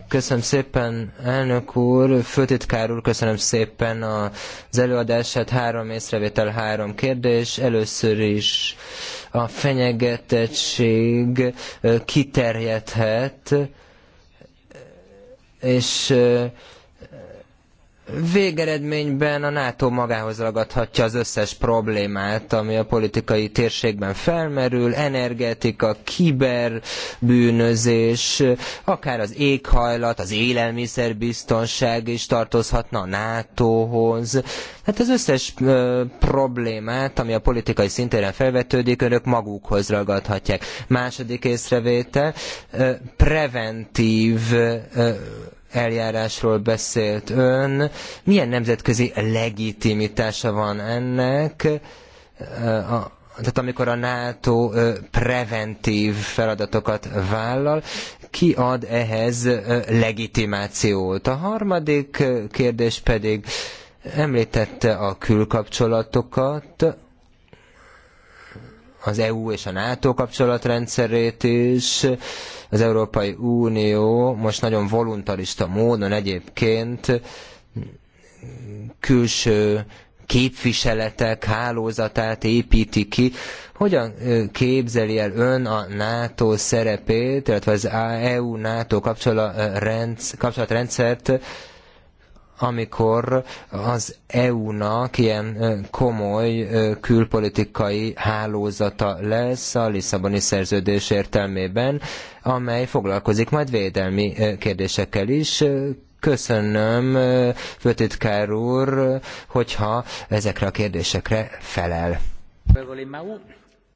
Köszönöm szépen, elnök úr, főtitkár úr, köszönöm szépen az előadását. Három észrevétel, három kérdés. Először is a fenyegetettség kiterjedhet, és végeredményben a NATO magához ragadhatja az összes problémát, ami a politikai térségben felmerül, energetika, kiberbűnözés, akár az éghajlat, az élelmiszerbiztonság is tartozhatna a NATO-hoz. Hát az összes ö, problémát, ami a politikai szintéren felvetődik, önök magukhoz ragadhatják. Második észrevétel, ö, preventív ö, eljárásról beszélt ön. Milyen nemzetközi legitimitása van ennek? A tehát amikor a NATO preventív feladatokat vállal, ki ad ehhez legitimációt? A harmadik kérdés pedig említette a külkapcsolatokat, az EU és a NATO kapcsolatrendszerét is, az Európai Unió most nagyon voluntarista módon egyébként külső képviseletek hálózatát építi ki. Hogyan képzeli el ön a NATO szerepét, illetve az EU-NATO kapcsolatrendszert amikor az EU-nak ilyen komoly külpolitikai hálózata lesz a Lisszaboni szerződés értelmében, amely foglalkozik majd védelmi kérdésekkel is, köszönöm, főtitkár úr, hogyha ezekre a kérdésekre felel.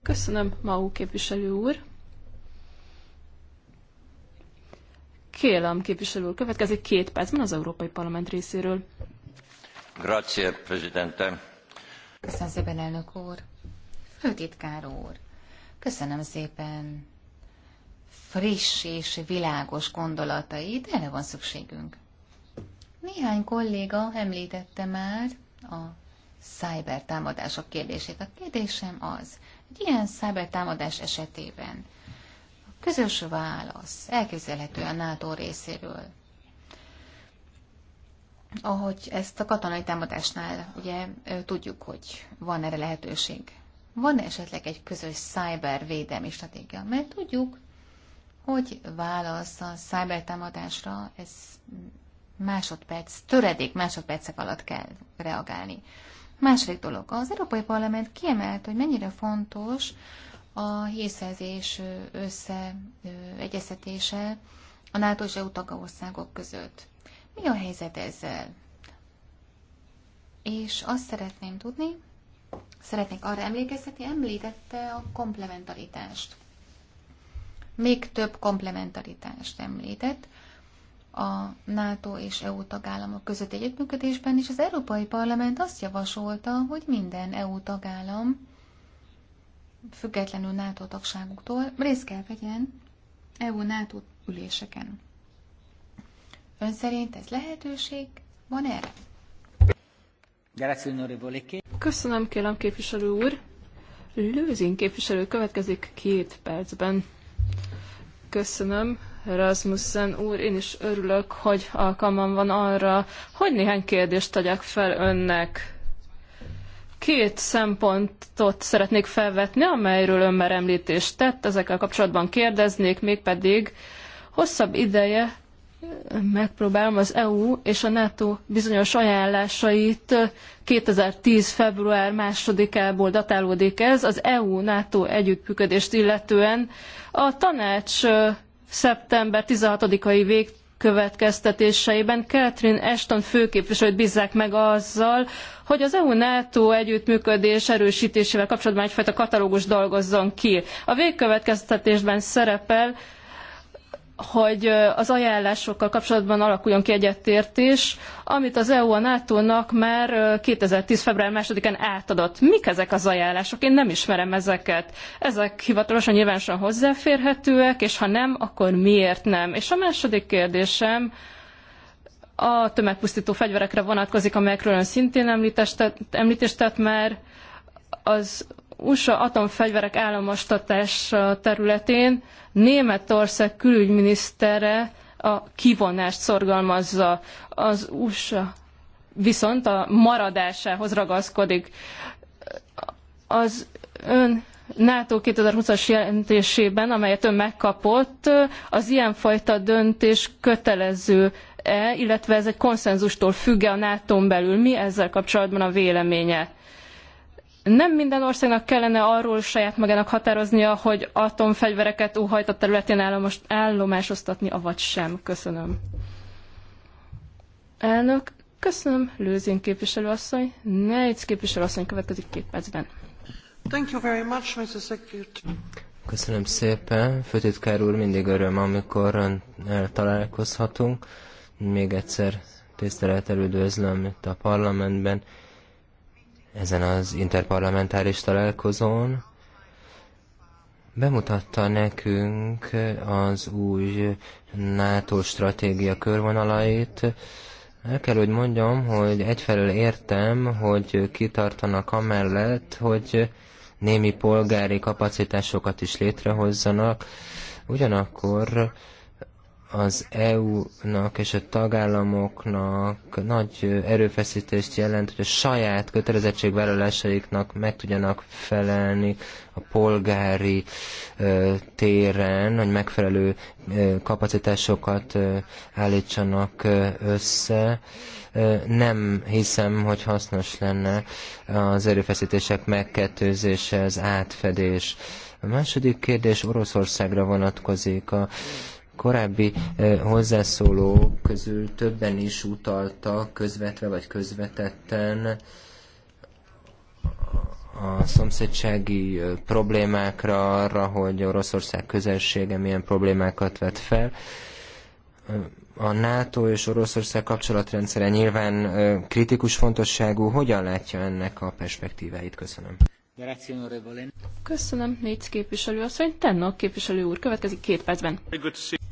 Köszönöm, Mau képviselő úr. Kélem képviselő következik két percben az Európai Parlament részéről. Grazie, Presidente. Köszönöm szépen, elnök úr. Főtitkár úr, köszönöm szépen friss és világos gondolatait, erre van szükségünk. Néhány kolléga említette már a cyber támadások kérdését. A kérdésem az, egy ilyen cyber támadás esetében Közös válasz, elképzelhető a NATO részéről. Ahogy ezt a katonai támadásnál ugye tudjuk, hogy van erre lehetőség. Van esetleg egy közös cybervédelmi stratégia? Mert tudjuk, hogy válasz a támadásra ez másodperc, töredék másodpercek alatt kell reagálni. Második dolog, az Európai Parlament kiemelt, hogy mennyire fontos a hírszerzés összeegyeztetése a NATO és EU tagországok között. Mi a helyzet ezzel? És azt szeretném tudni, szeretnék arra emlékeztetni, említette a komplementaritást. Még több komplementaritást említett a NATO és EU tagállamok között együttműködésben, és az Európai Parlament azt javasolta, hogy minden EU tagállam függetlenül NATO tagságuktól részt kell vegyen EU-NATO üléseken. Ön szerint ez lehetőség? Van erre? Köszönöm, kérem képviselő úr. Lőzin képviselő következik két percben. Köszönöm, Rasmussen úr, én is örülök, hogy alkalmam van arra, hogy néhány kérdést tegyek fel önnek Két szempontot szeretnék felvetni, amelyről ön már említést tett, ezekkel kapcsolatban kérdeznék, mégpedig hosszabb ideje megpróbálom az EU és a NATO bizonyos ajánlásait 2010. február másodikából datálódik ez, az EU-NATO együttműködést illetően. A tanács szeptember 16-ai vég következtetéseiben Catherine Ashton főképviselőt bízzák meg azzal, hogy az EU-NATO együttműködés erősítésével kapcsolatban egyfajta katalógus dolgozzon ki. A végkövetkeztetésben szerepel, hogy az ajánlásokkal kapcsolatban alakuljon ki egyetértés, amit az EU a NATO-nak már 2010. február 2-án átadott. Mik ezek az ajánlások? Én nem ismerem ezeket. Ezek hivatalosan nyilvánosan hozzáférhetőek, és ha nem, akkor miért nem? És a második kérdésem, a tömegpusztító fegyverekre vonatkozik, amelyekről ön szintén említést tett, említést tett már, az USA atomfegyverek államostatása területén Németország külügyminisztere a kivonást szorgalmazza. Az USA viszont a maradásához ragaszkodik. Az ön NATO 2020-as jelentésében, amelyet ön megkapott, az ilyenfajta döntés kötelező -e, illetve ez egy konszenzustól függ -e a NATO-n belül. Mi ezzel kapcsolatban a véleménye? nem minden országnak kellene arról saját magának határoznia, hogy atomfegyvereket óhajt a területén állomos, állomásoztatni, avagy sem. Köszönöm. Elnök, köszönöm. Lőzén képviselőasszony, Nejc képviselőasszony következik két percben. Thank you very much, Mr. Köszönöm szépen. Főtitkár úr, mindig öröm, amikor találkozhatunk. Még egyszer tisztelettel üdvözlöm itt a parlamentben ezen az interparlamentáris találkozón, bemutatta nekünk az új NATO stratégia körvonalait. El kell, hogy mondjam, hogy egyfelől értem, hogy kitartanak amellett, hogy némi polgári kapacitásokat is létrehozzanak, ugyanakkor az EU-nak és a tagállamoknak nagy erőfeszítést jelent, hogy a saját kötelezettségvállalásaiknak meg tudjanak felelni a polgári ö, téren, hogy megfelelő ö, kapacitásokat ö, állítsanak ö, össze. Ö, nem hiszem, hogy hasznos lenne az erőfeszítések megkettőzése, az átfedés. A második kérdés Oroszországra vonatkozik. A, ö, korábbi eh, hozzászóló közül többen is utaltak közvetve vagy közvetetten a szomszédsági eh, problémákra, arra, hogy Oroszország közelsége milyen problémákat vet fel. Eh, a NATO és Oroszország kapcsolatrendszere nyilván kritikus fontosságú. Hogyan látja ennek a perspektíváit? Köszönöm. Köszönöm, négy képviselő asszony. Tennok képviselő úr, következik két percben.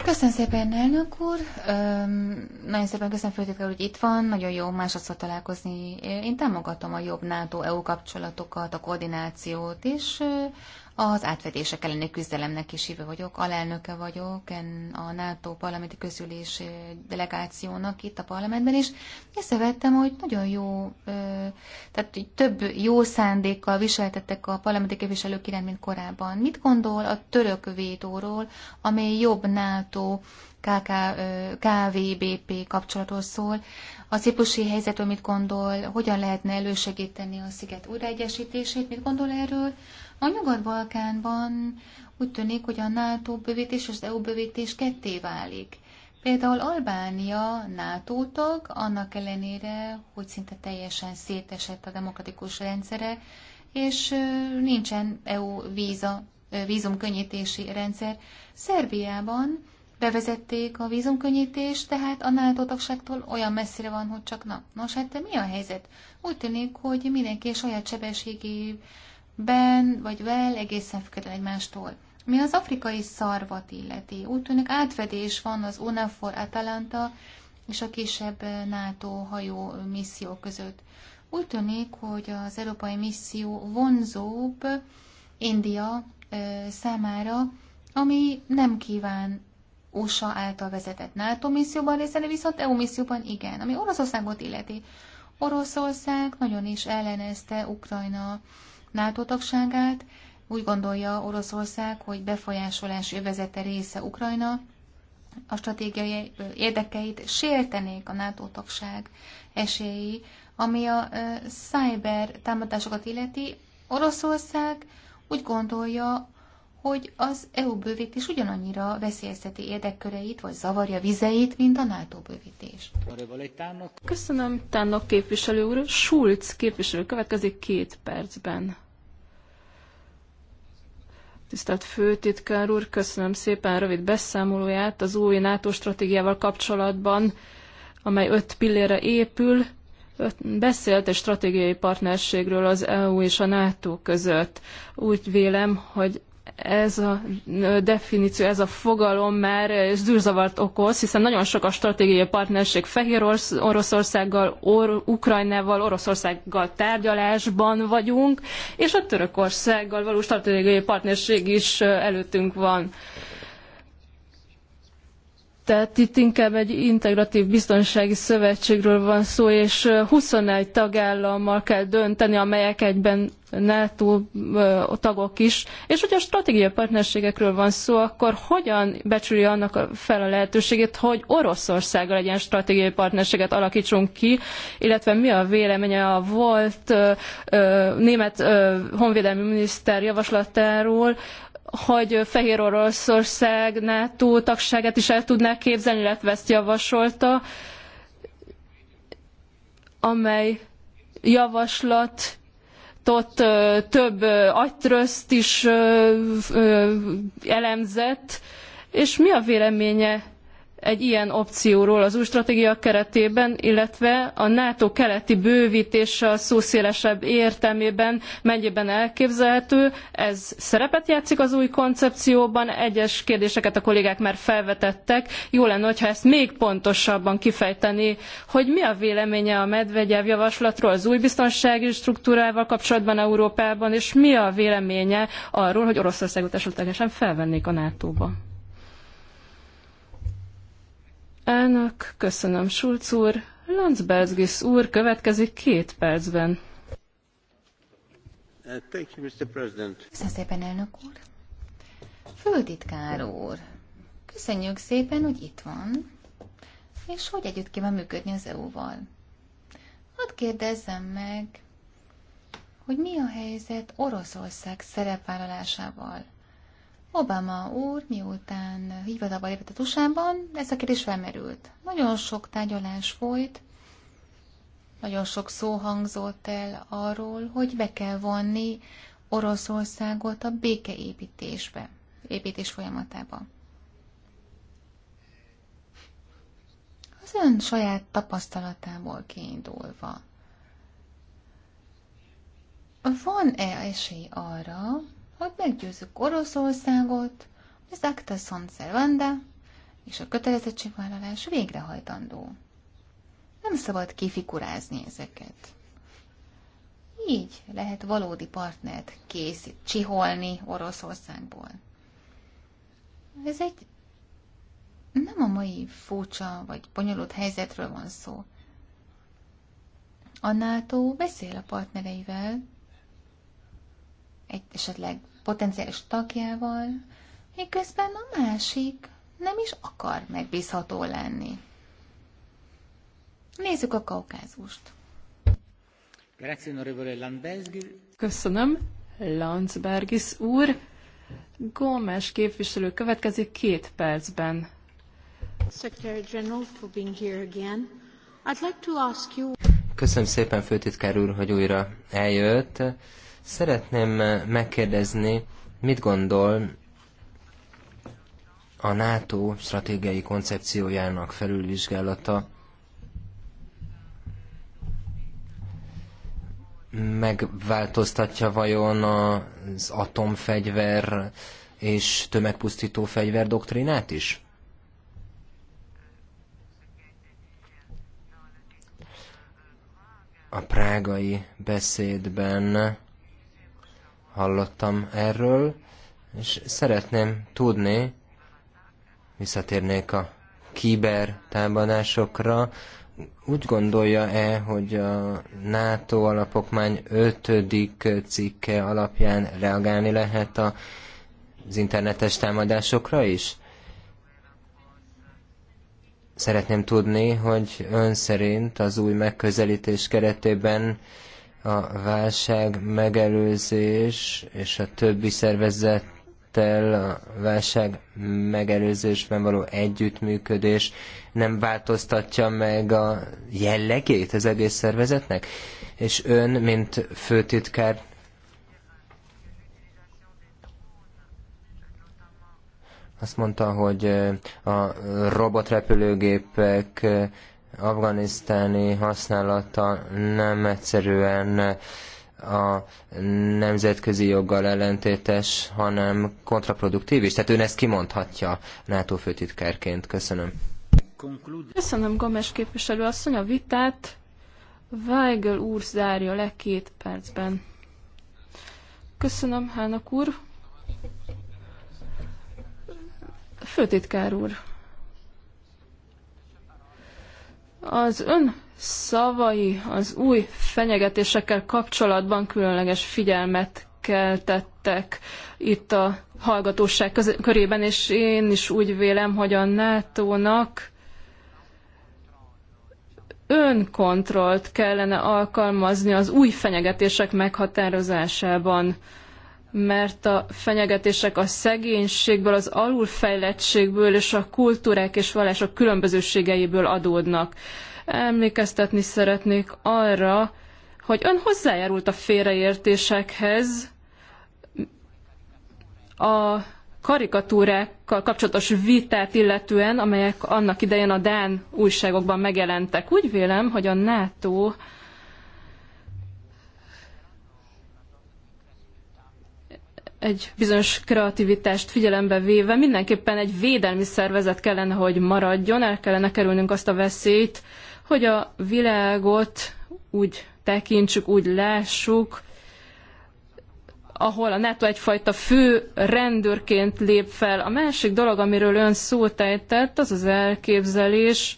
Köszönöm szépen, elnök úr. Öm, nagyon szépen köszönöm, főtök hogy itt van. Nagyon jó másodszor találkozni. Én támogatom a jobb NATO-EU kapcsolatokat, a koordinációt, és az átfedések elleni küzdelemnek is híve vagyok, alelnöke vagyok a NATO parlamenti közülés delegációnak itt a parlamentben, és észrevettem, hogy nagyon jó, tehát több jó szándékkal viseltettek a parlamenti képviselők iránt, mint korábban. Mit gondol a török vétóról, amely jobb NATO KK, KVBP kapcsolatról szól. A ciprusi helyzetről mit gondol, hogyan lehetne elősegíteni a sziget újraegyesítését, mit gondol erről? A Nyugat-Balkánban úgy tűnik, hogy a NATO bővítés és az EU bővítés ketté válik. Például Albánia NATO tag, annak ellenére, hogy szinte teljesen szétesett a demokratikus rendszere, és nincsen EU víza, vízumkönnyítési rendszer. Szerbiában bevezették a vízumkönnyítést, tehát a NATO tagságtól olyan messzire van, hogy csak na. Nos, hát de mi a helyzet? Úgy tűnik, hogy mindenki saját sebességével ben vagy vel egészen független egymástól. Mi az afrikai szarvat illeti, úgy tűnik átfedés van az UNAFOR Atalanta és a kisebb NATO hajó misszió között. Úgy tűnik, hogy az európai misszió vonzóbb India számára, ami nem kíván USA által vezetett NATO misszióban részleni, viszont EU misszióban igen, ami Oroszországot illeti. Oroszország nagyon is ellenezte Ukrajna NATO tagságát, úgy gondolja Oroszország, hogy befolyásolás övezete része Ukrajna, a stratégiai érdekeit sértenék a NATO tagság esélyi, ami a cyber támadásokat illeti. Oroszország úgy gondolja, hogy az EU bővítés ugyanannyira veszélyezteti érdekköreit, vagy zavarja vizeit, mint a NATO bővítés. Köszönöm, Tánok képviselő úr. Schulz képviselő következik két percben. Tisztelt főtitkár úr, köszönöm szépen rövid beszámolóját az új NATO stratégiával kapcsolatban, amely öt pillére épül. Beszélt egy stratégiai partnerségről az EU és a NATO között. Úgy vélem, hogy ez a definíció, ez a fogalom már zűrzavart okoz, hiszen nagyon sok a stratégiai partnerség Fehér Orsz Oroszországgal, Or Ukrajnával, Oroszországgal tárgyalásban vagyunk, és a Törökországgal való stratégiai partnerség is előttünk van. Tehát itt inkább egy integratív biztonsági szövetségről van szó, és 21 tagállammal kell dönteni, amelyek egyben NATO tagok is. És hogyha stratégiai partnerségekről van szó, akkor hogyan becsüli annak fel a lehetőségét, hogy Oroszországgal egy ilyen stratégiai partnerséget alakítsunk ki, illetve mi a véleménye a volt német honvédelmi miniszter javaslatáról, hogy Fehér Oroszország NATO tagságát is el tudná képzelni, illetve ezt javasolta, amely javaslat ott több agytrözt is elemzett, és mi a véleménye egy ilyen opcióról az új stratégia keretében, illetve a NATO keleti bővítése a szó szélesebb értelmében mennyiben elképzelhető. Ez szerepet játszik az új koncepcióban, egyes kérdéseket a kollégák már felvetettek. Jó lenne, hogyha ezt még pontosabban kifejteni, hogy mi a véleménye a Medvegyev javaslatról az új biztonsági struktúrával kapcsolatban Európában, és mi a véleménye arról, hogy Oroszországot esetlegesen felvennék a NATO-ba. Elnök, köszönöm Schulz úr. Landsbergis úr következik két percben. Uh, thank you, Köszönöm szépen, elnök úr. Földitkár úr, köszönjük szépen, hogy itt van, és hogy együtt kíván működni az EU-val. Hadd kérdezzem meg, hogy mi a helyzet Oroszország szerepvállalásával Obama úr miután hivatalba lépett a usa ez a kérdés felmerült. Nagyon sok tárgyalás folyt, nagyon sok szó hangzott el arról, hogy be kell vonni Oroszországot a békeépítésbe, építés folyamatába. Az ön saját tapasztalatából kiindulva, van-e esély arra, hogy meggyőzzük Oroszországot, hogy az Acta Son Servanda és a kötelezettségvállalás végrehajtandó. Nem szabad kifikurázni ezeket. Így lehet valódi partnert készít, csiholni Oroszországból. Ez egy nem a mai furcsa vagy bonyolult helyzetről van szó. A NATO beszél a partnereivel, egy esetleg potenciális tagjával, miközben a másik nem is akar megbízható lenni. Nézzük a kaukázust. Köszönöm, Landsbergis úr. Gómez képviselő következik két percben. Köszönöm szépen, főtitkár úr, hogy újra eljött. Szeretném eh, megkérdezni, mit gondol a NATO stratégiai koncepciójának felülvizsgálata megváltoztatja vajon az atomfegyver és tömegpusztító fegyver doktrinát is? A prágai beszédben hallottam erről, és szeretném tudni, visszatérnék a kiber támadásokra, úgy gondolja-e, hogy a NATO alapokmány ötödik cikke alapján reagálni lehet a, az internetes támadásokra is? Szeretném tudni, hogy ön szerint az új megközelítés keretében a válság megelőzés és a többi szervezettel a válság megelőzésben való együttműködés nem változtatja meg a jellegét az egész szervezetnek? És ön, mint főtitkár, azt mondta, hogy a robotrepülőgépek afganisztáni használata nem egyszerűen a nemzetközi joggal ellentétes, hanem kontraproduktív is. Tehát ön ezt kimondhatja NATO főtitkárként. Köszönöm. Köszönöm, Gomes képviselő asszony, a vitát. Weigel úr zárja le két percben. Köszönöm, Hának úr. Főtitkár úr. Az ön szavai az új fenyegetésekkel kapcsolatban különleges figyelmet keltettek itt a hallgatóság körében, és én is úgy vélem, hogy a NATO-nak önkontrollt kellene alkalmazni az új fenyegetések meghatározásában mert a fenyegetések a szegénységből, az alulfejlettségből és a kultúrák és vallások különbözőségeiből adódnak. Emlékeztetni szeretnék arra, hogy ön hozzájárult a félreértésekhez, a karikatúrákkal kapcsolatos vitát illetően, amelyek annak idején a Dán újságokban megjelentek. Úgy vélem, hogy a NATO egy bizonyos kreativitást figyelembe véve mindenképpen egy védelmi szervezet kellene, hogy maradjon, el kellene kerülnünk azt a veszélyt, hogy a világot úgy tekintsük, úgy lássuk, ahol a NATO egyfajta fő rendőrként lép fel. A másik dolog, amiről ön szót ejtett, az az elképzelés,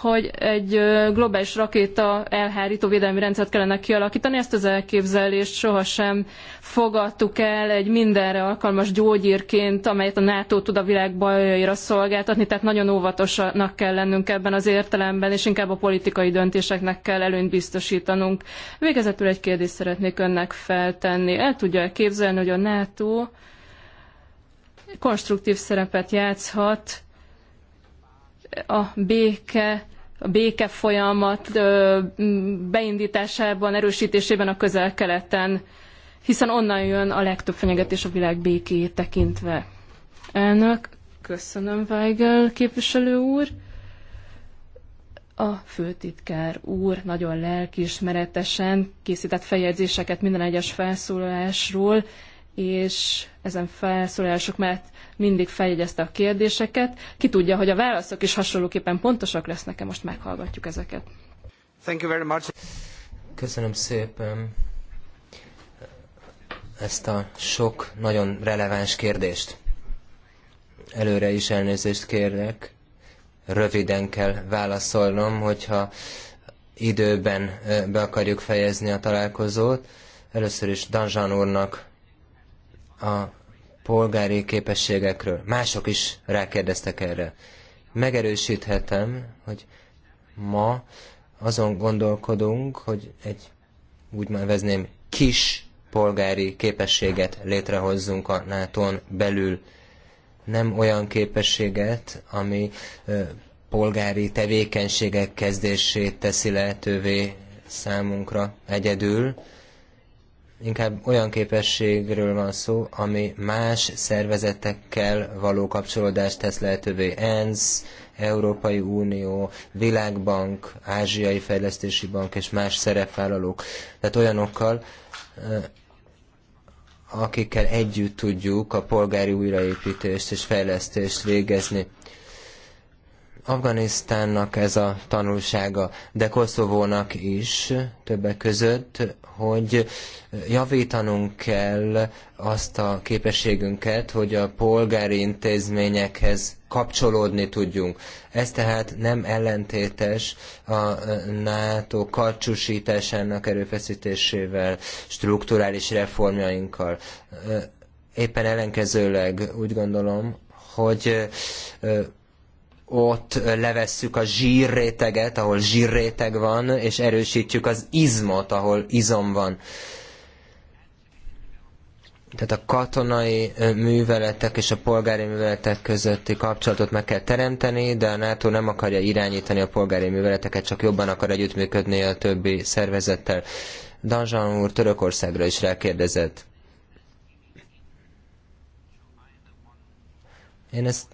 hogy egy globális rakéta elhárító védelmi rendszert kellene kialakítani. Ezt az elképzelést sohasem fogadtuk el egy mindenre alkalmas gyógyírként, amelyet a NATO tud a világ bajaira szolgáltatni, tehát nagyon óvatosnak kell lennünk ebben az értelemben, és inkább a politikai döntéseknek kell előnyt biztosítanunk. Végezetül egy kérdést szeretnék önnek feltenni. El tudja -e képzelni, hogy a NATO konstruktív szerepet játszhat a béke a béke folyamat beindításában, erősítésében a közel-keleten, hiszen onnan jön a legtöbb fenyegetés a világ békéjét tekintve. Elnök, köszönöm Weigel képviselő úr. A főtitkár úr nagyon lelkiismeretesen készített feljegyzéseket minden egyes felszólalásról, és ezen felszólalások mellett mindig feljegyezte a kérdéseket. Ki tudja, hogy a válaszok is hasonlóképpen pontosak lesznek-e, most meghallgatjuk ezeket. Thank you very much. Köszönöm szépen ezt a sok nagyon releváns kérdést. Előre is elnézést kérlek. Röviden kell válaszolnom, hogyha időben be akarjuk fejezni a találkozót. Először is Danzsán úrnak a polgári képességekről. Mások is rákérdeztek erre. Megerősíthetem, hogy ma azon gondolkodunk, hogy egy úgy nevezném kis polgári képességet létrehozzunk a nato belül. Nem olyan képességet, ami polgári tevékenységek kezdését teszi lehetővé számunkra egyedül, inkább olyan képességről van szó, ami más szervezetekkel való kapcsolódást tesz lehetővé. ENSZ, Európai Unió, Világbank, Ázsiai Fejlesztési Bank és más szerepvállalók. Tehát olyanokkal, eh, akikkel együtt tudjuk a polgári újraépítést és fejlesztést végezni. Afganisztánnak ez a tanulsága, de Koszovónak is többek között, hogy javítanunk kell azt a képességünket, hogy a polgári intézményekhez kapcsolódni tudjunk. Ez tehát nem ellentétes a NATO karcsúsításának erőfeszítésével, strukturális reformjainkkal. Éppen ellenkezőleg úgy gondolom, hogy ott levesszük a zsírréteget, ahol zsírréteg van, és erősítjük az izmot, ahol izom van. Tehát a katonai műveletek és a polgári műveletek közötti kapcsolatot meg kell teremteni, de a NATO nem akarja irányítani a polgári műveleteket, csak jobban akar együttműködni a többi szervezettel. Danzsan úr Törökországra is rákérdezett. Én ezt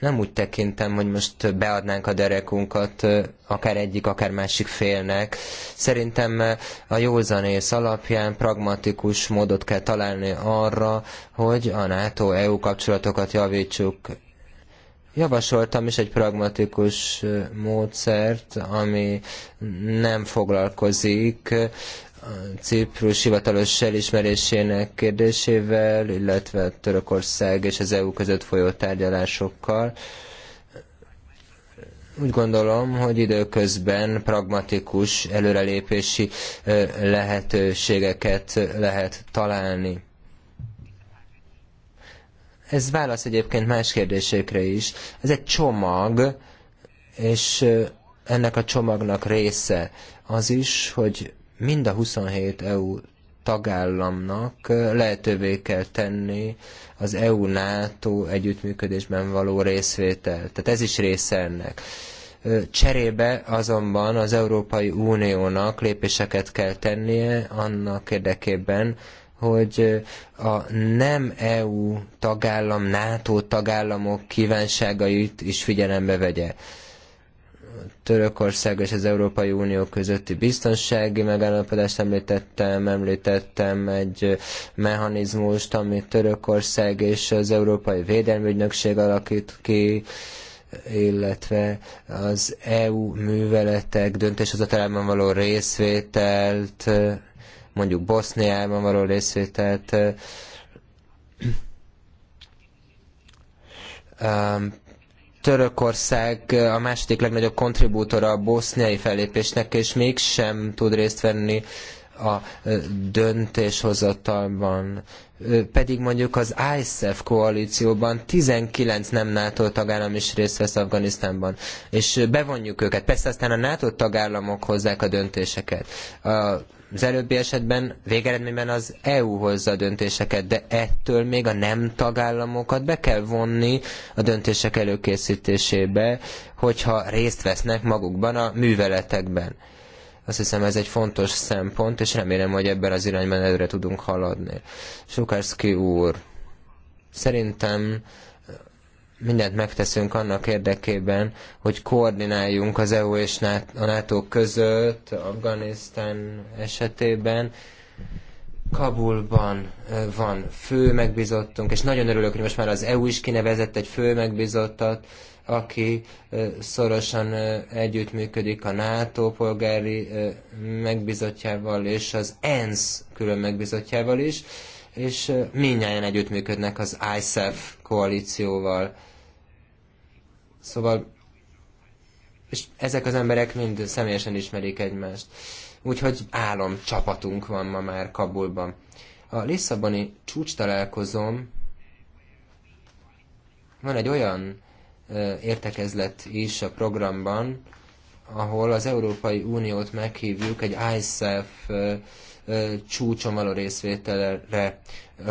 nem úgy tekintem, hogy most beadnánk a derekunkat akár egyik, akár másik félnek. Szerintem a józanész alapján pragmatikus módot kell találni arra, hogy a NATO-EU kapcsolatokat javítsuk. Javasoltam is egy pragmatikus módszert, ami nem foglalkozik Ciprus hivatalos elismerésének kérdésével, illetve Törökország és az EU között folyó tárgyalásokkal. Úgy gondolom, hogy időközben pragmatikus előrelépési lehetőségeket lehet találni. Ez válasz egyébként más kérdésekre is. Ez egy csomag, és ennek a csomagnak része az is, hogy mind a 27 EU tagállamnak lehetővé kell tenni az EU-NATO együttműködésben való részvétel, Tehát ez is része ennek. Cserébe azonban az Európai Uniónak lépéseket kell tennie annak érdekében, hogy a nem EU tagállam, NATO tagállamok kívánságait is figyelembe vegye. Törökország és az Európai Unió közötti biztonsági megállapodást említettem, említettem egy mechanizmust, amit Törökország és az Európai Védelmi Ügynökség alakít ki, illetve az EU műveletek döntéshozatalában való részvételt, mondjuk Boszniában való részvételt, um, Törökország a második legnagyobb kontribútora a boszniai fellépésnek, és mégsem tud részt venni a döntéshozatalban. Pedig mondjuk az ISAF koalícióban 19 nem NATO tagállam is részt vesz Afganisztánban, és bevonjuk őket. Persze aztán a NATO tagállamok hozzák a döntéseket az előbbi esetben végeredményben az EU hozza a döntéseket, de ettől még a nem tagállamokat be kell vonni a döntések előkészítésébe, hogyha részt vesznek magukban a műveletekben. Azt hiszem ez egy fontos szempont, és remélem, hogy ebben az irányban előre tudunk haladni. Sukárszki úr, szerintem mindent megteszünk annak érdekében, hogy koordináljunk az EU és a NATO között Afganisztán esetében. Kabulban van fő megbizottunk, és nagyon örülök, hogy most már az EU is kinevezett egy fő megbizottat, aki szorosan együttműködik a NATO polgári megbizotjával és az ENSZ külön megbizotjával is, és minnyáján együttműködnek az ISAF e koalícióval. Szóval, és ezek az emberek mind személyesen ismerik egymást. Úgyhogy álom csapatunk van ma már Kabulban. A Lisszaboni csúcs találkozom van egy olyan értekezlet is a programban, ahol az Európai Uniót meghívjuk egy ISEF csúcson való részvételre.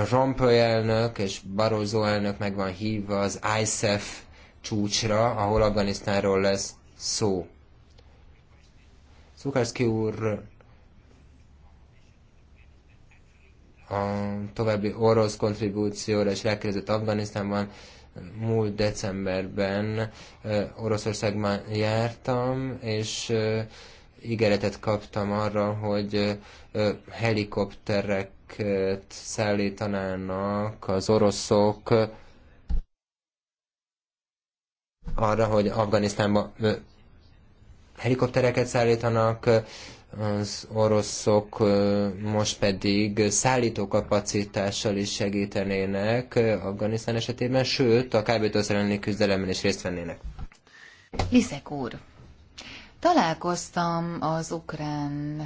Rompuy elnök és Barroso elnök meg van hívva az ISEF csúcsra, ahol Afganisztánról lesz szó. Szukarszki úr a további orosz kontribúcióra is rákérdezett Afganisztánban. Múlt decemberben Oroszországban jártam, és ígéretet kaptam arra, hogy helikoptereket szállítanának az oroszok arra, hogy Afganisztánba helikoptereket szállítanak, az oroszok most pedig szállítókapacitással is segítenének Afganisztán esetében, sőt a kábítószer elleni küzdelemben is részt vennének. Liszek úr, találkoztam az ukrán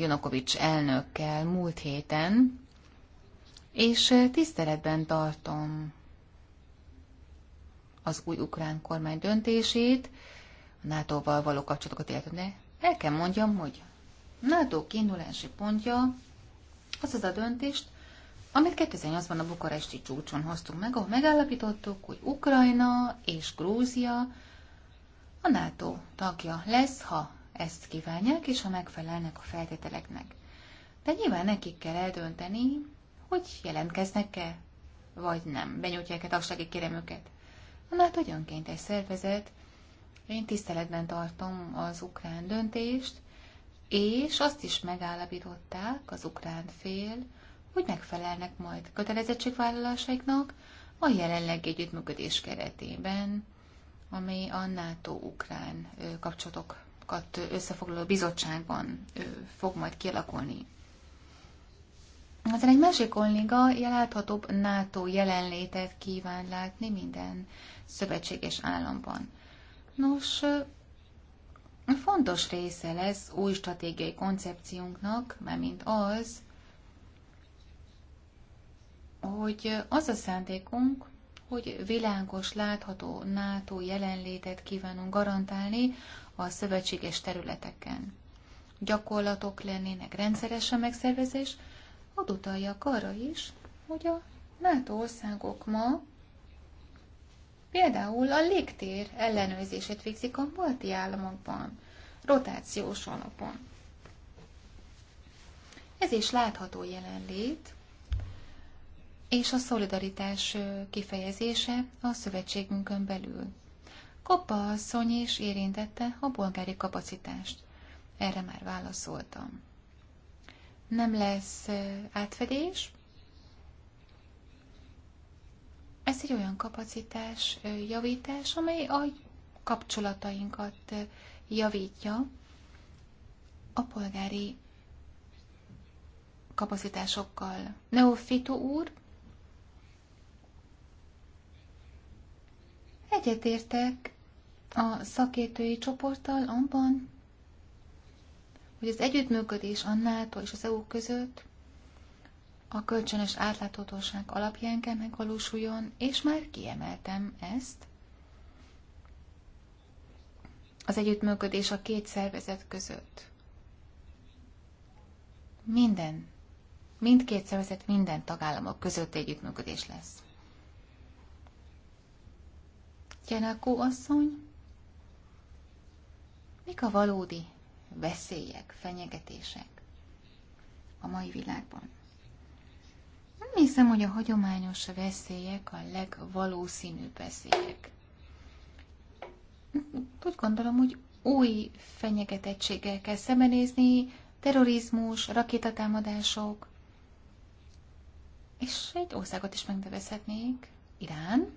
Junokovics elnökkel múlt héten, és tiszteletben tartom az új ukrán kormány döntését, a NATO-val való kapcsolatokat illetve, el kell mondjam, hogy NATO kiindulási pontja az az a döntést, amit 2008-ban a bukaresti csúcson hoztunk meg, ahol megállapítottuk, hogy Ukrajna és Grúzia a NATO tagja lesz, ha ezt kívánják, és ha megfelelnek a feltételeknek. De nyilván nekik kell eldönteni, hogy jelentkeznek-e, vagy nem, benyújtják-e tagsági kéremüket. Hát hogy egy szervezet, én tiszteletben tartom az ukrán döntést, és azt is megállapították az ukrán fél, hogy megfelelnek majd kötelezettségvállalásaiknak a jelenlegi együttműködés keretében, ami a NATO-ukrán kapcsolatokat összefoglaló bizottságban fog majd kialakulni. Aztán egy másik kolléga láthatóbb NATO jelenlétet kíván látni minden szövetséges államban. Nos, fontos része lesz új stratégiai koncepciónknak, mint az, hogy az a szándékunk, hogy világos, látható NATO jelenlétet kívánunk garantálni a szövetséges területeken. Gyakorlatok lennének rendszeres a megszervezés, ad utaljak arra is, hogy a NATO országok ma Például a légtér ellenőrzését végzik a balti államokban, rotációs alapon. Ez is látható jelenlét, és a szolidaritás kifejezése a szövetségünkön belül. Koppa asszony is érintette a bolgári kapacitást. Erre már válaszoltam. Nem lesz átfedés, Ez egy olyan kapacitás javítás, amely a kapcsolatainkat javítja a polgári kapacitásokkal. Neofito úr egyetértek a szakértői csoporttal abban, hogy az együttműködés a NATO és az EU között a kölcsönös átláthatóság alapján kell megvalósuljon, és már kiemeltem ezt. Az együttműködés a két szervezet között. Minden, mindkét szervezet minden tagállamok között együttműködés lesz. Gyanakó asszony, mik a valódi veszélyek, fenyegetések a mai világban? hiszem, hogy a hagyományos veszélyek a legvalószínűbb veszélyek. Úgy gondolom, hogy új fenyegetettséggel kell szembenézni, terrorizmus, rakétatámadások, és egy országot is megnevezhetnék, Irán.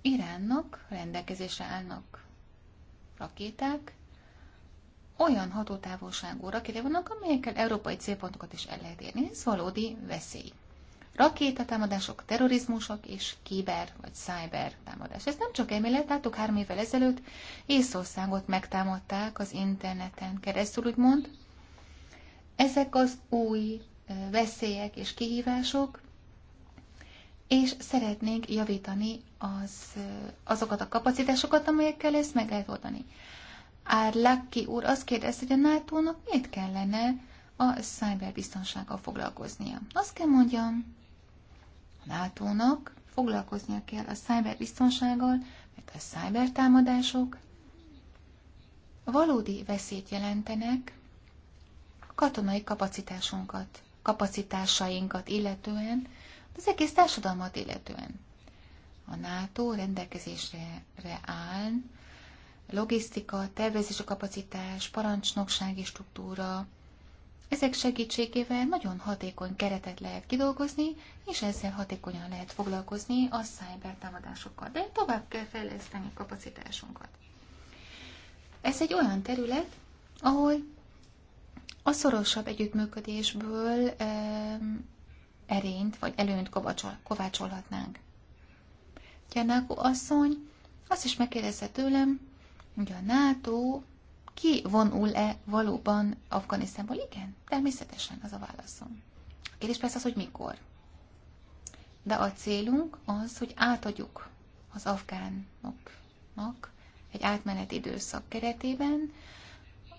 Iránnak rendelkezésre állnak rakéták, olyan hatótávolságú rakéta vannak, amelyekkel európai célpontokat is el lehet érni. Ez valódi veszély. Rakétatámadások, terrorizmusok és kiber vagy cyber támadás. Ez nem csak elmélet, láttuk három évvel ezelőtt Észországot megtámadták az interneten keresztül, úgymond. Ezek az új veszélyek és kihívások, és szeretnénk javítani az, azokat a kapacitásokat, amelyekkel ezt meg lehet oldani. Árlaki úr azt kérdezte, hogy a NATO-nak miért kellene a szájberbiztonsággal foglalkoznia. Azt kell mondjam, a NATO-nak foglalkoznia kell a szájberbiztonsággal, mert a szájbertámadások valódi veszélyt jelentenek a katonai kapacitásunkat, kapacitásainkat illetően, az egész társadalmat illetően. A NATO rendelkezésre áll logisztika, tervezési kapacitás, parancsnoksági struktúra. Ezek segítségével nagyon hatékony keretet lehet kidolgozni, és ezzel hatékonyan lehet foglalkozni a cyber támadásokkal, de tovább kell fejleszteni kapacitásunkat. Ez egy olyan terület, ahol a szorosabb együttműködésből eh, erényt vagy előnyt kovácsolhatnánk. Gyanákó asszony azt is megkérdezte tőlem, hogy a NATO kivonul-e valóban Afganisztánból? Igen, természetesen az a válaszom. A kérdés persze az, hogy mikor. De a célunk az, hogy átadjuk az afgánoknak egy átmeneti időszak keretében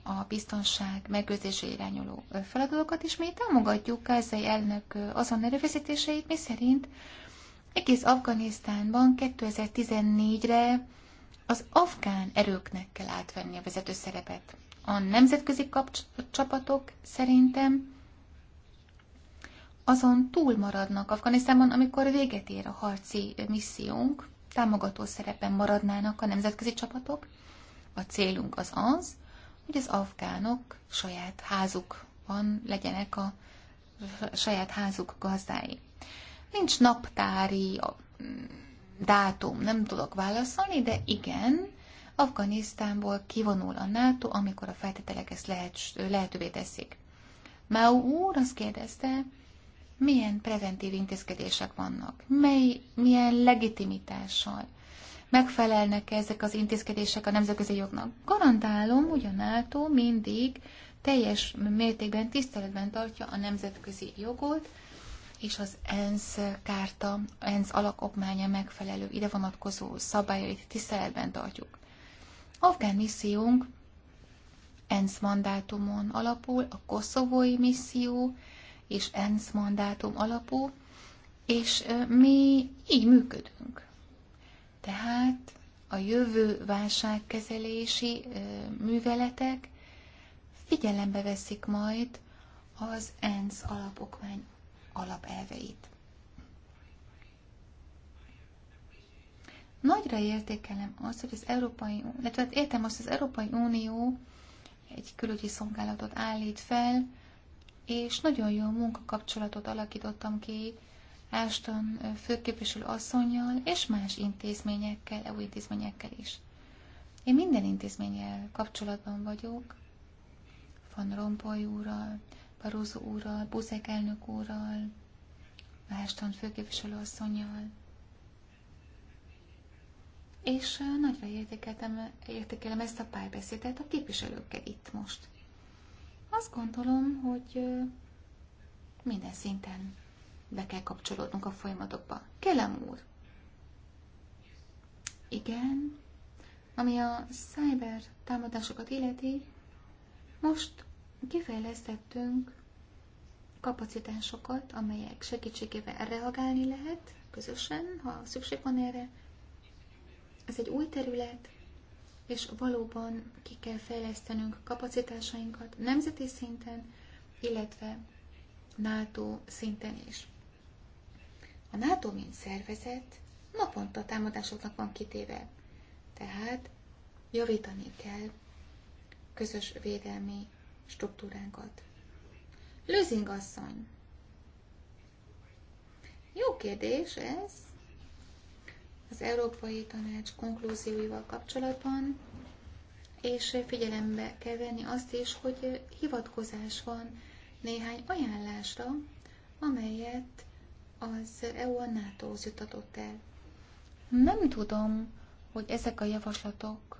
a biztonság megőrzése irányuló feladatokat, és mi támogatjuk Kázai elnök azon erőfeszítéseit, mi szerint egész Afganisztánban 2014-re az afgán erőknek kell átvenni a vezető szerepet. A nemzetközi csapatok szerintem azon túl maradnak Afganisztánban, amikor véget ér a harci missziónk, támogató szerepen maradnának a nemzetközi csapatok. A célunk az az, hogy az afgánok saját házuk van, legyenek a saját házuk gazdái. Nincs naptári, dátum nem tudok válaszolni, de igen, Afganisztánból kivonul a NATO, amikor a feltételek ezt lehet, lehetővé teszik. Mao úr azt kérdezte, milyen preventív intézkedések vannak, mely, milyen legitimitással megfelelnek -e ezek az intézkedések a nemzetközi jognak. Garantálom, hogy a NATO mindig teljes mértékben tiszteletben tartja a nemzetközi jogot, és az ENSZ kárta, ENSZ alakokmánya megfelelő ide vonatkozó szabályait tiszteletben tartjuk. Afgán missziónk ENSZ mandátumon alapul, a koszovói misszió és ENSZ mandátum alapú, és mi így működünk. Tehát a jövő válságkezelési műveletek figyelembe veszik majd az ENSZ alapokmány alapelveit. Nagyra értékelem azt, hogy az Európai illetve hát értem azt, hogy az Európai Unió egy külügyi szolgálatot állít fel, és nagyon jó munkakapcsolatot alakítottam ki Ashton főképviselő asszonyjal és más intézményekkel, EU intézményekkel is. Én minden intézménnyel kapcsolatban vagyok, Van Rompuy úrral, Barózó úrral, Buzek elnök úrral, Ashton főképviselő asszonyjal. És nagyra értékeltem, értékelem ezt a párbeszédet a képviselőkkel itt most. Azt gondolom, hogy minden szinten be kell kapcsolódnunk a folyamatokba. Kelem úr! Igen, ami a cyber támadásokat illeti, most Kifejlesztettünk kapacitásokat, amelyek segítségével reagálni lehet közösen, ha szükség van erre. Ez egy új terület, és valóban ki kell fejlesztenünk kapacitásainkat nemzeti szinten, illetve NATO szinten is. A NATO, mint szervezet, naponta támadásoknak van kitéve, tehát javítani kell közös védelmi struktúránkat. Lőzing asszony. Jó kérdés ez. Az Európai Tanács konklúzióival kapcsolatban, és figyelembe kell venni azt is, hogy hivatkozás van néhány ajánlásra, amelyet az EU a NATO-hoz jutatott el. Nem tudom, hogy ezek a javaslatok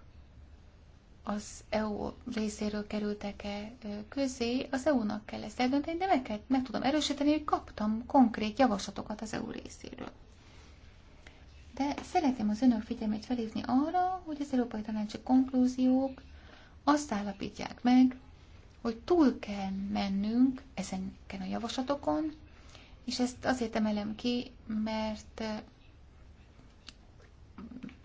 az EU részéről kerültek-e közé, az EU-nak kell ezt eldönteni, de meg, kell, meg tudom erősíteni, hogy kaptam konkrét javaslatokat az EU részéről. De szeretném az önök figyelmét felhívni arra, hogy az Európai Tanácsi konklúziók azt állapítják meg, hogy túl kell mennünk ezeken a javaslatokon, és ezt azért emelem ki, mert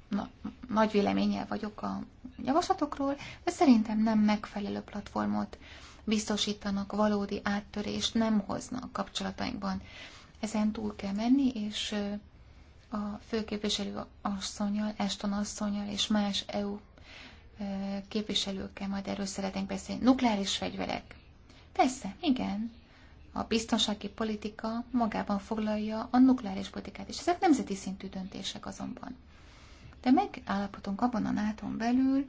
na, nagy véleménnyel vagyok a javaslatokról, de szerintem nem megfelelő platformot biztosítanak, valódi áttörést nem hoznak kapcsolatainkban. Ezen túl kell menni, és a főképviselő asszonyjal, Eston asszonyjal és más EU képviselőkkel majd erről szeretnénk beszélni. Nukleáris fegyverek. Persze, igen. A biztonsági politika magában foglalja a nukleáris politikát, és ezek nemzeti szintű döntések azonban de megállapodunk abban a náton belül,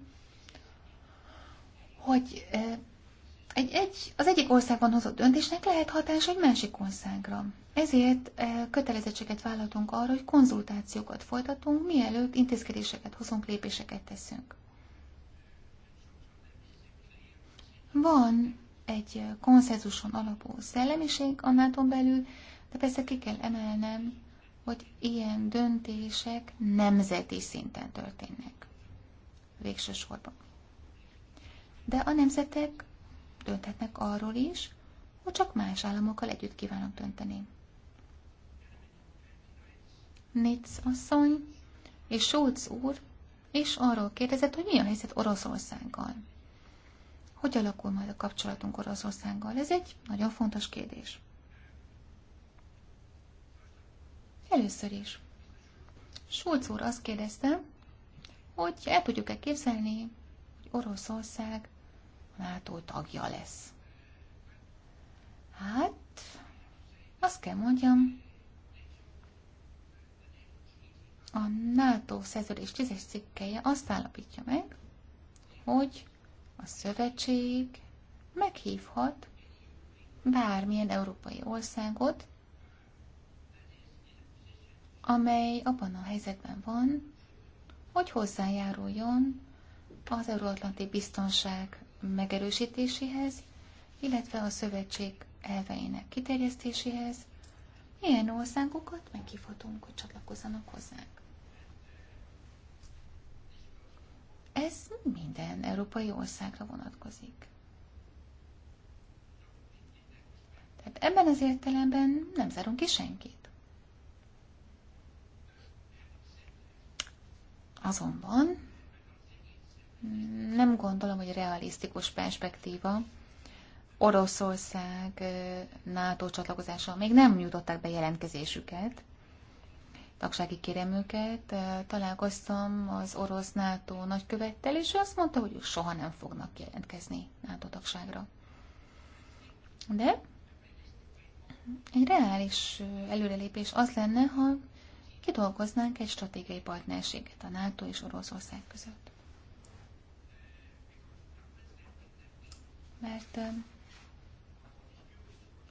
hogy egy, egy, az egyik országban hozott döntésnek lehet hatása egy másik országra. Ezért kötelezettséget vállaltunk arra, hogy konzultációkat folytatunk, mielőtt intézkedéseket hozunk, lépéseket teszünk. Van egy konszenzuson alapú szellemiség a nato belül, de persze ki kell emelnem, hogy ilyen döntések nemzeti szinten történnek. Végső sorban. De a nemzetek dönthetnek arról is, hogy csak más államokkal együtt kívánok dönteni. Nitz asszony és Schulz úr és arról kérdezett, hogy mi a helyzet Oroszországgal. Hogy alakul majd a kapcsolatunk Oroszországgal? Ez egy nagyon fontos kérdés. Először is. Schulz úr azt kérdezte, hogy el tudjuk-e képzelni, hogy Oroszország NATO tagja lesz. Hát, azt kell mondjam, a NATO szerződés 10 cikkeje azt állapítja meg, hogy a szövetség meghívhat bármilyen európai országot amely abban a helyzetben van, hogy hozzájáruljon az euróatlanti biztonság megerősítéséhez, illetve a szövetség elveinek kiterjesztéséhez, ilyen országokat megkifotunk, hogy csatlakozzanak hozzánk. Ez minden európai országra vonatkozik. Tehát ebben az értelemben nem zárunk ki senkit. Azonban nem gondolom, hogy realisztikus perspektíva Oroszország NATO csatlakozása még nem nyújtották be jelentkezésüket, tagsági kéremüket. Találkoztam az orosz NATO nagykövettel, és azt mondta, hogy soha nem fognak jelentkezni NATO tagságra. De egy reális előrelépés az lenne, ha kidolgoznánk egy stratégiai partnerséget a NATO és Oroszország között. Mert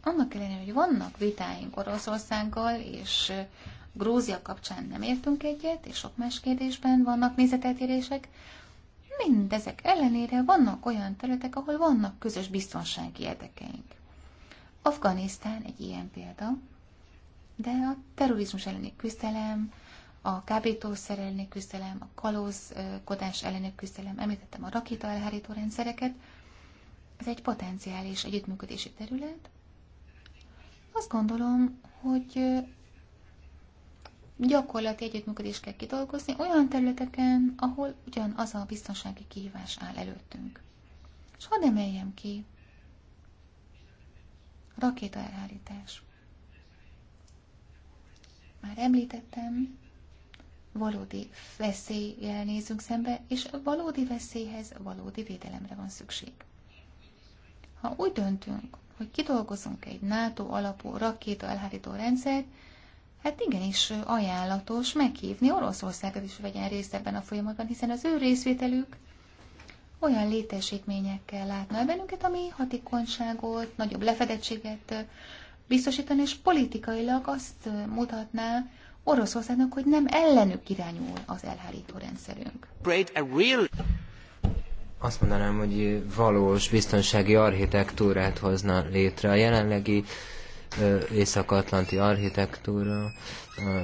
annak ellenére, hogy vannak vitáink Oroszországgal, és Grúzia kapcsán nem értünk egyet, és sok más kérdésben vannak nézeteltérések, mindezek ellenére vannak olyan területek, ahol vannak közös biztonsági érdekeink. Afganisztán egy ilyen példa, de a terrorizmus elleni küzdelem, a kábítószer elleni küzdelem, a kalózkodás elleni küzdelem, említettem a rakéta elhárító rendszereket, ez egy potenciális együttműködési terület. Azt gondolom, hogy gyakorlati együttműködést kell kidolgozni olyan területeken, ahol ugyanaz a biztonsági kihívás áll előttünk. És hadd emeljem ki, rakéta elhárítás már említettem, valódi veszélyjel nézünk szembe, és a valódi veszélyhez valódi védelemre van szükség. Ha úgy döntünk, hogy kidolgozunk egy NATO alapú rakéta elhárító rendszert, hát igenis ajánlatos meghívni Oroszországot is vegyen részt ebben a folyamatban, hiszen az ő részvételük olyan létesítményekkel látna bennünket, ami hatékonyságot, nagyobb lefedettséget biztosítani, és politikailag azt mutatná Oroszországnak, hogy nem ellenük irányul az elhárító rendszerünk. Azt mondanám, hogy valós biztonsági architektúrát hozna létre. A jelenlegi észak-atlanti architektúra,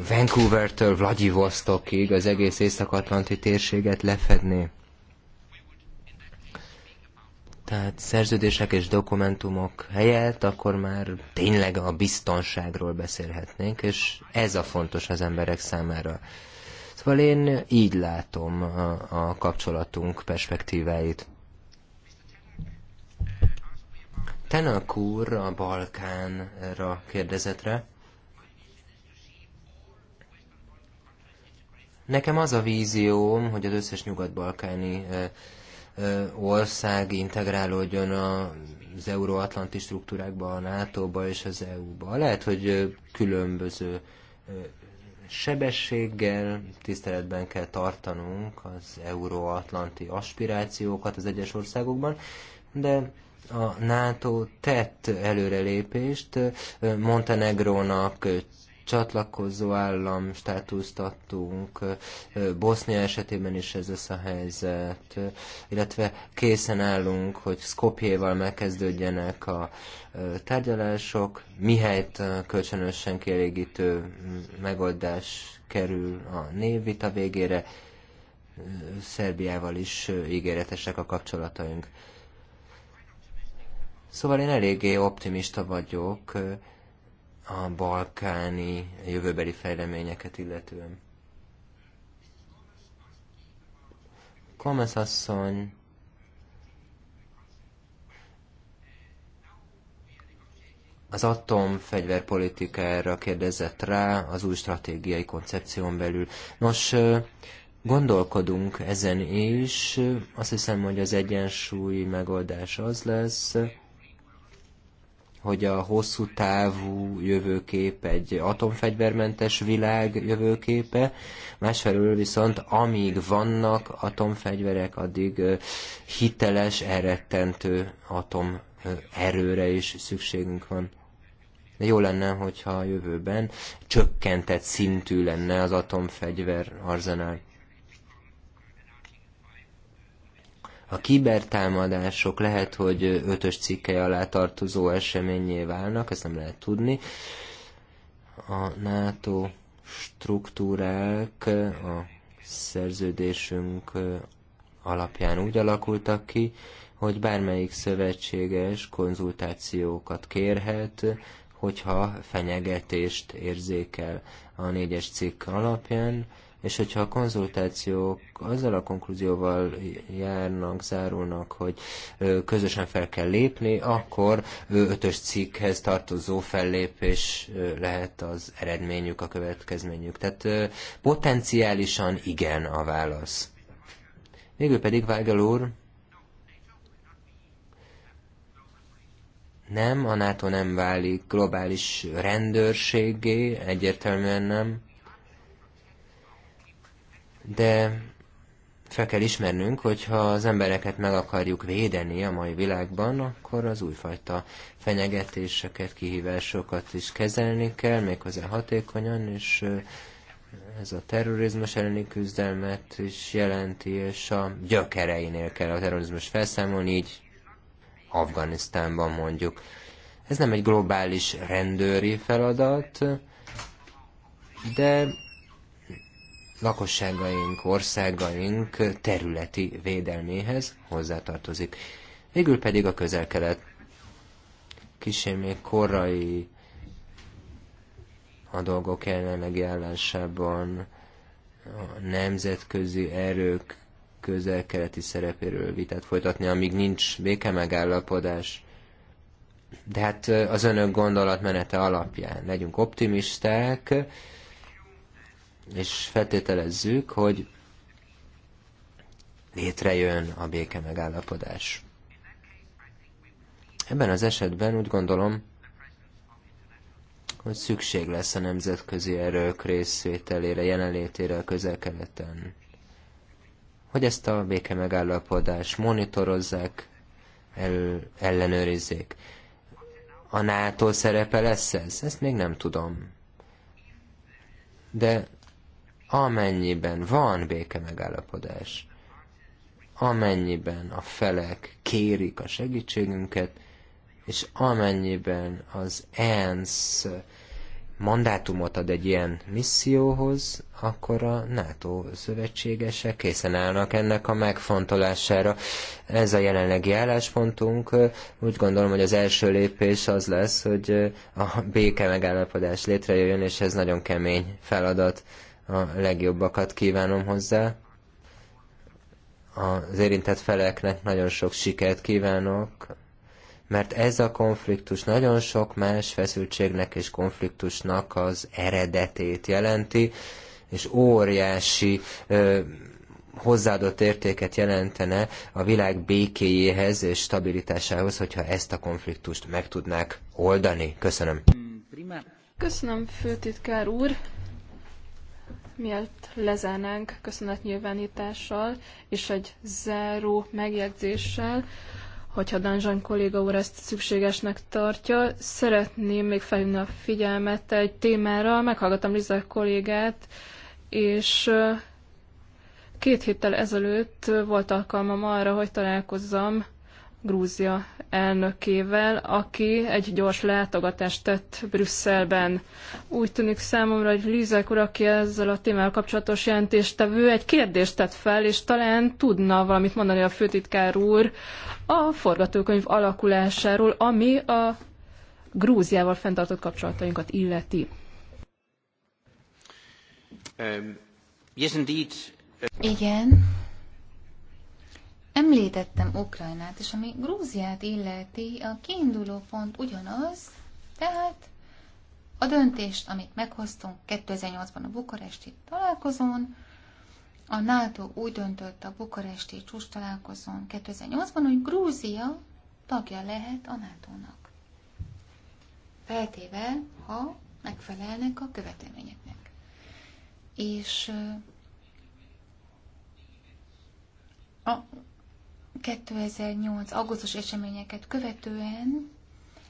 Vancouver-től Vladivostokig az egész észak-atlanti térséget lefedné tehát szerződések és dokumentumok helyett, akkor már tényleg a biztonságról beszélhetnénk, és ez a fontos az emberek számára. Szóval én így látom a, a kapcsolatunk perspektíváit. Tenak úr a Balkánra kérdezetre. Nekem az a vízióm, hogy az összes nyugat-balkáni eh, ország integrálódjon az euróatlanti struktúrákba, a NATO-ba és az EU-ba. Lehet, hogy különböző sebességgel tiszteletben kell tartanunk az euróatlanti aspirációkat az egyes országokban, de a NATO tett előrelépést Montenegrónak csatlakozó állam státuszt adtunk, Bosznia esetében is ez lesz a helyzet, illetve készen állunk, hogy Skopjéval megkezdődjenek a tárgyalások, mihelyt kölcsönösen kielégítő megoldás kerül a névvita végére, Szerbiával is ígéretesek a kapcsolataink. Szóval én eléggé optimista vagyok, a balkáni jövőbeli fejleményeket illetően. Gomez asszony az atomfegyverpolitikára kérdezett rá az új stratégiai koncepción belül. Nos, gondolkodunk ezen is, azt hiszem, hogy az egyensúlyi megoldás az lesz, hogy a hosszú távú jövőkép egy atomfegyvermentes világ jövőképe, másfelől viszont amíg vannak atomfegyverek, addig hiteles, elrettentő atom erőre is szükségünk van. De jó lenne, hogyha a jövőben csökkentett szintű lenne az atomfegyver arzenál. A kibertámadások lehet, hogy ötös cikkei alá tartozó eseményé válnak, ezt nem lehet tudni. A NATO struktúrák a szerződésünk alapján úgy alakultak ki, hogy bármelyik szövetséges konzultációkat kérhet, hogyha fenyegetést érzékel a négyes cikk alapján, és hogyha a konzultációk azzal a konklúzióval járnak, zárulnak, hogy közösen fel kell lépni, akkor ötös cikkhez tartozó fellépés lehet az eredményük, a következményük. Tehát potenciálisan igen a válasz. Végül pedig Weigel úr, nem, a NATO nem válik globális rendőrségé, egyértelműen nem de fel kell ismernünk, hogy ha az embereket meg akarjuk védeni a mai világban, akkor az újfajta fenyegetéseket, kihívásokat is kezelni kell, méghozzá hatékonyan, és ez a terrorizmus elleni küzdelmet is jelenti, és a gyökereinél kell a terrorizmus felszámolni, így Afganisztánban mondjuk. Ez nem egy globális rendőri feladat, de lakosságaink, országaink területi védelméhez hozzátartozik. Végül pedig a közel-kelet kisé még korai a dolgok jelenlegi állásában a nemzetközi erők közel-keleti szerepéről vitát folytatni, amíg nincs béke megállapodás. De hát az önök gondolatmenete alapján legyünk optimisták, és feltételezzük, hogy létrejön a béke megállapodás. Ebben az esetben úgy gondolom, hogy szükség lesz a nemzetközi erők részvételére, jelenlétére a közel-keleten. Hogy ezt a béke megállapodást monitorozzák, el, ellenőrizzék. A NATO szerepe lesz ez? Ezt még nem tudom. De amennyiben van béke megállapodás, amennyiben a felek kérik a segítségünket, és amennyiben az ENSZ mandátumot ad egy ilyen misszióhoz, akkor a NATO szövetségesek készen állnak ennek a megfontolására. Ez a jelenlegi álláspontunk. Úgy gondolom, hogy az első lépés az lesz, hogy a béke megállapodás létrejöjjön, és ez nagyon kemény feladat a legjobbakat kívánom hozzá. Az érintett feleknek nagyon sok sikert kívánok, mert ez a konfliktus nagyon sok más feszültségnek és konfliktusnak az eredetét jelenti, és óriási ö, hozzáadott értéket jelentene a világ békéjéhez és stabilitásához, hogyha ezt a konfliktust meg tudnák oldani. Köszönöm. Köszönöm, főtitkár úr. Mielőtt lezárnánk köszönetnyilvánítással és egy záró megjegyzéssel, hogyha Danzsan kolléga úr ezt szükségesnek tartja, szeretném még felhívni a figyelmet egy témára. Meghallgattam Liza kollégát, és két héttel ezelőtt volt alkalmam arra, hogy találkozzam Grúzia elnökével, aki egy gyors látogatást tett Brüsszelben. Úgy tűnik számomra, hogy Lízek úr, aki ezzel a témával kapcsolatos jelentéstevő, egy kérdést tett fel, és talán tudna valamit mondani a főtitkár úr a forgatókönyv alakulásáról, ami a Grúziával fenntartott kapcsolatainkat illeti. Um, yes, indeed. Igen, Említettem Ukrajnát, és ami Grúziát illeti, a kiinduló pont ugyanaz, tehát a döntést, amit meghoztunk 2008-ban a bukaresti találkozón, a NATO úgy döntött a bukaresti csúcs találkozón 2008-ban, hogy Grúzia tagja lehet a NATO-nak. Feltéve, ha megfelelnek a követelményeknek. És a 2008. augusztus eseményeket követően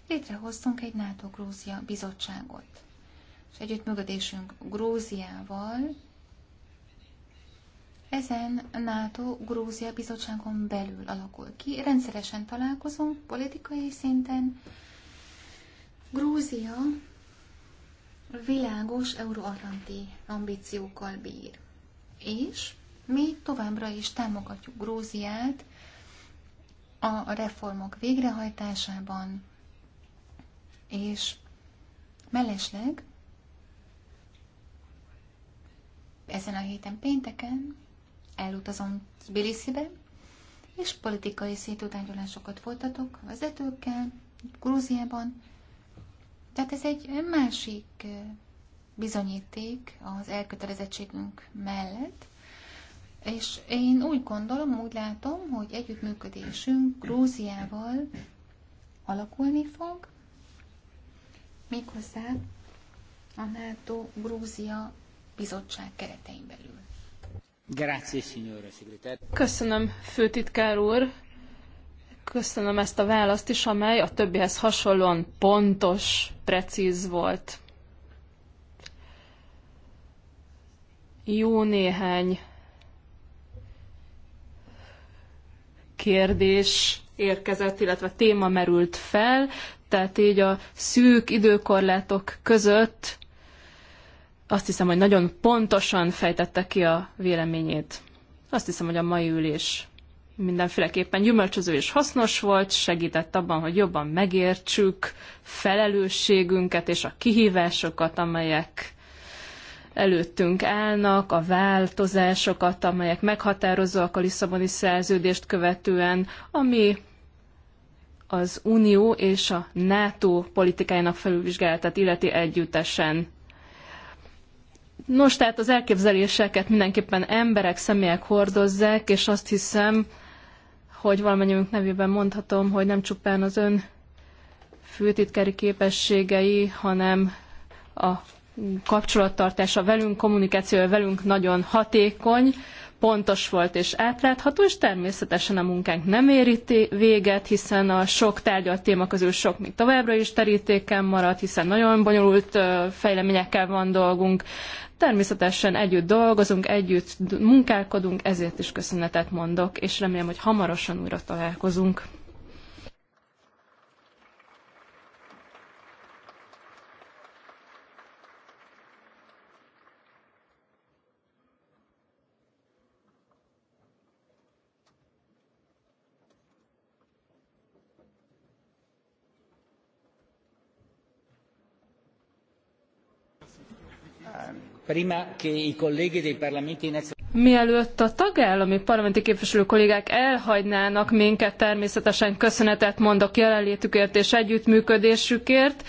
létrehoztunk egy NATO-Grúzia bizottságot. És együttműködésünk Grúziával, ezen NATO-Grúzia bizottságon belül alakul ki. Rendszeresen találkozunk politikai szinten. Grúzia világos euróatlanti ambíciókkal bír. És mi továbbra is támogatjuk Grúziát a reformok végrehajtásában, és mellesleg ezen a héten pénteken elutazom Tbilisibe, és politikai szétutányolásokat folytatok vezetőkkel Grúziában. Tehát ez egy másik bizonyíték az elkötelezettségünk mellett, és én úgy gondolom, úgy látom, hogy együttműködésünk Grúziával alakulni fog, méghozzá a NATO Grúzia bizottság keretein belül. Grazie, Köszönöm, főtitkár úr. Köszönöm ezt a választ is, amely a többihez hasonlóan pontos, precíz volt. Jó néhány kérdés érkezett, illetve téma merült fel, tehát így a szűk időkorlátok között azt hiszem, hogy nagyon pontosan fejtette ki a véleményét. Azt hiszem, hogy a mai ülés mindenféleképpen gyümölcsöző és hasznos volt, segített abban, hogy jobban megértsük felelősségünket és a kihívásokat, amelyek előttünk állnak, a változásokat, amelyek meghatározóak a Lisszaboni szerződést követően, ami az Unió és a NATO politikájának felülvizsgálatát illeti együttesen. Nos, tehát az elképzeléseket mindenképpen emberek, személyek hordozzák, és azt hiszem, hogy valamennyiünk nevében mondhatom, hogy nem csupán az ön főtitkári képességei, hanem a kapcsolattartása velünk, kommunikációja velünk nagyon hatékony, pontos volt és átlátható, és természetesen a munkánk nem éri véget, hiszen a sok tárgyalt téma közül sok még továbbra is terítéken maradt, hiszen nagyon bonyolult fejleményekkel van dolgunk. Természetesen együtt dolgozunk, együtt munkálkodunk, ezért is köszönetet mondok, és remélem, hogy hamarosan újra találkozunk. Mielőtt a tagállami parlamenti képviselő kollégák elhagynának minket, természetesen köszönetet mondok jelenlétükért és együttműködésükért.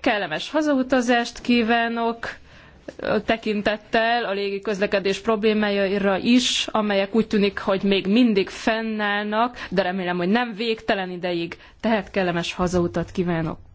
Kellemes hazautazást kívánok tekintettel a légi közlekedés problémáira is, amelyek úgy tűnik, hogy még mindig fennállnak, de remélem, hogy nem végtelen ideig. Tehát kellemes hazautat kívánok!